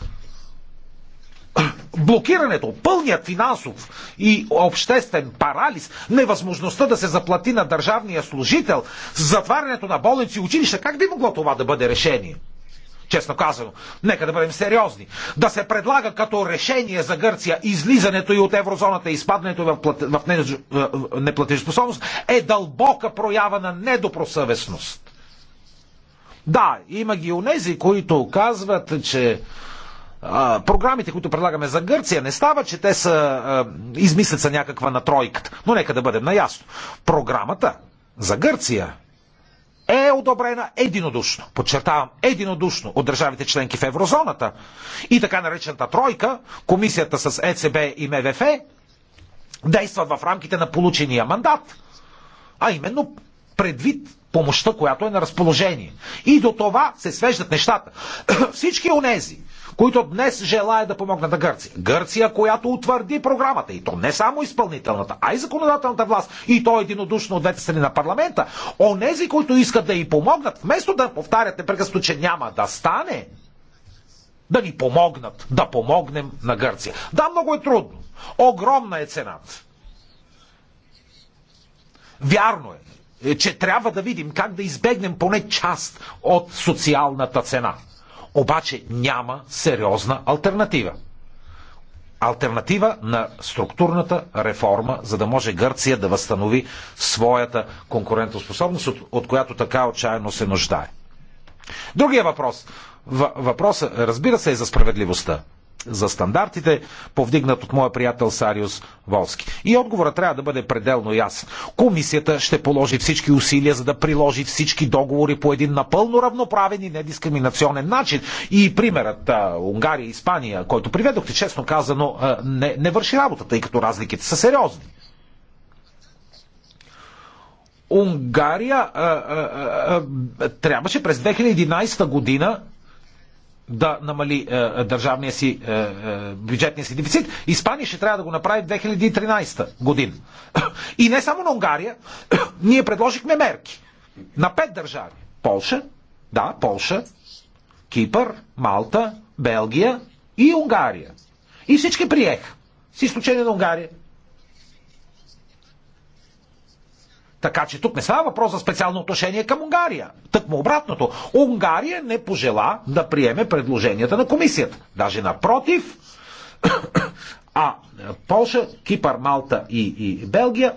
блокирането, пълният финансов и обществен парализ, невъзможността да се заплати на държавния служител, затварянето на болници и училища, как би могло това да бъде решение? Честно казано, нека да бъдем сериозни. Да се предлага като решение за Гърция излизането и от еврозоната и изпадането в, плат... в неплатежоспособност е дълбока проява на недобросъвестност. Да, има ги онези, които казват, че програмите, които предлагаме за Гърция, не става, че те са измислят са някаква на тройката. Но нека да бъдем наясно. Програмата за Гърция е одобрена единодушно, подчертавам, единодушно от държавите членки в еврозоната и така наречената тройка, комисията с ЕЦБ и МВФ, е, действат в рамките на получения мандат, а именно предвид помощта, която е на разположение. И до това се свеждат нещата. Всички онези, които днес желая да помогнат на Гърция. Гърция, която утвърди програмата, и то не само изпълнителната, а и законодателната власт, и то единодушно от двете страни на парламента, онези, които искат да й помогнат, вместо да повтарят непрекъснато, че няма да стане, да ни помогнат, да помогнем на Гърция. Да, много е трудно. Огромна е цената. Вярно е, е че трябва да видим как да избегнем поне част от социалната цена. Обаче няма сериозна альтернатива. Альтернатива на структурната реформа, за да може Гърция да възстанови своята конкурентоспособност, от, от която така отчаяно се нуждае. Другия въпрос. Въпросът, разбира се, е за справедливостта за стандартите, повдигнат от моя приятел Сариус Волски. И отговорът трябва да бъде пределно ясен. Комисията ще положи всички усилия, за да приложи всички договори по един напълно равноправен и недискриминационен начин. И примерът а, Унгария и Испания, който приведохте, честно казано, а, не, не върши работата, тъй като разликите са сериозни. Унгария а, а, а, трябваше през 2011 година да намали е, държавния си, е, е, бюджетния си дефицит, Испания ще трябва да го направи в 2013 година. И не само на Унгария, ние предложихме мерки на пет държави. Полша, да, Полша, Кипър, Малта, Белгия и Унгария. И всички приеха, с изключение на Унгария. Така че тук не става въпрос за специално отношение към Унгария. Тъкмо обратното. Унгария не пожела да приеме предложенията на комисията. Даже напротив, а е, Полша, Кипър, Малта и, и Белгия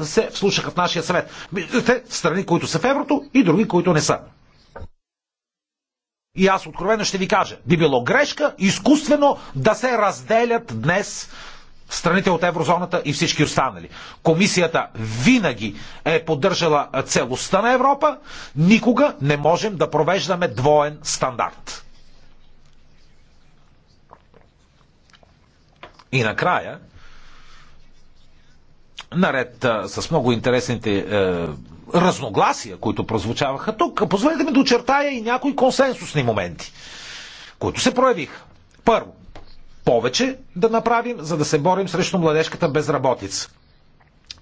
е, се вслушаха в нашия съвет. Те страни, които са в еврото и други, които не са. И аз откровено ще ви кажа, би било грешка изкуствено да се разделят днес страните от еврозоната и всички останали. Комисията винаги е поддържала целостта на Европа. Никога не можем да провеждаме двоен стандарт. И накрая, наред с много интересните е, разногласия, които прозвучаваха тук, позволете ми да очертая и някои консенсусни моменти, които се проявиха. Първо, повече да направим, за да се борим срещу младежката безработица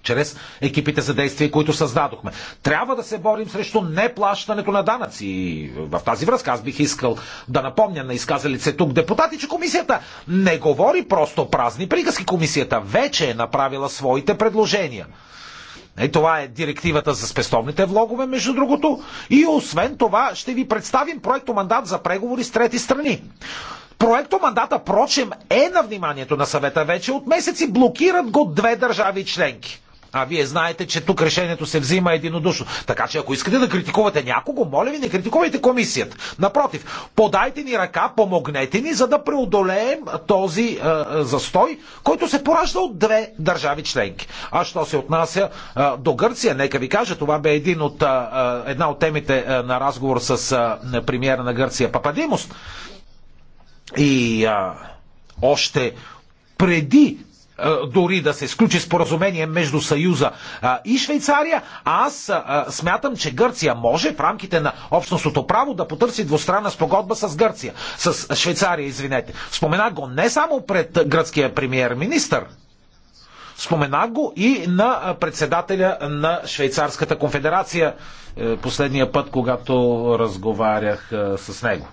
чрез екипите за действие, които създадохме. Трябва да се борим срещу неплащането на данъци. И в тази връзка аз бих искал да напомня на изказали се тук депутати, че комисията не говори просто празни приказки. Комисията вече е направила своите предложения. Е, това е директивата за спестовните влогове, между другото. И освен това ще ви представим проекто мандат за преговори с трети страни. Проекто мандата, прочем, е на вниманието на съвета вече от месеци. Блокират го две държави членки. А вие знаете, че тук решението се взима единодушно. Така че ако искате да критикувате някого, моля ви, не критикувайте комисията. Напротив, подайте ни ръка, помогнете ни, за да преодолеем този е, е застой, който се поражда от две държави членки. А що се отнася е, до Гърция, нека ви кажа, това бе един от, е, е една от темите е, на разговор с е, премиера на Гърция Пападимост и а, още преди дори да се сключи споразумение между Съюза и Швейцария, а аз смятам, че Гърция може в рамките на общностното право да потърси двустранна спогодба с Гърция, с Швейцария, извинете. Спомена го не само пред гръцкия премьер министр Спомена го и на председателя на Швейцарската конфедерация е, последния път, когато разговарях е, с него.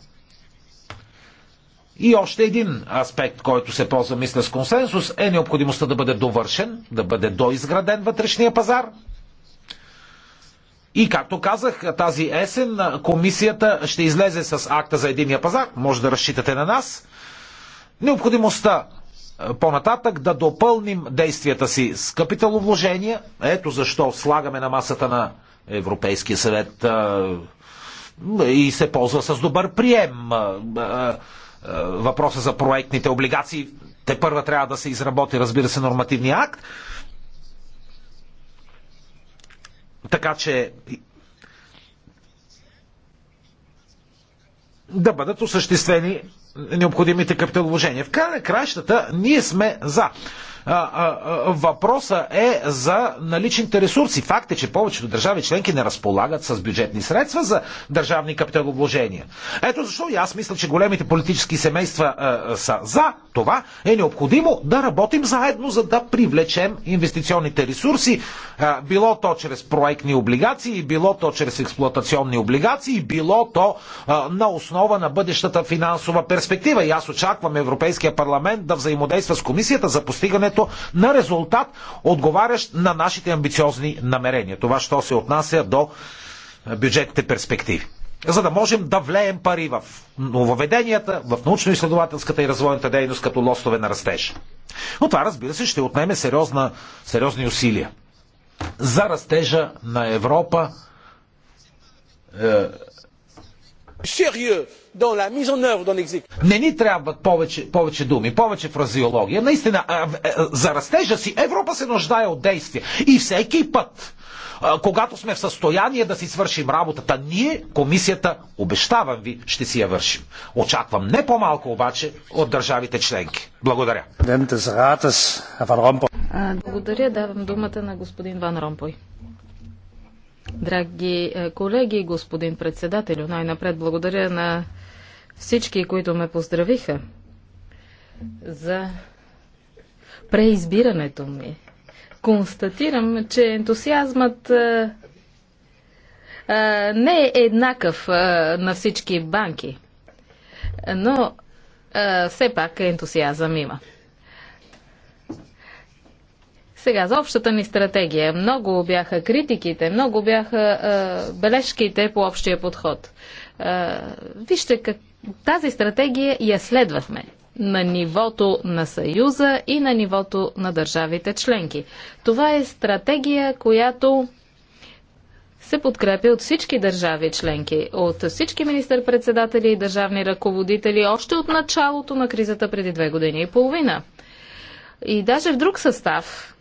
И още един аспект, който се ползва, мисля, с консенсус, е необходимостта да бъде довършен, да бъде доизграден вътрешния пазар. И както казах, тази есен комисията ще излезе с акта за единия пазар. Може да разчитате на нас. Необходимостта е, по-нататък да допълним действията си с капиталовложения. Ето защо слагаме на масата на Европейския съвет е, и се ползва с добър прием. Е, е, въпроса за проектните облигации. Те първа трябва да се изработи, разбира се, нормативния акт. Така че да бъдат осъществени необходимите капиталовложения. В края на краищата ние сме за Въпросът е за наличните ресурси. Факт е, че повечето държави членки не разполагат с бюджетни средства за държавни капиталовложения. Ето защо и аз мисля, че големите политически семейства а, са за това. Е необходимо да работим заедно, за да привлечем инвестиционните ресурси, А, било то чрез проектни облигации, било то чрез експлуатационни облигации, било то а, на основа на бъдещата финансова перспектива. И аз очаквам Европейския парламент да взаимодейства с комисията за постигането постигането на резултат, отговарящ на нашите амбициозни намерения. Това, що се отнася до бюджетните перспективи за да можем да влеем пари в нововеденията, в научно-изследователската и развойната дейност като лостове на растеж. Но това, разбира се, ще отнеме сериозна, сериозни усилия за растежа на Европа е, не ни трябват повече, повече думи, повече фразеология. Наистина, е, за растежа си Европа се нуждае от действие. И всеки път, когато сме в състояние да си свършим работата, ние, комисията, обещавам ви, ще си я вършим. Очаквам не по-малко обаче от държавите членки. Благодаря. Благодаря. Давам думата на господин Ван Ромпой. Драги е, колеги, господин председателю, най-напред благодаря на всички, които ме поздравиха за преизбирането ми. Констатирам, че ентусиазмът а, е, а, е, не е еднакъв а, на всички банки, но а, все пак ентусиазъм има. Сега, за общата ни стратегия. Много бяха критиките, много бяха е, бележките по общия подход. Е, вижте, как, тази стратегия я следвахме на нивото на Съюза и на нивото на държавите членки. Това е стратегия, която се подкрепя от всички държави членки, от всички министър-председатели и държавни ръководители още от началото на кризата преди две години и половина. И даже в друг състав,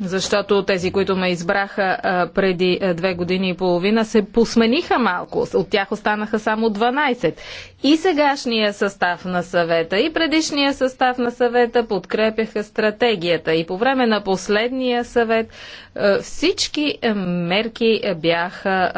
защото тези, които ме избраха преди две години и половина, се посмениха малко. От тях останаха само 12. И сегашния състав на съвета, и предишния състав на съвета подкрепяха стратегията. И по време на последния съвет всички мерки бяха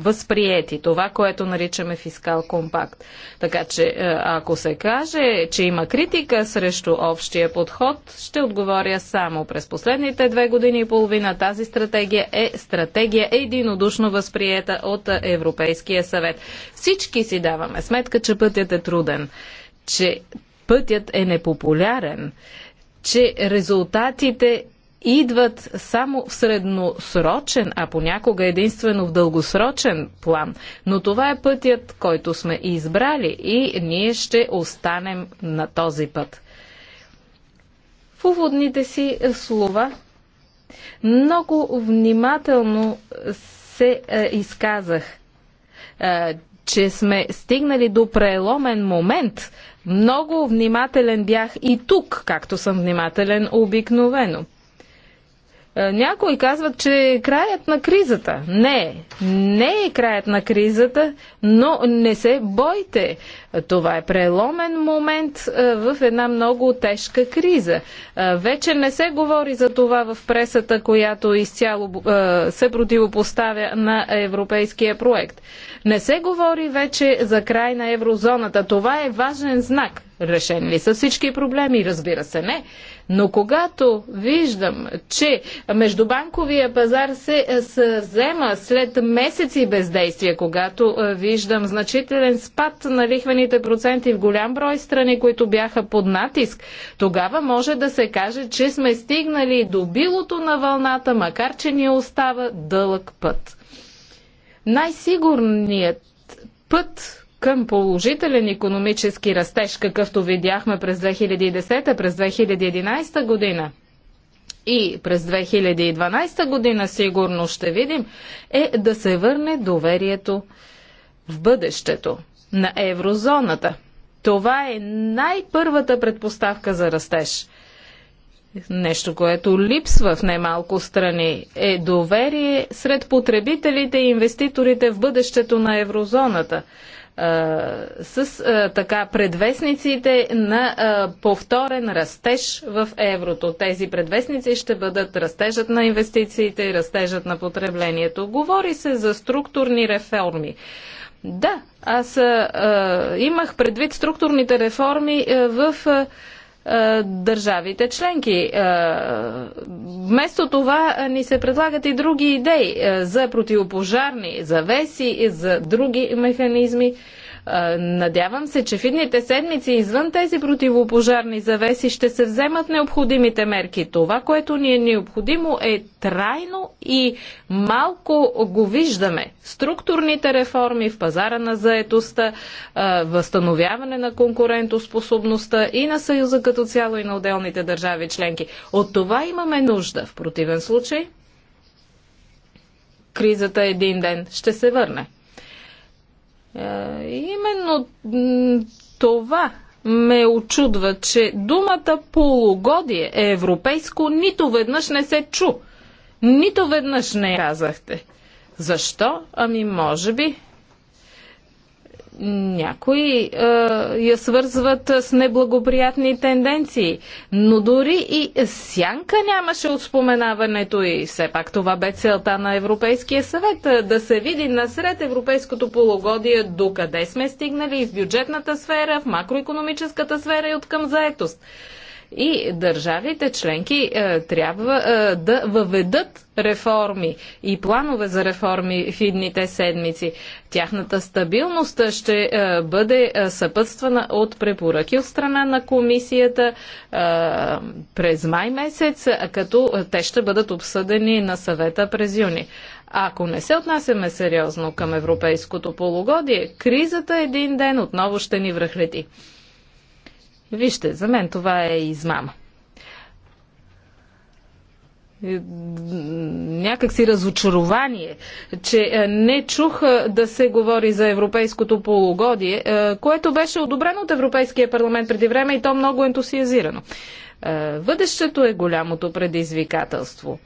възприети. Това, което наричаме фискал компакт. Така че, ако се каже, че има критика срещу общия подход, ще отговоря само през последните две години и половина. Тази стратегия е стратегия единодушно възприета от Европейския съвет. Всички си даваме сметка, че пътят е труден, че пътят е непопулярен, че резултатите идват само в средносрочен, а понякога единствено в дългосрочен план. Но това е пътят, който сме избрали и ние ще останем на този път. В уводните си слова много внимателно се а, е, изказах, а, е, че сме стигнали до преломен момент. Много внимателен бях и тук, както съм внимателен обикновено. Е, някои казват, че е краят на кризата. Не, не е краят на кризата, но не се бойте. Това е преломен момент е, в една много тежка криза. Е, вече не се говори за това в пресата, която изцяло се противопоставя на европейския проект. Не се говори вече за край на еврозоната. Това е важен знак. Решен ли са всички проблеми? Разбира се, не. Но когато виждам, че междубанковия пазар се е, съзема след месеци бездействие, когато е, виждам значителен спад на лихвените проценти в голям брой страни, които бяха под натиск, тогава може да се каже, че сме стигнали до билото на вълната, макар че ни остава дълъг път. Най-сигурният път, към положителен економически растеж, какъвто видяхме през 2010, през 2011 година и през 2012 година сигурно ще видим, е да се върне доверието в бъдещето на еврозоната. Това е най-първата предпоставка за растеж. Нещо, което липсва в немалко страни е доверие сред потребителите и инвеститорите в бъдещето на еврозоната с така предвестниците на повторен растеж в еврото. Тези предвестници ще бъдат растежът на инвестициите и растежът на потреблението. Говори се за структурни реформи. Да, аз а, имах предвид структурните реформи а, в. А, е, държавите членки. Е, вместо това е, ни се предлагат и други идеи за противопожарни завеси, и за други механизми. Надявам се, че в идните седмици извън тези противопожарни завеси ще се вземат необходимите мерки. Това, което ни е необходимо е трайно и малко го виждаме. Структурните реформи в пазара на заетостта, възстановяване на конкурентоспособността и на Съюза като цяло и на отделните държави членки. От това имаме нужда. В противен случай кризата един ден ще се върне. Е, именно това ме очудва, че думата полугодие е европейско нито веднъж не се чу. Нито веднъж не казахте. Защо? Ами може би, някои е, я свързват с неблагоприятни тенденции, но дори и сянка нямаше от споменаването и все пак това бе целта на Европейския съвет е, да се види насред европейското полугодие докъде сме стигнали и в бюджетната сфера, в макроекономическата сфера и от към заетост. И държавите членки е, трябва е, да въведат реформи и планове за реформи в идните седмици. Тяхната стабилност ще е, бъде е, съпътствана от препоръки от страна на комисията е, през май месец, е, като те ще бъдат обсъдени на съвета през юни. Ако не се отнасяме сериозно към европейското полугодие, кризата един ден отново ще ни връхлети. Вижте, за мен това е измама. Е, Някакси разочарование, че е, не чух е, да се говори за европейското полугодие, което беше одобрено от Европейския парламент преди време и то много ентусиазирано. Въдещето е голямото предизвикателство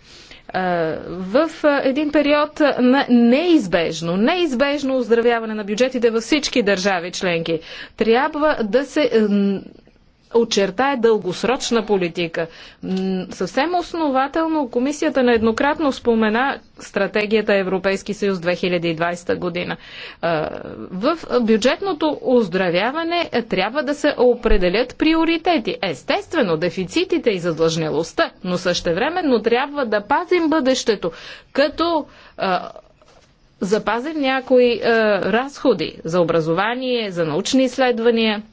в един период на неизбежно, неизбежно оздравяване на бюджетите във всички държави членки. Трябва да се очертае дългосрочна политика. Съвсем основателно комисията нееднократно спомена стратегията Европейски съюз 2020 година. В бюджетното оздравяване трябва да се определят приоритети. Естествено, дефицитите и задлъжнялостта, но същевременно трябва да пазим бъдещето, като запазим някои разходи за образование, за научни изследвания –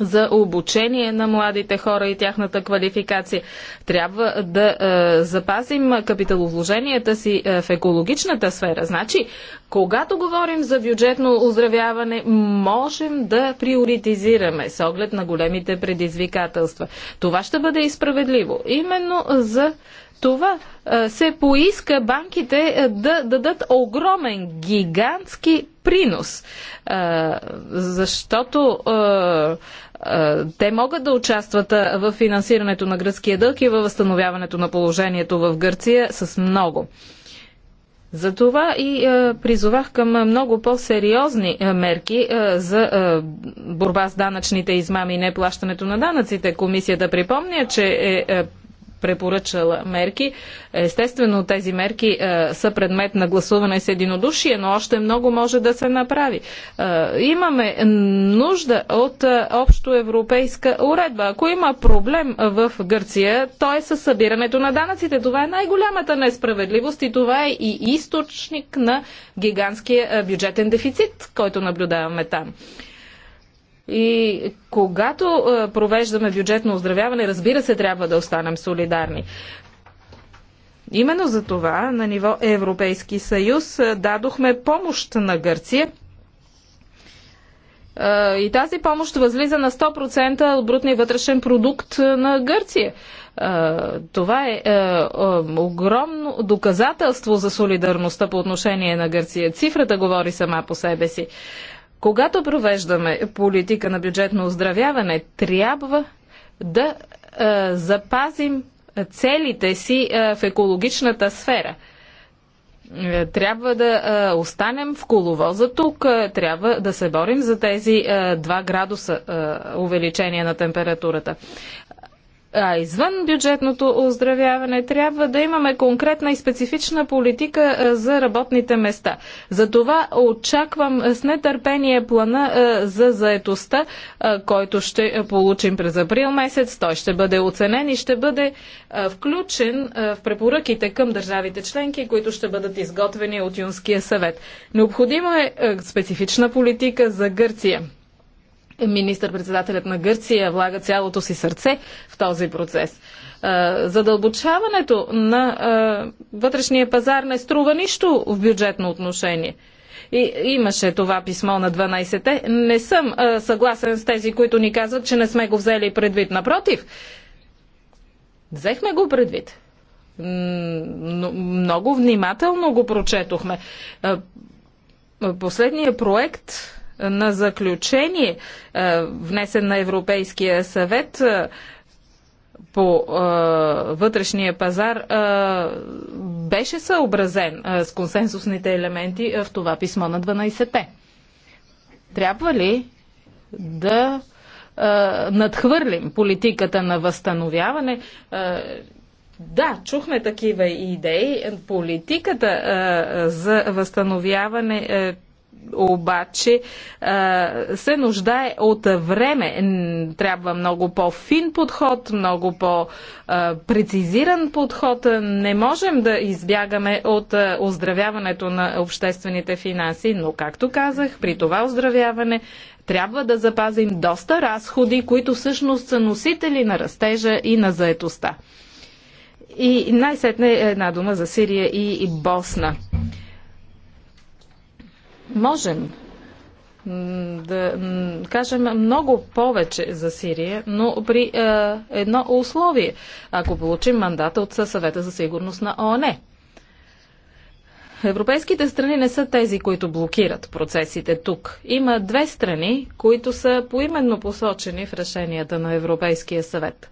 за обучение на младите хора и тяхната квалификация. Трябва да е, запазим капиталовложенията си е, в екологичната сфера. Значи, когато говорим за бюджетно оздравяване, можем да приоритизираме с оглед на големите предизвикателства. Това ще бъде и справедливо. Именно за това е, се поиска банките е, да дадат огромен, гигантски принос, е, защото те могат да участват в финансирането на гръцкия дълг и във възстановяването на положението в Гърция с много. Затова и призовах към много по-сериозни мерки за борба с данъчните измами и неплащането на данъците. Комисията припомня, че е препоръчала мерки. Естествено, тези мерки е, са предмет на гласуване с единодушие, но още много може да се направи. Е, имаме нужда от е, общо европейска уредба. Ако има проблем в Гърция, то е със събирането на данъците. Това е най-голямата несправедливост и това е и източник на гигантския е, бюджетен дефицит, който наблюдаваме там. И когато е, провеждаме бюджетно оздравяване, разбира се, трябва да останем солидарни. Именно за това на ниво Европейски съюз е, дадохме помощ на Гърция. Е, и тази помощ възлиза на 100% от брутния вътрешен продукт на Гърция. Това е огромно доказателство за солидарността по отношение на Гърция. Цифрата говори сама по себе си. Когато провеждаме политика на бюджетно оздравяване, трябва да е, запазим целите си е, в екологичната сфера. Е, трябва да е, останем в коловоза тук, е, трябва да се борим за тези е, 2 градуса е, увеличение на температурата а извън бюджетното оздравяване трябва да имаме конкретна и специфична политика за работните места. Затова очаквам с нетърпение плана за заетостта, който ще получим през април месец. Той ще бъде оценен и ще бъде включен в препоръките към държавите членки, които ще бъдат изготвени от Юнския съвет. Необходима е специфична политика за Гърция. Министър-председателят на Гърция влага цялото си сърце в този процес. Задълбочаването на вътрешния пазар не струва нищо в бюджетно отношение. И имаше това писмо на 12-те. Не съм а, съгласен с тези, които ни казват, че не сме го взели предвид. Напротив, взехме го предвид. М- много внимателно го прочетохме. А, последният проект на заключение, е, внесен на Европейския съвет е, по е, вътрешния пазар, беше съобразен с консенсусните елементи в това писмо на 12-те. Трябва ли да надхвърлим политиката на възстановяване? Да, чухме такива идеи. Политиката а, за възстановяване а, обаче се нуждае от време. Трябва много по-фин подход, много по-прецизиран подход. Не можем да избягаме от оздравяването на обществените финанси, но, както казах, при това оздравяване трябва да запазим доста разходи, които всъщност са носители на растежа и на заетостта. И най-сетне една дума за Сирия и Босна. Можем да кажем много повече за Сирия, но при е, едно условие, ако получим мандата от съвета за сигурност на ООН. Европейските страни не са тези, които блокират процесите тук. Има две страни, които са поименно посочени в решенията на Европейския съвет.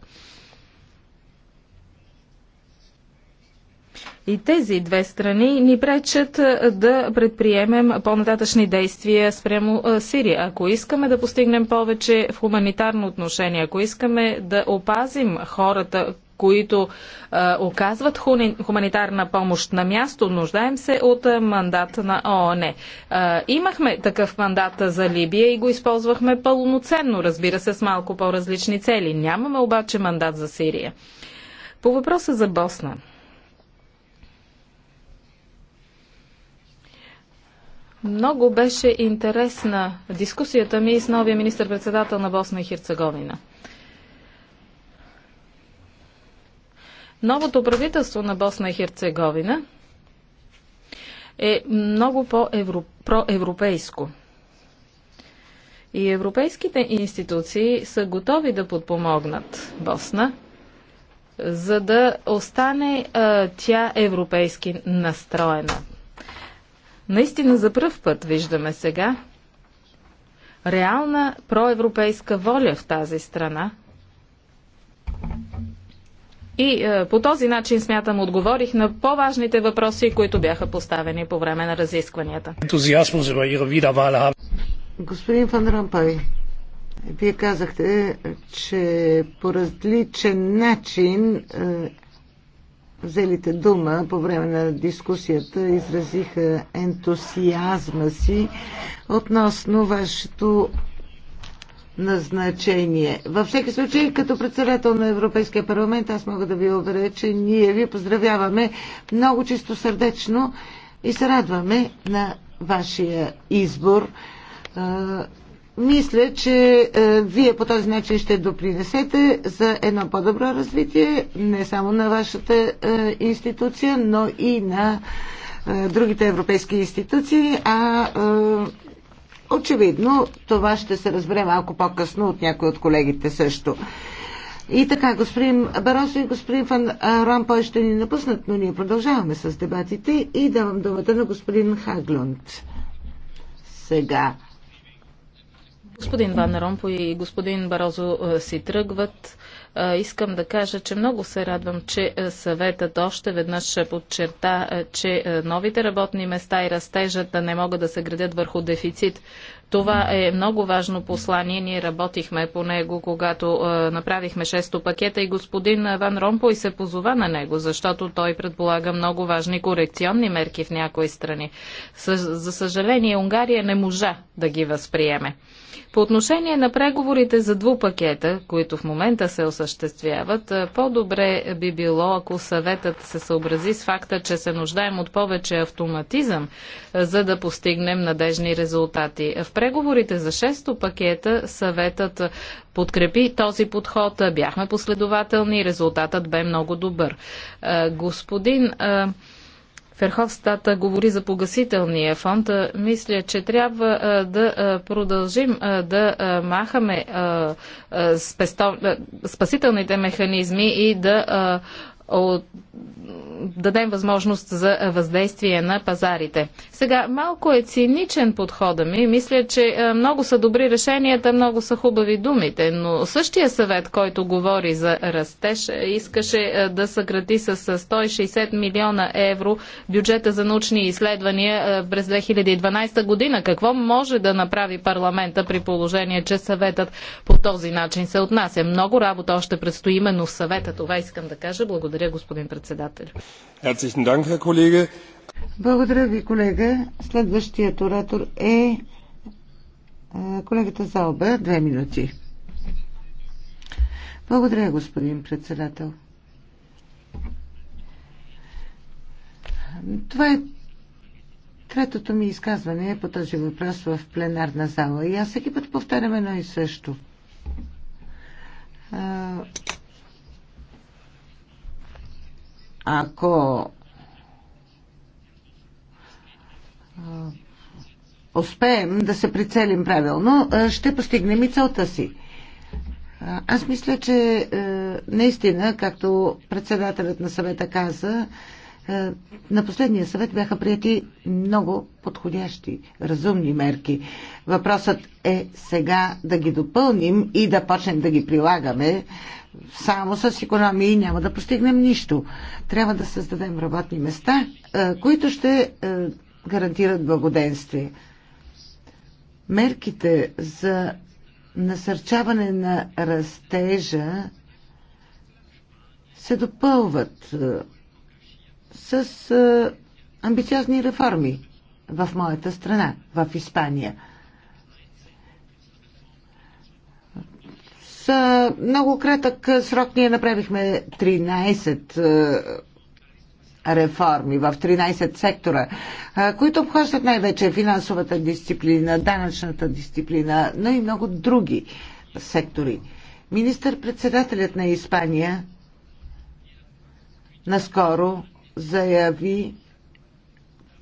И тези две страни ни пречат да предприемем по-нататъчни действия спрямо Сирия. Ако искаме да постигнем повече в хуманитарно отношение, ако искаме да опазим хората, които а, оказват хуни, хуманитарна помощ на място, нуждаем се от а, мандат на ООН. А, имахме такъв мандат за Либия и го използвахме пълноценно, разбира се, с малко по-различни цели. Нямаме обаче мандат за Сирия. По въпроса за Босна. Много беше интересна дискусията ми с новия министр-председател на Босна и Херцеговина. Новото правителство на Босна и Херцеговина е много по-европейско. И европейските институции са готови да подпомогнат Босна, за да остане а, тя европейски настроена. Наистина за пръв път виждаме сега реална проевропейска воля в тази страна. И е, по този начин, смятам, отговорих на по-важните въпроси, които бяха поставени по време на разискванията. Господин Фан Рампай, вие казахте, че по различен начин е, взелите дума по време на дискусията изразиха ентусиазма си относно вашето назначение. Във всеки случай, като председател на Европейския парламент, аз мога да ви уверя, че ние ви поздравяваме много чисто сърдечно и се радваме на вашия избор мисля, че е, вие по този начин ще допринесете за едно по-добро развитие не само на вашата е, институция, но и на е, другите европейски институции, а е, очевидно това ще се разбере малко по-късно от някои от колегите също. И така, господин Баросо и господин Фан Ромпой, ще ни напуснат, но ние продължаваме с дебатите и давам думата на господин Хаглунд. Сега. Господин Ван Ромпо и господин Барозо е, си тръгват. Е, искам да кажа, че много се радвам, че е, съветът още веднъж ще подчерта, че новите работни места и растежата не могат да се градят върху дефицит. Това е много важно послание. Ние работихме по него, когато е, направихме шесто пакета и господин Ван и се позова на него, защото той предполага много важни корекционни мерки в някои страни. за съжаление, Унгария не можа да ги възприеме. По отношение на преговорите за двупакета, които в момента се осъществяват, е, по-добре би било, ако съветът се съобрази с факта, че се нуждаем от повече автоматизъм, е, за да постигнем надежни резултати. В преговорите за шесто пакета съветът подкрепи този подход, е, бяхме последователни и резултатът бе много добър. Господин Ферховстата говори за погасителния фонд. Мисля, че трябва да продължим да махаме спасителните механизми и да дадем възможност за въздействие на пазарите. Сега, малко е циничен подхода ми. Мисля, че е, много са добри решенията, много са хубави думите, но същия съвет, който говори за растеж, е, искаше е, да съкрати с 160 милиона евро бюджета за научни изследвания през 2012 година. Какво може да направи парламента при положение, че съветът по този начин се отнася? Много работа още предстои именно в съвета. Това искам да кажа. Благодаря благодаря, господин председател. Благодаря ви, колега. Следващият оратор е колегата Залба. Две минути. Благодаря, господин председател. Това е третото ми изказване по този въпрос в пленарна зала. И аз всеки път повтарям едно и също ако успеем да се прицелим правилно, ще постигнем и целта си. Аз мисля, че наистина, както председателят на съвета каза, на последния съвет бяха прияти много подходящи, разумни мерки. Въпросът е сега да ги допълним и да почнем да ги прилагаме само с економии няма да постигнем нищо. Трябва да създадем работни места, е, които ще е, гарантират благоденствие. Мерките за насърчаване на растежа се допълват е, с амбициозни реформи в моята страна, в Испания – а, много кратък срок ние направихме 13 реформи в 13 сектора, които обхождат най-вече финансовата дисциплина, данъчната дисциплина, но и много други сектори. Министър-председателят на Испания наскоро заяви,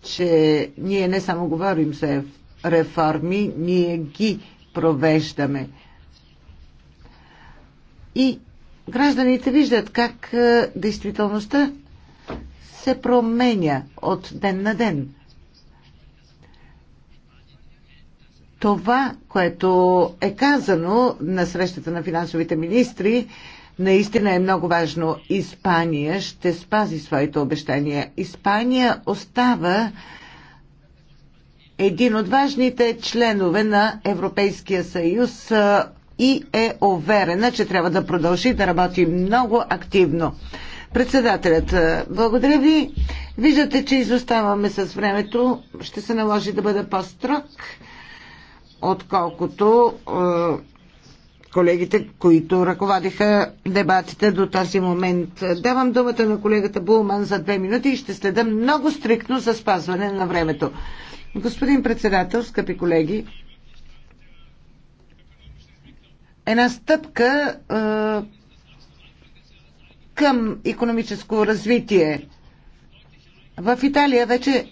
че ние не само говорим за реформи, ние ги провеждаме. И гражданите виждат как е, действителността се променя от ден на ден. Това, което е казано на срещата на финансовите министри, наистина е много важно. Испания ще спази своите обещания. Испания остава един от важните членове на Европейския съюз е, и е уверена, че трябва да продължи да работи много активно. Председателят, е, благодаря ви. Виждате, че изоставаме с времето. Ще се наложи да бъда по-строг, отколкото е, колегите, които ръководиха дебатите до този момент. Давам думата на колегата Булман за две минути и ще следа много стриктно за спазване на времето. Господин председател, скъпи колеги, една стъпка е, към економическо развитие. В Италия вече е,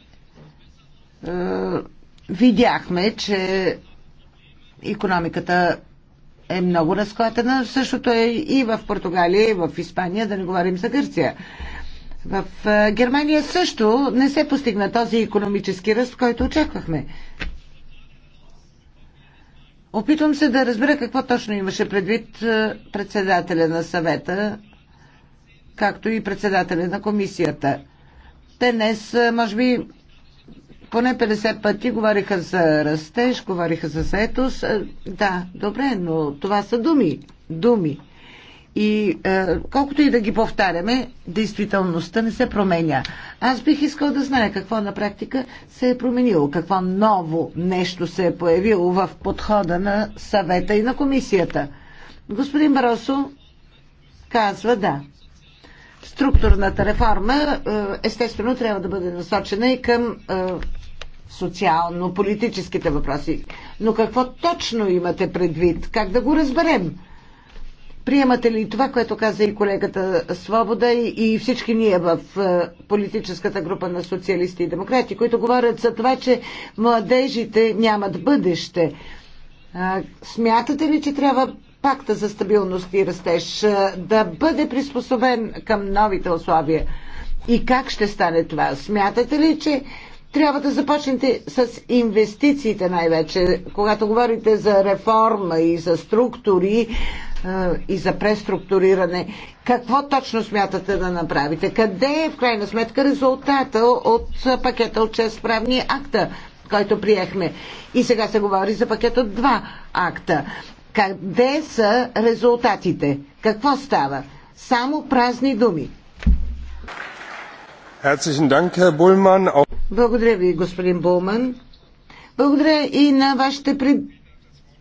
видяхме, че економиката е много разклатена. Същото е и в Португалия, и в Испания, да не говорим за Гърция. В е, Германия също не се постигна този економически ръст, който очаквахме. Опитвам се да разбера какво точно имаше предвид е, председателя на съвета, както и председателя на комисията. Те днес, е, може би, поне 50 пъти говориха за растеж, говориха за заетост. Е, да, добре, но това са думи. Думи. И е, колкото и да ги повтаряме, действителността не се променя. Аз бих искал да знае какво на практика се е променило, какво ново нещо се е появило в подхода на съвета и на комисията. Господин Баросо казва да. Структурната реформа е, естествено трябва да бъде насочена и към е, социално-политическите въпроси. Но какво точно имате предвид? Как да го разберем? Приемате ли това, което каза и колегата Свобода и всички ние в е, политическата група на социалисти и демократи, които говорят за това, че младежите нямат бъдеще? Смятате ли, че трябва пакта за стабилност и растеж е, да бъде приспособен към новите условия? И как ще стане това? Смятате ли, че трябва да започнете с инвестициите най-вече? Когато говорите за реформа и за структури, и за преструктуриране. Какво точно смятате да направите? Къде е в крайна сметка резултата от пакета от 6 правни акта, който приехме? И сега се говори за пакет от 2 акта. Къде са резултатите? Какво става? Само празни думи. Благодаря ви, господин Булман. Благодаря и на вашите пред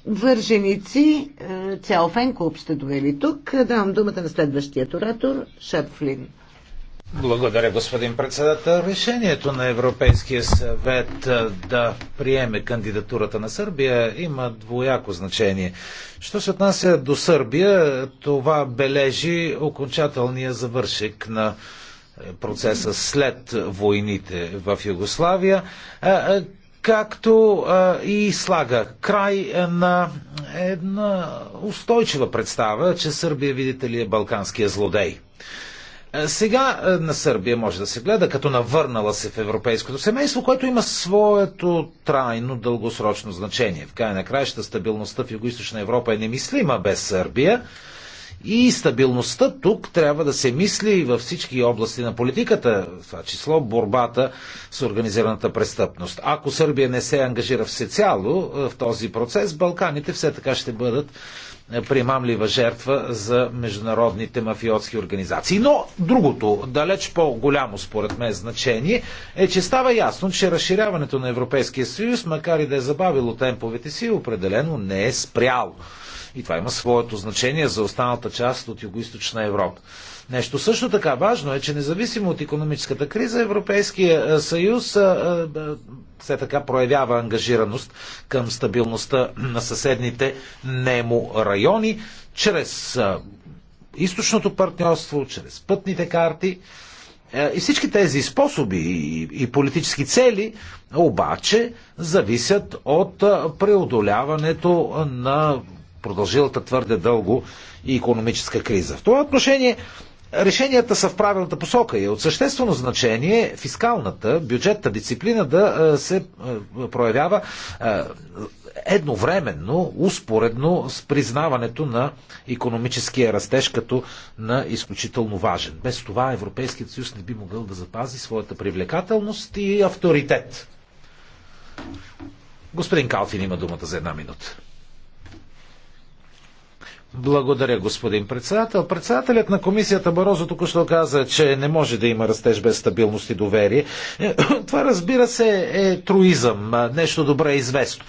върженици, е, цял клуб сте довели тук. Давам думата на следващия оратор, Шепфлин. Благодаря, господин председател. Решението на Европейския съвет е, да приеме кандидатурата на Сърбия има двояко значение. Що се отнася до Сърбия, това бележи окончателния завършек на е, процеса след войните в Югославия, както а, и слага край на една устойчива представа, че Сърбия, видите ли, е балканския злодей. Сега на Сърбия може да се гледа като навърнала се в европейското семейство, което има своето трайно дългосрочно значение. В края на краища стабилността в Юго-Источна Европа е немислима без Сърбия. И стабилността тук трябва да се мисли и във всички области на политиката, в това число борбата с организираната престъпност. Ако Сърбия не се ангажира всецяло е, в този процес, Балканите все така ще бъдат е, примамлива жертва за международните мафиотски организации. Но другото, далеч по-голямо според мен значение, е, че става ясно, че разширяването на Европейския съюз, макар и да е забавило темповете си, определено не е спряло. И това има своето значение за останалата част от Юго-Источна Европа. Нещо също така важно е, че независимо от економическата криза, Европейския е, съюз е, е, все така проявява ангажираност към стабилността на съседните немо райони, чрез източното партньорство, чрез пътните карти. И всички тези способи и политически цели обаче зависят от преодоляването на продължилата твърде дълго и економическа криза. В това отношение решенията са в правилната посока и е от съществено значение фискалната, бюджетна дисциплина да се проявява едновременно, успоредно с признаването на економическия растеж като на изключително важен. Без това Европейският съюз не би могъл да запази своята привлекателност и авторитет. Господин Калфин има думата за една минута. Благодаря, господин председател. Председателят на комисията Барозо току-що каза, че не може да има растеж без стабилност и доверие. Е, това, разбира се, е труизъм, нещо добре известно.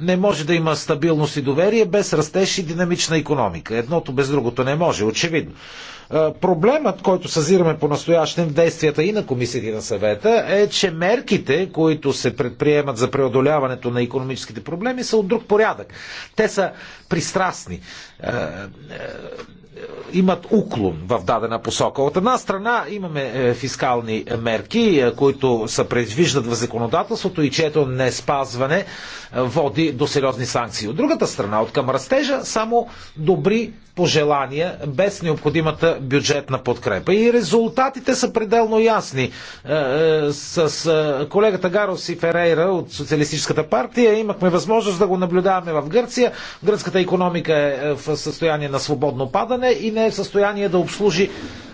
Не може да има стабилност и доверие без растеж и динамична економика. Едното без другото не може, очевидно. Е, проблемът, който съзираме по-настоящем в действията и на комисията и на съвета е, че мерките, които се предприемат за преодоляването на економическите проблеми са от друг порядък. Те са пристрастни е, е, имат уклон в дадена посока. От една страна имаме фискални мерки, които се предвиждат в законодателството и чието не спазване води до сериозни санкции. От другата страна, от към растежа, само добри пожелания без необходимата бюджетна подкрепа. И резултатите са пределно ясни. Е, е, с е, колегата Гарос и Ферейра от Социалистическата партия имахме възможност да го наблюдаваме в Гърция. Гръцката економика е в състояние на свободно падане и не е в състояние да обслужи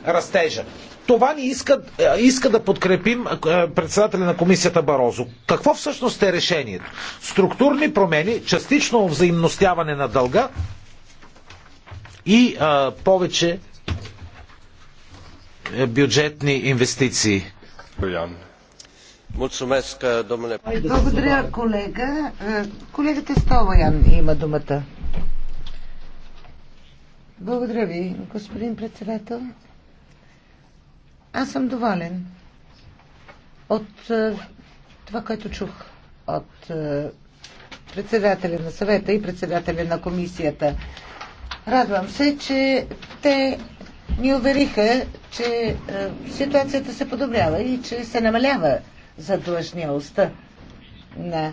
растежа. Това ни иска, иска да подкрепим председателя на комисията Барозо. Какво всъщност е решението? Структурни промени, частично взаимностяване на дълга, и а, повече е, бюджетни инвестиции. Благодаря, колега. Е, колегата Столоян има думата. Благодаря ви, господин председател. Аз съм доволен от е, това, което чух от председателя на съвета и председателя на комисията. Радвам се, че те ни увериха, че е, ситуацията се подобрява и че се намалява задлъжнялостта на е,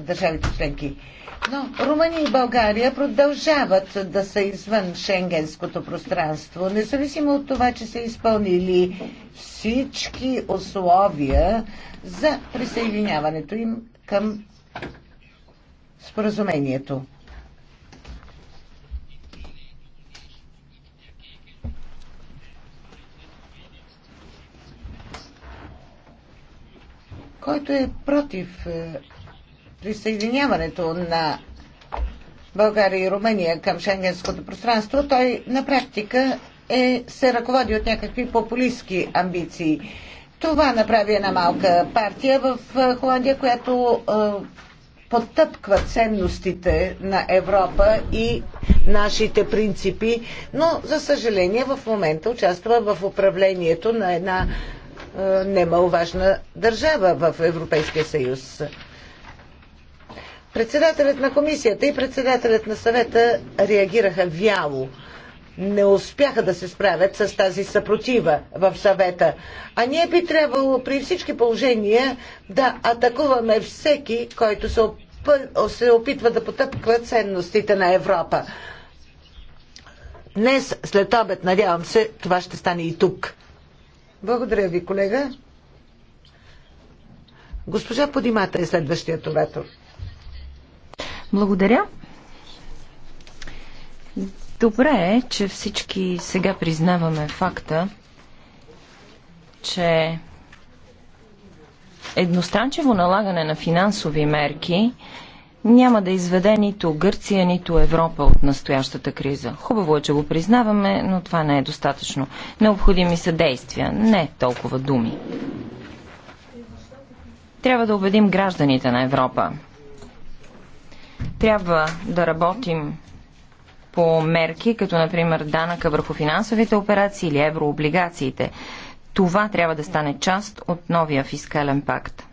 държавите членки. Но Румъния и България продължават да са извън шенгенското пространство, независимо от това, че са изпълнили всички условия за присъединяването им към споразумението. който е против е, присъединяването на България и Румъния към шенгенското пространство, той на практика е, се ръководи от някакви популистски амбиции. Това направи една малка партия в е, Холандия, която е, потъпква ценностите на Европа и нашите принципи, но за съжаление в момента участва в управлението на една е, немаловажна държава в Европейския съюз. Председателят на комисията и председателят на съвета реагираха вяло. Не успяха да се справят с тази съпротива в съвета. А ние би трябвало при всички положения да атакуваме всеки, който се, оп... се опитва да потъпква ценностите на Европа. Днес, след обед, надявам се, това ще стане и тук. Благодаря ви, колега. Госпожа Подимата е следващият оратор. Благодаря. Добре е, че всички сега признаваме факта, че едностранчево налагане на финансови мерки няма да изведе нито Гърция, нито Европа от настоящата криза. Хубаво е, че го признаваме, но това не е достатъчно. Необходими са действия, не толкова думи. Трябва да убедим гражданите на Европа. Трябва да работим по мерки, като например данъка върху финансовите операции или еврооблигациите. Това трябва да стане част от новия фискален пакт.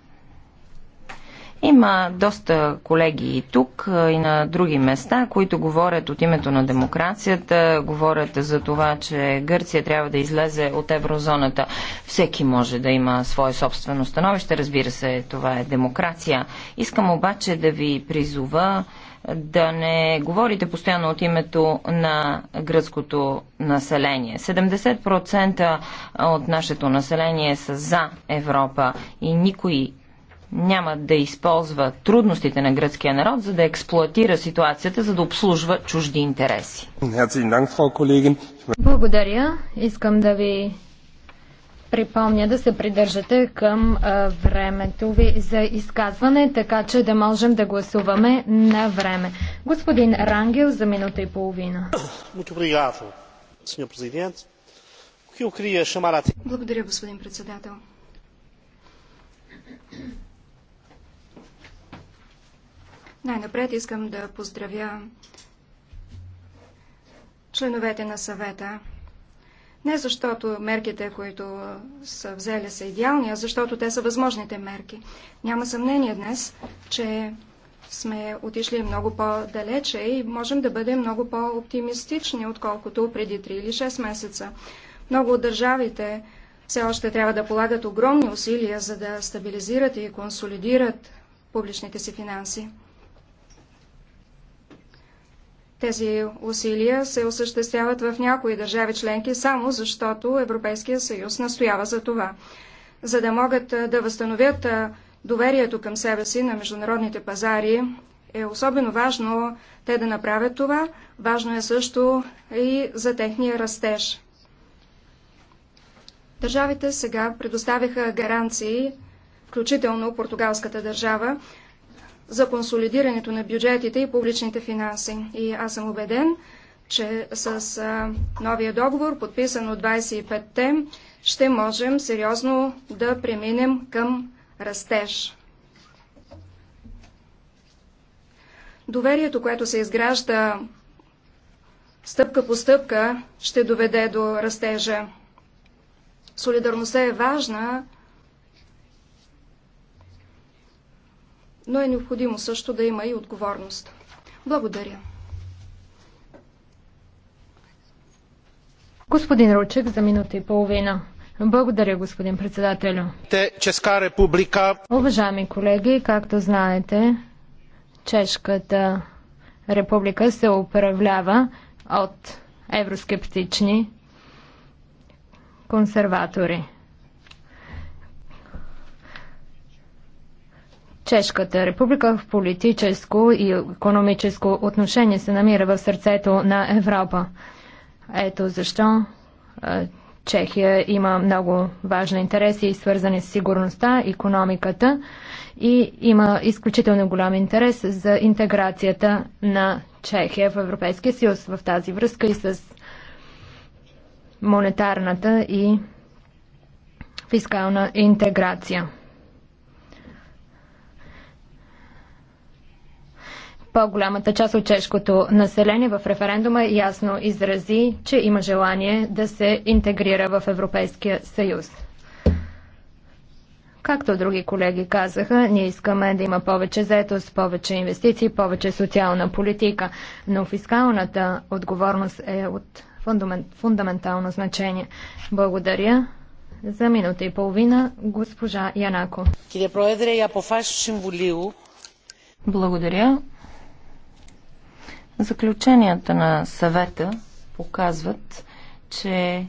Има доста колеги и тук, и на други места, които говорят от името на демокрацията, говорят за това, че Гърция трябва да излезе от еврозоната. Всеки може да има свое собствено становище, разбира се, това е демокрация. Искам обаче да ви призова да не говорите постоянно от името на гръцкото население. 70% от нашето население са за Европа и никой няма да използва трудностите на гръцкия народ, за да експлуатира ситуацията, за да обслужва чужди интереси. Благодаря. Искам да ви припомня да се придържате към а, времето ви за изказване, така че да можем да гласуваме на време. Господин Рангел за минута и половина. Благодаря, господин председател. Най-напред искам да поздравя членовете на съвета. Не защото мерките, които са взели, са идеални, а защото те са възможните мерки. Няма съмнение днес, че сме отишли много по-далече и можем да бъдем много по-оптимистични, отколкото преди 3 или 6 месеца. Много от държавите все още трябва да полагат огромни усилия, за да стабилизират и консолидират публичните си финанси. Тези усилия се осъществяват в някои държави членки само защото Европейския съюз настоява за това. За да могат да възстановят доверието към себе си на международните пазари, е особено важно те да направят това. Важно е също и за техния растеж. Държавите сега предоставиха гаранции, включително португалската държава, за консолидирането на бюджетите и публичните финанси. И аз съм убеден, че с новия договор, подписан от 25-те, ще можем сериозно да преминем към растеж. Доверието, което се изгражда стъпка по стъпка, ще доведе до растежа. Солидарността е важна, но е необходимо също да има и отговорност. Благодаря. Господин Ручек за минута и половина. Благодаря, господин председателю. Чешка република. Уважаеми колеги, както знаете, Чешката република се управлява от евроскептични консерватори. Чешката република в политическо и економическо отношение се намира в сърцето на Европа. Ето защо Чехия има много важни интереси, свързани с сигурността, економиката и има изключително голям интерес за интеграцията на Чехия в Европейския съюз в тази връзка и с монетарната и фискална интеграция. По-голямата част от чешкото население в референдума ясно изрази, че има желание да се интегрира в Европейския съюз. Както други колеги казаха, ние искаме да има повече заетост, повече инвестиции, повече социална политика, но фискалната отговорност е от фундаментално значение. Благодаря. За минута и половина госпожа Янако. Благодаря. Заключенията на съвета показват, че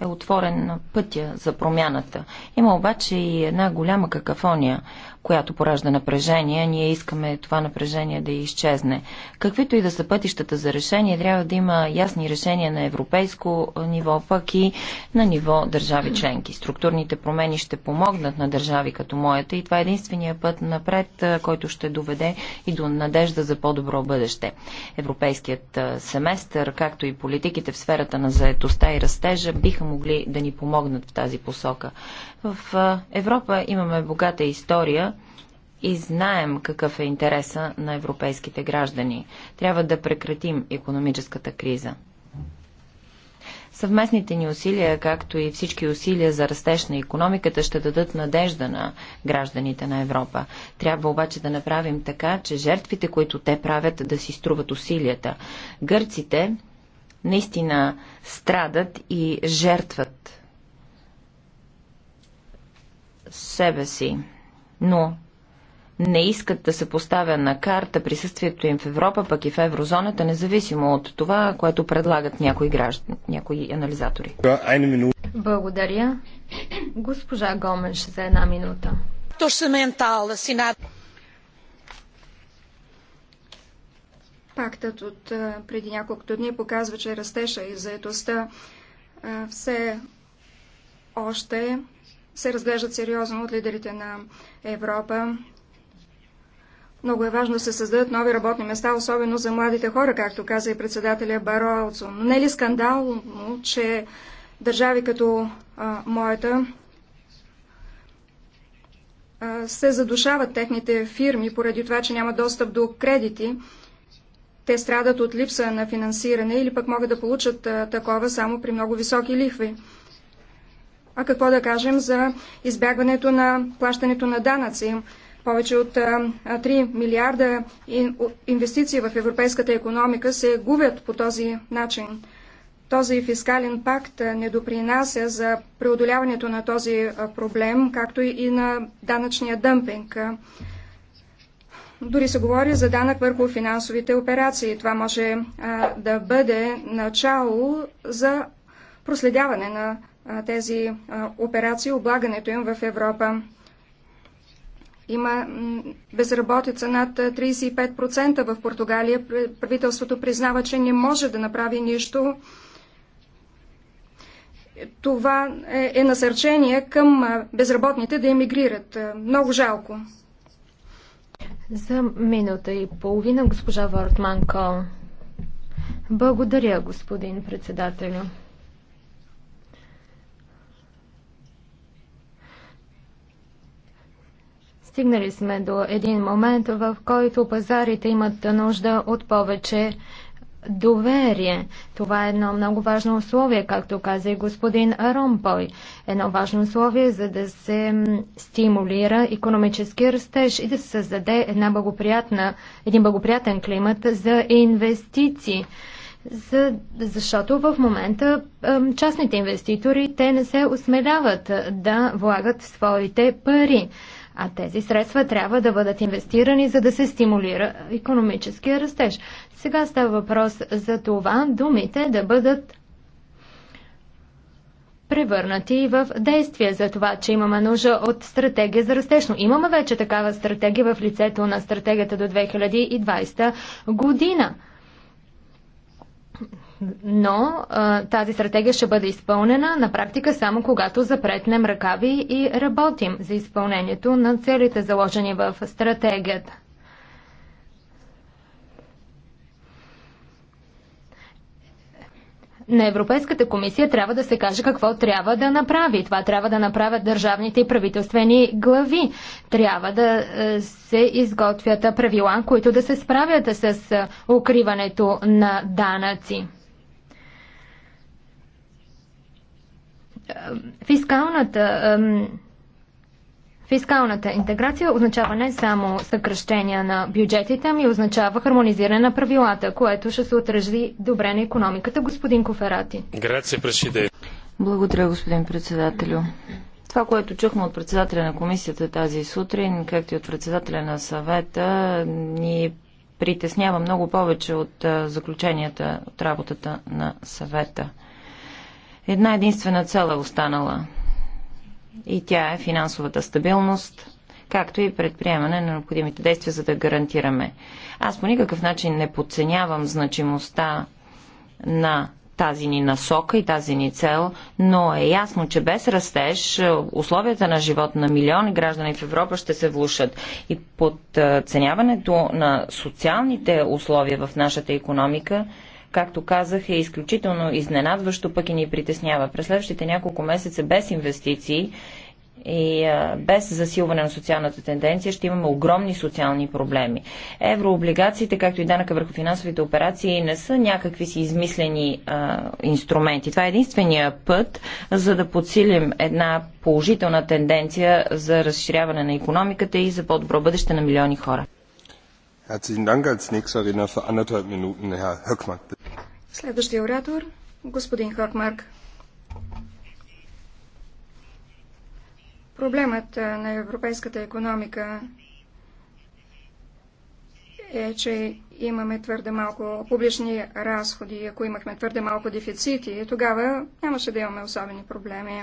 е отворен пътя за промяната. Има обаче и една голяма какафония която поражда напрежение. Ние искаме това напрежение да изчезне. Каквито и да са пътищата за решение, трябва да има ясни решения на европейско ниво, пък и на ниво държави членки. Структурните промени ще помогнат на държави като моята и това е единствения път напред, който ще доведе и до надежда за по-добро бъдеще. Европейският семестър, както и политиките в сферата на заетостта и растежа, биха могли да ни помогнат в тази посока. В Европа имаме богата история и знаем какъв е интереса на европейските граждани. Трябва да прекратим економическата криза. Съвместните ни усилия, както и всички усилия за растеж на економиката, ще дадат надежда на гражданите на Европа. Трябва обаче да направим така, че жертвите, които те правят, да си струват усилията. Гърците наистина страдат и жертват себе си, но не искат да се поставя на карта присъствието им в Европа, пък и в еврозоната, независимо от това, което предлагат някои, граждан, някои анализатори. Благодаря. Госпожа Гоменш за една минута. Пактът от преди няколко дни показва, че растеша и заедостта все още се разглеждат сериозно от лидерите на Европа. Много е важно да се създадат нови работни места, особено за младите хора, както каза и председателя Бароалцо. Но не е ли скандално, че държави като а, моята а, се задушават техните фирми поради това, че няма достъп до кредити? Те страдат от липса на финансиране или пък могат да получат а, такова само при много високи лихви. А какво да кажем за избягването на плащането на данъци? Повече от 3 милиарда инвестиции в европейската економика се губят по този начин. Този фискален пакт не допринася за преодоляването на този проблем, както и на данъчния дъмпинг. Дори се говори за данък върху финансовите операции. Това може да бъде начало за проследяване на тези операции, облагането им в Европа. Има безработица над 35% в Португалия. Правителството признава, че не може да направи нищо. Това е, е насърчение към безработните да емигрират. Много жалко. За минута и половина госпожа Вортман Благодаря, господин председателю. Стигнали сме до един момент, в който пазарите имат нужда от повече доверие. Това е едно много важно условие, както каза и господин Ромпой. Едно важно условие, за да се стимулира економически растеж и да се създаде една благоприятна, един благоприятен климат за инвестиции. За, защото в момента частните инвеститори, те не се осмеляват да влагат своите пари. А тези средства трябва да бъдат инвестирани, за да се стимулира економическия растеж. Сега става въпрос за това думите да бъдат превърнати в действие за това, че имаме нужда от стратегия за растеж. Но имаме вече такава стратегия в лицето на стратегията до 2020 година но а, тази стратегия ще бъде изпълнена на практика само когато запретнем ръкави и работим за изпълнението на целите заложени в стратегията. на Европейската комисия трябва да се каже какво трябва да направи. Това трябва да направят държавните и правителствени глави. Трябва да е, се изготвят правила, които да се справят с е, укриването на данъци. Е, фискалната, фискалната интеграция означава не само съкръщения на бюджетите, ми означава хармонизиране на правилата, което ще се отрази добре на економиката. Господин Коферати. Благодаря, господин председателю. Това, което чухме от председателя на комисията тази сутрин, както и от председателя на съвета, ни притеснява много повече от е, заключенията от работата на съвета. Една единствена цел е останала и тя е финансовата стабилност, както и предприемане на необходимите действия, за да гарантираме. Аз по никакъв начин не подценявам значимостта на тази ни насока и тази ни цел, но е ясно, че без растеж е, условията на живот на милиони граждани в Европа ще се влушат. И подценяването на социалните условия в нашата економика както казах, е изключително изненадващо, пък и ни притеснява. През следващите няколко месеца без инвестиции и а, без засилване на социалната тенденция ще имаме огромни социални проблеми. Еврооблигациите, както и данъка върху финансовите операции, не са някакви си измислени а, инструменти. Това е единствения път, за да подсилим една положителна тенденция за разширяване на економиката и за по-добро бъдеще на милиони хора. Herzlichen Dank. Als nächster Redner für anderthalb Minuten Herr Höckmann. Следващия оратор – господин Хокмарк. Проблемът на европейската економика е, че имаме твърде малко публични разходи. Ако имахме твърде малко дефицити, тогава нямаше да имаме особени проблеми.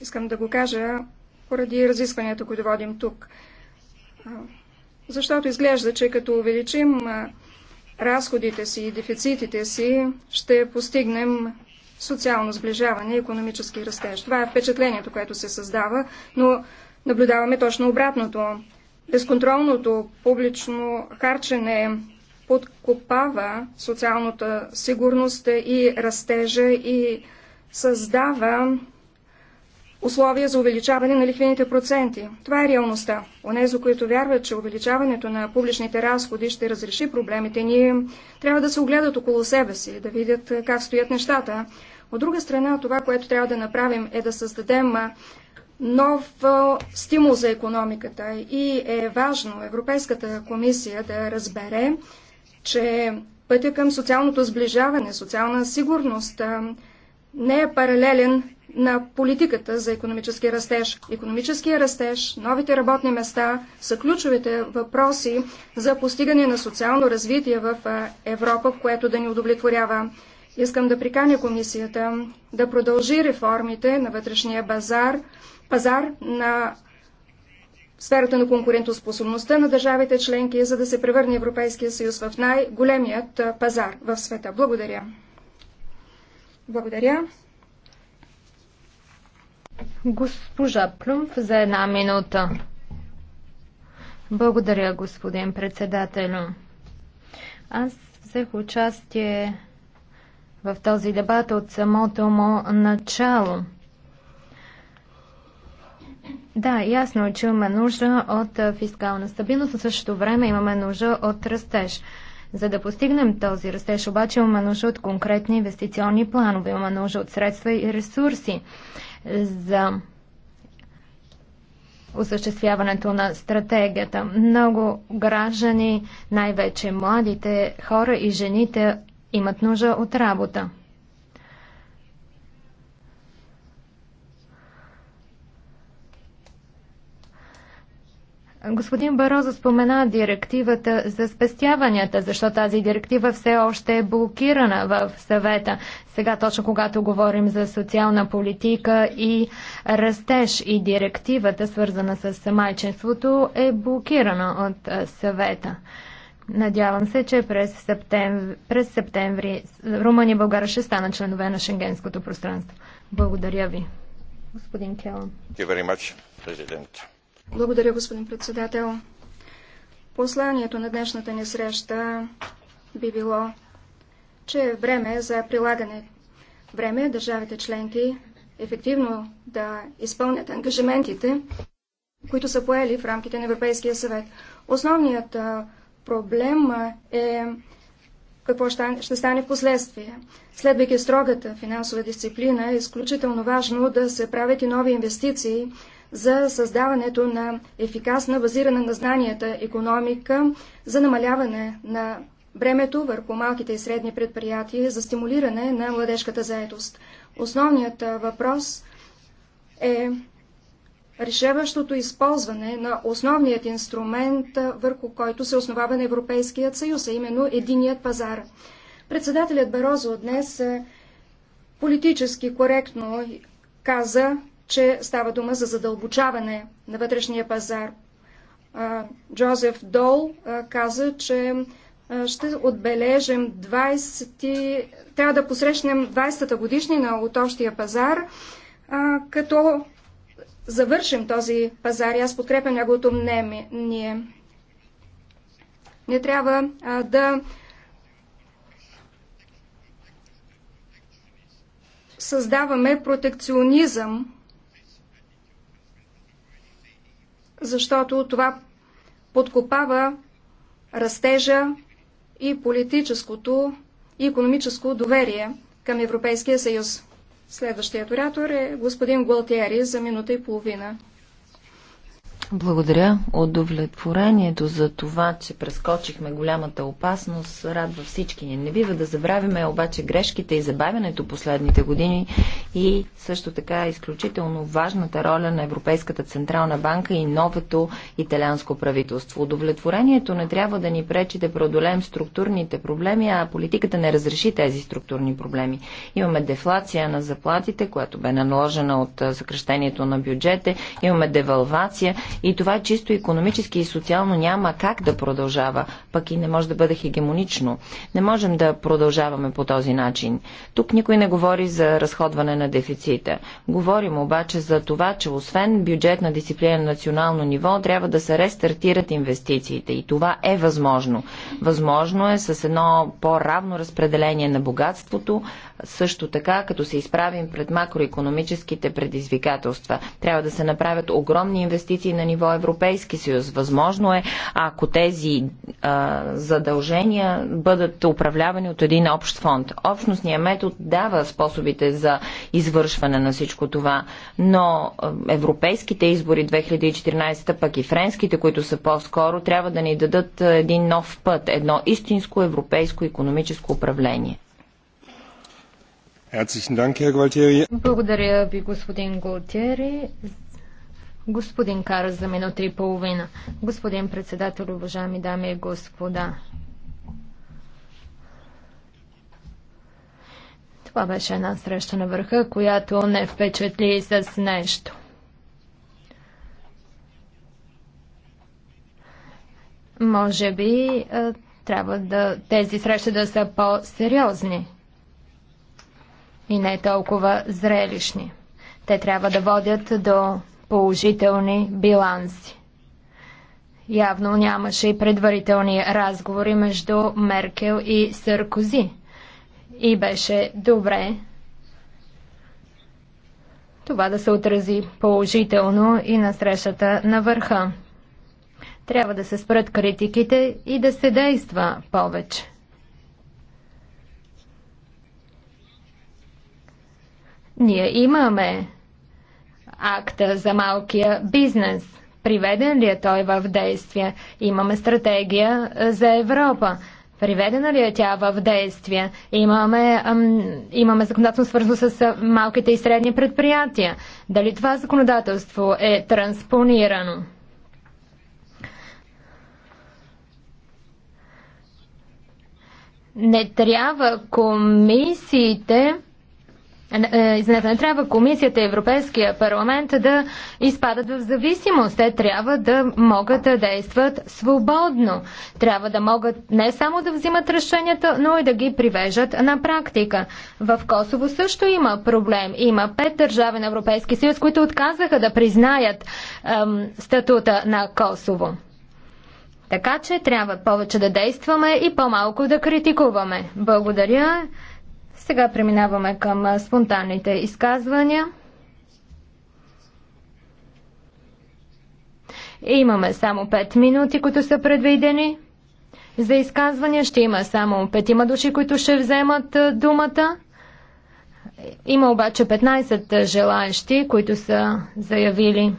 Искам да го кажа поради разискванията, които водим тук. Защото изглежда, че като увеличим разходите си и дефицитите си ще постигнем социално сближаване и економически растеж. Това е впечатлението, което се създава, но наблюдаваме точно обратното. Безконтролното публично харчене подкопава социалната сигурност и растежа и създава условия за увеличаване на лихвените проценти. Това е реалността. Онези, които вярват, че увеличаването на публичните разходи ще разреши проблемите ни, трябва да се огледат около себе си, да видят е, как стоят нещата. От друга страна, това, което трябва да направим е да създадем е, нов е, стимул за економиката и е важно Европейската комисия да разбере, че пътя към социалното сближаване, социална сигурност не е паралелен на политиката за економически растеж. Економическия растеж, новите работни места са ключовите въпроси за постигане на социално развитие в Европа, което да ни удовлетворява. Искам да приканя комисията да продължи реформите на вътрешния базар, пазар на сферата на конкурентоспособността на държавите членки, за да се превърне Европейския съюз в най-големият пазар в света. Благодаря. Благодаря. Госпожа Плюмф за една минута. Благодаря, господин председателю. Аз взех участие в този дебат от самото му начало. Да, ясно е, че имаме нужда от фискална стабилност, но същото време имаме нужда от растеж. За да постигнем този растеж, обаче имаме нужда от конкретни инвестиционни планове, имаме нужда от средства и ресурси за осъществяването на стратегията. Много граждани, най-вече младите хора и жените, имат нужда от работа. Господин Барозо спомена директивата за спестяванията, защото тази директива все още е блокирана в съвета. Сега точно когато говорим за социална политика и растеж и директивата, свързана с майчинството, е блокирана от съвета. Надявам се, че през септември, през септември Румъния и България ще станат членове на шенгенското пространство. Благодаря ви. Господин Келан. Благодаря, господин председател. Посланието на днешната ни среща би било, че е време за прилагане. Време е държавите членки ефективно да изпълнят ангажиментите, които са поели в рамките на Европейския съвет. Основният проблем е какво ще стане в последствие. Следвайки строгата финансова дисциплина, е изключително важно да се правят и нови инвестиции, за създаването на ефикасна, базирана на знанията економика, за намаляване на бремето върху малките и средни предприятия, за стимулиране на младежката заедост. Основният въпрос е решаващото използване на основният инструмент, върху който се основава на Европейският съюз, а именно единият пазар. Председателят Барозо днес политически коректно каза, че става дума за задълбочаване на вътрешния пазар. Джозеф Дол каза, че ще отбележим 20... Трябва да посрещнем 20-та годишнина от общия пазар, като завършим този пазар. Аз подкрепям неговото мнение. Не трябва да създаваме протекционизъм защото това подкопава растежа и политическото и економическо доверие към Европейския съюз. Следващият оратор е господин Гуалтиери за минута и половина. Благодаря. Удовлетворението за това, че прескочихме голямата опасност, радва всички ни. Не бива да забравяме обаче грешките и забавянето последните години и също така изключително важната роля на Европейската Централна банка и новото италианско правителство. Удовлетворението не трябва да ни пречи да преодолеем структурните проблеми, а политиката не разреши тези структурни проблеми. Имаме дефлация на заплатите, която бе наложена от съкрещението на бюджета, имаме девалвация, и това чисто економически и социално няма как да продължава, пък и не може да бъде хегемонично. Не можем да продължаваме по този начин. Тук никой не говори за разходване на дефицита. Говорим обаче за това, че освен бюджетна дисциплина на национално ниво, трябва да се рестартират инвестициите. И това е възможно. Възможно е с едно по-равно разпределение на богатството, също така, като се изправим пред макроекономическите предизвикателства, трябва да се направят огромни инвестиции на ниво Европейски съюз. Възможно е, ако тези а, задължения бъдат управлявани от един общ фонд. Общностният метод дава способите за извършване на всичко това, но европейските избори 2014, пък и френските, които са по-скоро, трябва да ни дадат един нов път, едно истинско европейско економическо управление. Благодаря ви, господин Галтиери. Господин Карас за минута и половина. Господин председател, уважаеми дами и господа. Това беше една среща на върха, която не впечатли с нещо. Може би трябва да тези срещи да са по-сериозни и не толкова зрелищни. Те трябва да водят до положителни биланси. Явно нямаше и предварителни разговори между Меркел и Съркози. И беше добре това да се отрази положително и на срещата на върха. Трябва да се спрат критиките и да се действа повече. Ние имаме акта за малкия бизнес. Приведен ли е той в действие? Имаме стратегия за Европа. Приведена ли е тя в действие? Имаме, ам, имаме законодателство свързано с малките и средни предприятия. Дали това законодателство е транспонирано? Не трябва комисиите е, извинете, не трябва комисията и Европейския парламент да изпадат в зависимост. Те трябва да могат да действат свободно. Трябва да могат не само да взимат решенията, но и да ги привежат на практика. В Косово също има проблем. Има пет държави на Европейски съюз, които отказаха да признаят ем, статута на Косово. Така че трябва повече да действаме и по-малко да критикуваме. Благодаря. Сега преминаваме към спонтанните изказвания. Имаме само 5 минути, които са предвидени. За изказвания ще има само има души, които ще вземат думата. Има обаче 15 желаящи, които са заявили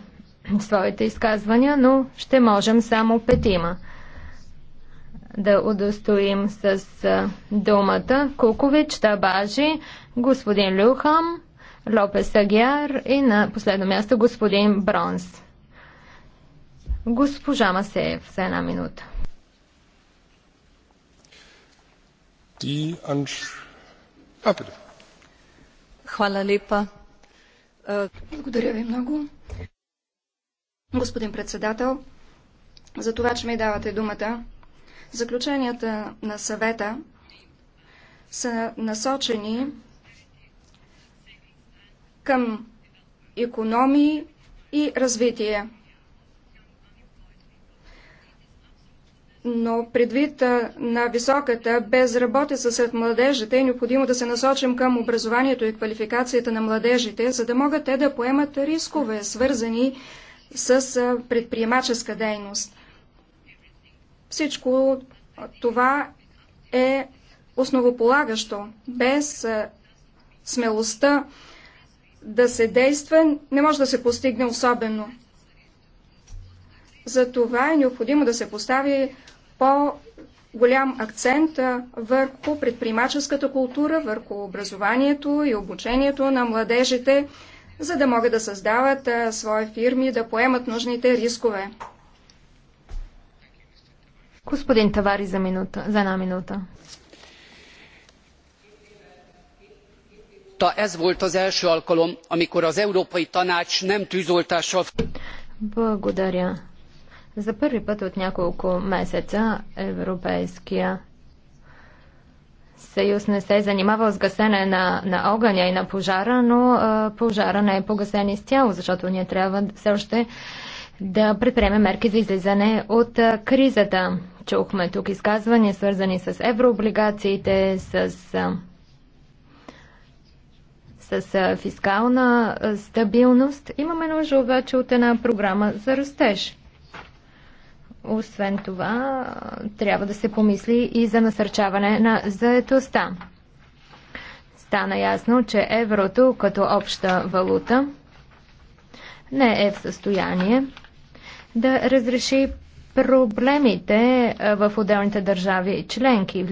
своите изказвания, но ще можем само петима да удостоим с думата Кукович, Табажи, господин Люхам, Лопес Агиар и на последно място господин Бронс. Госпожа Масеев за една минута. Хвала липа. Благодаря ви много. Господин председател, за това, че ми давате думата, Заключенията на съвета са насочени към економии и развитие. Но предвид на високата безработица сред младежите е необходимо да се насочим към образованието и квалификацията на младежите, за да могат те да поемат рискове, свързани с предприемаческа дейност. Всичко това е основополагащо. Без е, смелостта да се действа не може да се постигне особено. За това е необходимо да се постави по-голям акцент е, върху предприемаческата култура, върху образованието и обучението на младежите, за да могат да създават е, свои фирми, да поемат нужните рискове. Господин Тавари за, минута, за една минута. Благодаря. За първи път от няколко месеца Европейския съюз не се е занимавал с гасене на, на огъня и на пожара, но а, пожара не е погасен изцяло, защото ние трябва все още да предприеме мерки за излизане от кризата. Чухме тук изказвания, свързани с еврооблигациите, с, с фискална стабилност. Имаме нужда обаче от една програма за растеж. Освен това, трябва да се помисли и за насърчаване на заетостта. Стана ясно, че еврото като обща валута не е в състояние да разреши проблемите в отделните държави членки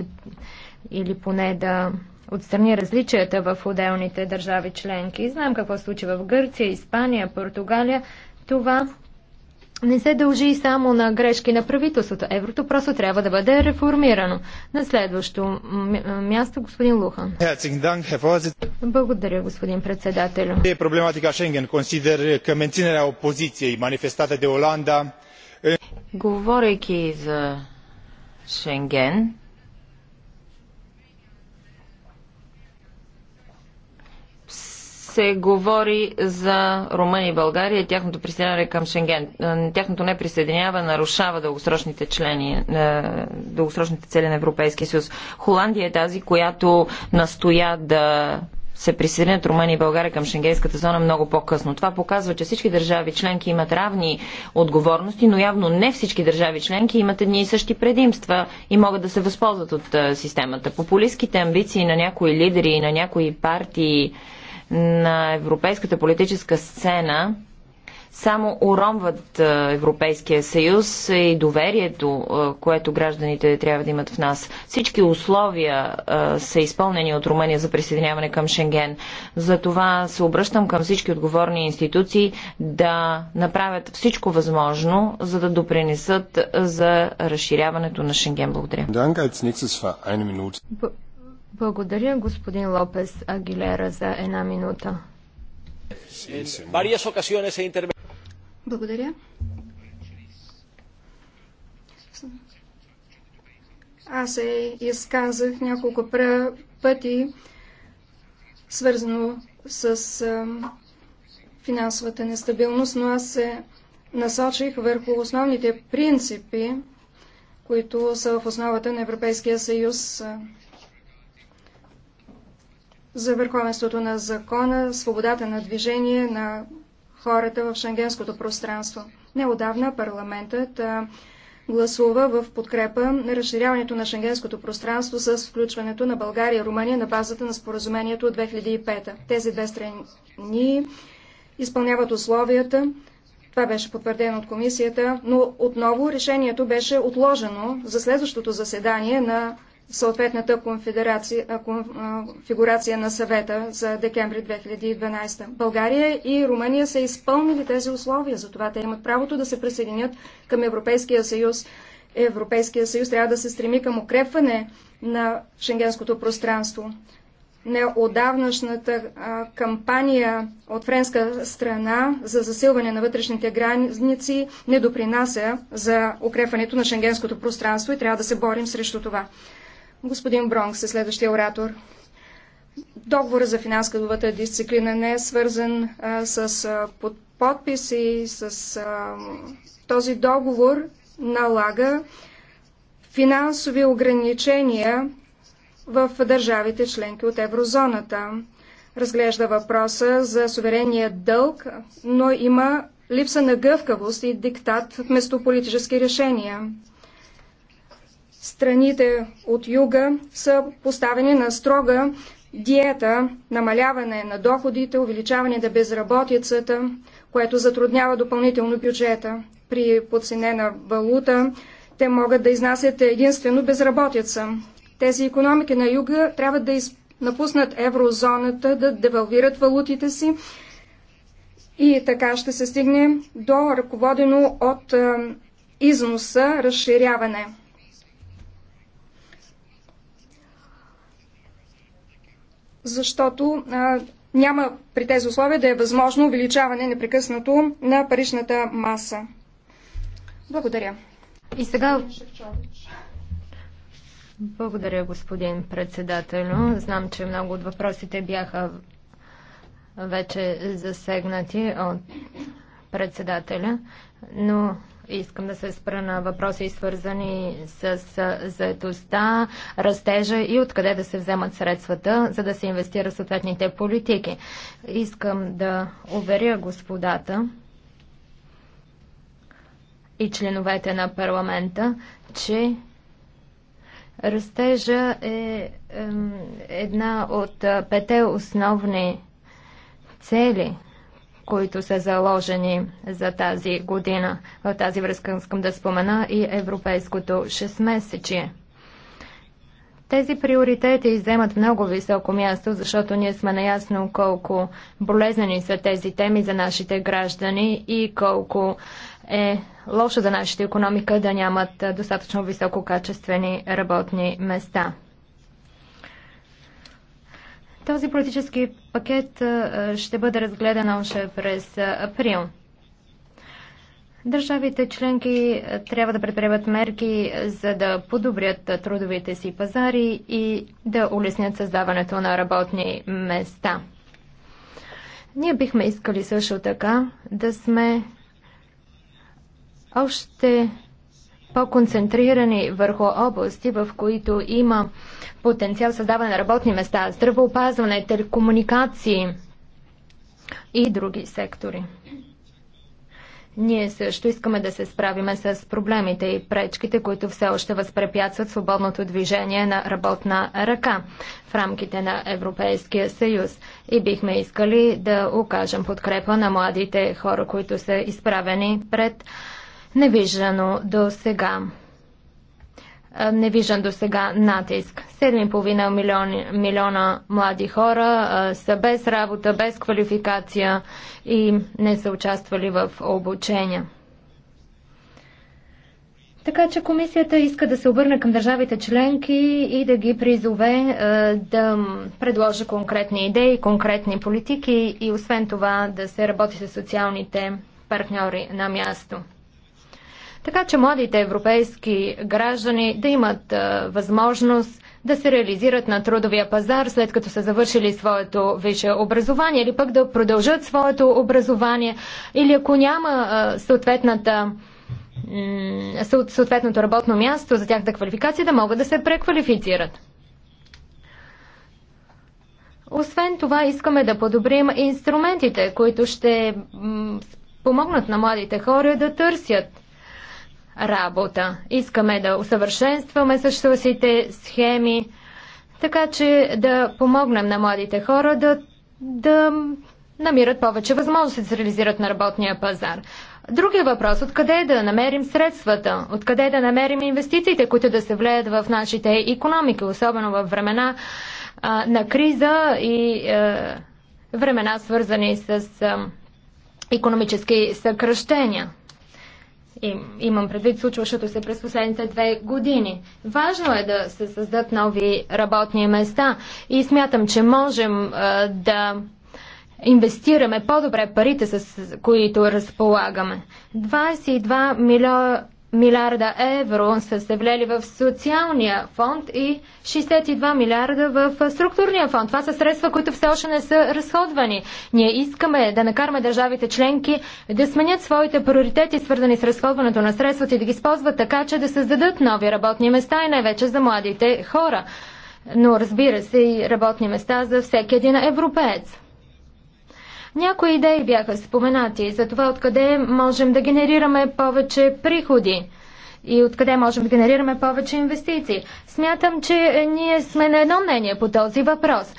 или поне да отстрани различията в отделните държави членки. знам какво случи в Гърция, Испания, Португалия. Това не се дължи само на грешки на правителството. Еврото просто трябва да бъде реформирано. На следващо място господин Лухан. Е, Благодаря, господин председател. Е проблематика Шенген. Консидер că menținerea opoziției manifestată de Оланда. Е- Говорейки за Шенген, се говори за Румъния и България и тяхното присъединяване към Шенген. Е, тяхното неприсъединяване нарушава дългосрочните, члени, е, дългосрочните цели на Европейския съюз. Холандия е тази, която настоя да се присъединят Румъния и България към Шенгенската зона много по-късно. Това показва, че всички държави членки имат равни отговорности, но явно не всички държави членки имат едни и същи предимства и могат да се възползват от е, системата. Популистските амбиции на някои лидери и на някои партии на европейската политическа сцена само уромват е, Европейския съюз и доверието, е, което гражданите трябва да имат в нас. Всички условия е, са изпълнени от Румъния за присъединяване към Шенген. Затова се обръщам към всички отговорни институции да направят всичко възможно, за да допринесат за разширяването на Шенген. Благодаря. Благодаря, господин Лопес Агилера, за една минута. Благодаря. Аз се изказах няколко пъти, свързано с а, финансовата нестабилност, но аз се насочих върху основните принципи, които са в основата на Европейския съюз за върховенството на закона, свободата на движение на хората в шенгенското пространство. Неодавна парламентът гласува в подкрепа на разширяването на шенгенското пространство с включването на България и Румъния на базата на споразумението от 2005. Тези две страни изпълняват условията. Това беше потвърдено от комисията, но отново решението беше отложено за следващото заседание на съответната конфигурация на съвета за декември 2012. България и Румъния са изпълнили тези условия, затова те имат правото да се присъединят към Европейския съюз. Европейския съюз трябва да се стреми към укрепване на шенгенското пространство. Неодавнашната кампания от френска страна за засилване на вътрешните граници не допринася за укрепването на шенгенското пространство и трябва да се борим срещу това. Господин Бронкс е следващия оратор. Договора за финансовата дисциплина не е свързан а, с а, под подписи, с а, този договор налага финансови ограничения в държавите членки от еврозоната. Разглежда въпроса за суверения дълг, но има липса на гъвкавост и диктат вместо политически решения. Страните от юга са поставени на строга диета, намаляване на доходите, увеличаване на безработицата, което затруднява допълнително бюджета. При подценена валута те могат да изнасят единствено безработица. Тези економики на юга трябва да из... напуснат еврозоната, да девалвират валутите си и така ще се стигне до ръководено от износа разширяване. защото а, няма при тези условия да е възможно увеличаване непрекъснато на паричната маса. Благодаря. И сега... Благодаря, господин председател. Знам, че много от въпросите бяха вече засегнати от председателя, но Искам да се спра на въпроси, свързани с заедостта, растежа и откъде да се вземат средствата, за да се инвестира в съответните политики. Искам да уверя господата и членовете на парламента, че растежа е, е една от пете основни цели – които са заложени за тази година. В тази връзка искам да спомена и европейското 6-месечие. Тези приоритети вземат много високо място, защото ние сме наясно колко болезнени са тези теми за нашите граждани и колко е лошо за нашата економика да нямат достатъчно висококачествени работни места. Този политически пакет ще бъде разгледан още през април. Държавите членки трябва да предприемат мерки, за да подобрят трудовите си пазари и да улеснят създаването на работни места. Ние бихме искали също така да сме още по-концентрирани върху области, в които има потенциал създаване на работни места, здравеопазване, телекомуникации и други сектори. Ние също искаме да се справиме с проблемите и пречките, които все още възпрепятстват свободното движение на работна ръка в рамките на Европейския съюз. И бихме искали да окажем подкрепа на младите хора, които са изправени пред невиждано до сега. Невиждан до сега натиск. 7,5 милиона, милиона млади хора са без работа, без квалификация и не са участвали в обучение. Така че комисията иска да се обърне към държавите членки и да ги призове да предложи конкретни идеи, конкретни политики и освен това да се работи с социалните партньори на място така че младите европейски граждани да имат възможност да се реализират на трудовия пазар, след като са завършили своето висше образование, или пък да продължат своето образование, или ако няма съответната съответното работно място за тяхната квалификация да могат да се преквалифицират. Освен това, искаме да подобрим инструментите, които ще помогнат на младите хора да търсят работа. Искаме да усъвършенстваме сите схеми, така че да помогнем на младите хора да, да намират повече възможности да се реализират на работния пазар. Другия въпрос, откъде да намерим средствата, откъде да намерим инвестициите, които да се влеят в нашите економики, особено в времена а, на криза и а, е, времена свързани с а, е, економически съкръщения. И, имам предвид случващото се през последните две години. Важно е да се създадат нови работни места и смятам, че можем а, да инвестираме по-добре парите, с които разполагаме. 22 милиона милиарда евро са се влели в социалния фонд и 62 милиарда в структурния фонд. Това са средства, които все още не са разходвани. Ние искаме да накараме държавите членки да сменят своите приоритети, свързани с разходването на средствата и да ги използват така, че да създадат нови работни места и най-вече за младите хора. Но разбира се и работни места за всеки един европеец. Някои идеи бяха споменати за това откъде можем да генерираме повече приходи и откъде можем да генерираме повече инвестиции. Смятам, че ние сме на едно мнение по този въпрос.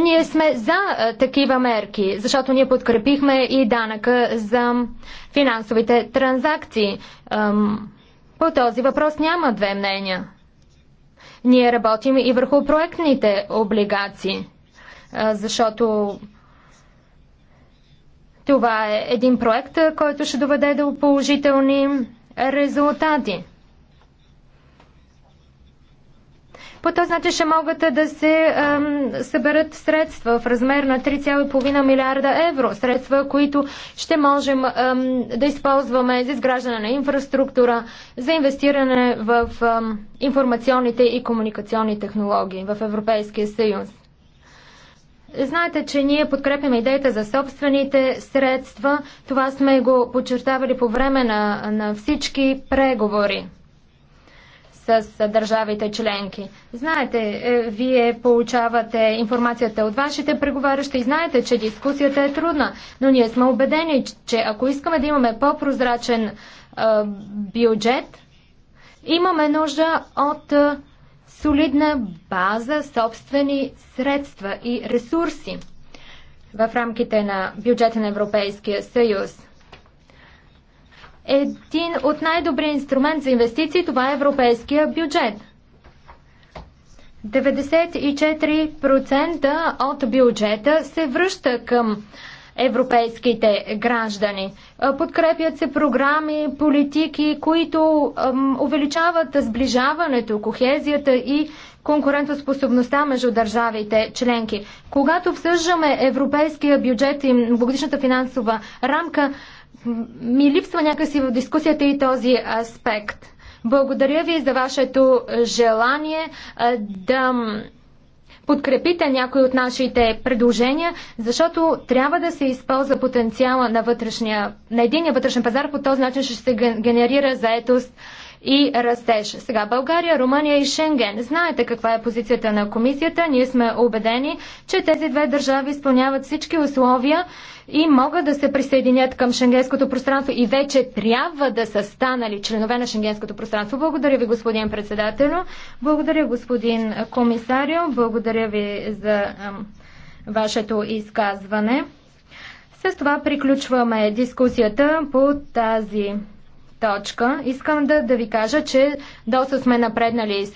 Ние сме за такива мерки, защото ние подкрепихме и данъка за финансовите транзакции. по този въпрос няма две мнения. Ние работим и върху проектните облигации, защото това е един проект, който ще доведе до положителни резултати. По този начин ще могат да се ам, съберат средства в размер на 3,5 милиарда евро. Средства, които ще можем ам, да използваме за изграждане на инфраструктура, за инвестиране в ам, информационните и комуникационни технологии в Европейския съюз. Знаете, че ние подкрепяме идеята за собствените средства. Това сме го подчертавали по време на, на всички преговори с държавите членки. Знаете, е, вие получавате информацията от вашите преговарящи и знаете, че дискусията е трудна, но ние сме убедени, че ако искаме да имаме по-прозрачен е, бюджет, имаме нужда от е, солидна база собствени средства и ресурси в рамките на бюджета на Европейския съюз един от най-добрия инструмент за инвестиции, това е европейския бюджет. 94% от бюджета се връща към европейските граждани. Подкрепят се програми, политики, които увеличават сближаването, кохезията и конкурентоспособността между държавите членки. Когато обсъждаме европейския бюджет и годишната финансова рамка, ми липсва някакси в дискусията и този аспект. Благодаря ви за вашето желание да подкрепите някои от нашите предложения, защото трябва да се използва потенциала на, вътрешния, на единия вътрешен пазар. По този начин ще се генерира заетост и растеж. Сега България, Румъния и Шенген. Знаете каква е позицията на комисията. Ние сме убедени, че тези две държави изпълняват всички условия и могат да се присъединят към шенгенското пространство и вече трябва да са станали членове на шенгенското пространство. Благодаря ви, господин председател, Благодаря, господин комисарио. Благодаря ви за ам, вашето изказване. С това приключваме дискусията по тази точка. Искам да, да ви кажа, че доста сме напреднали с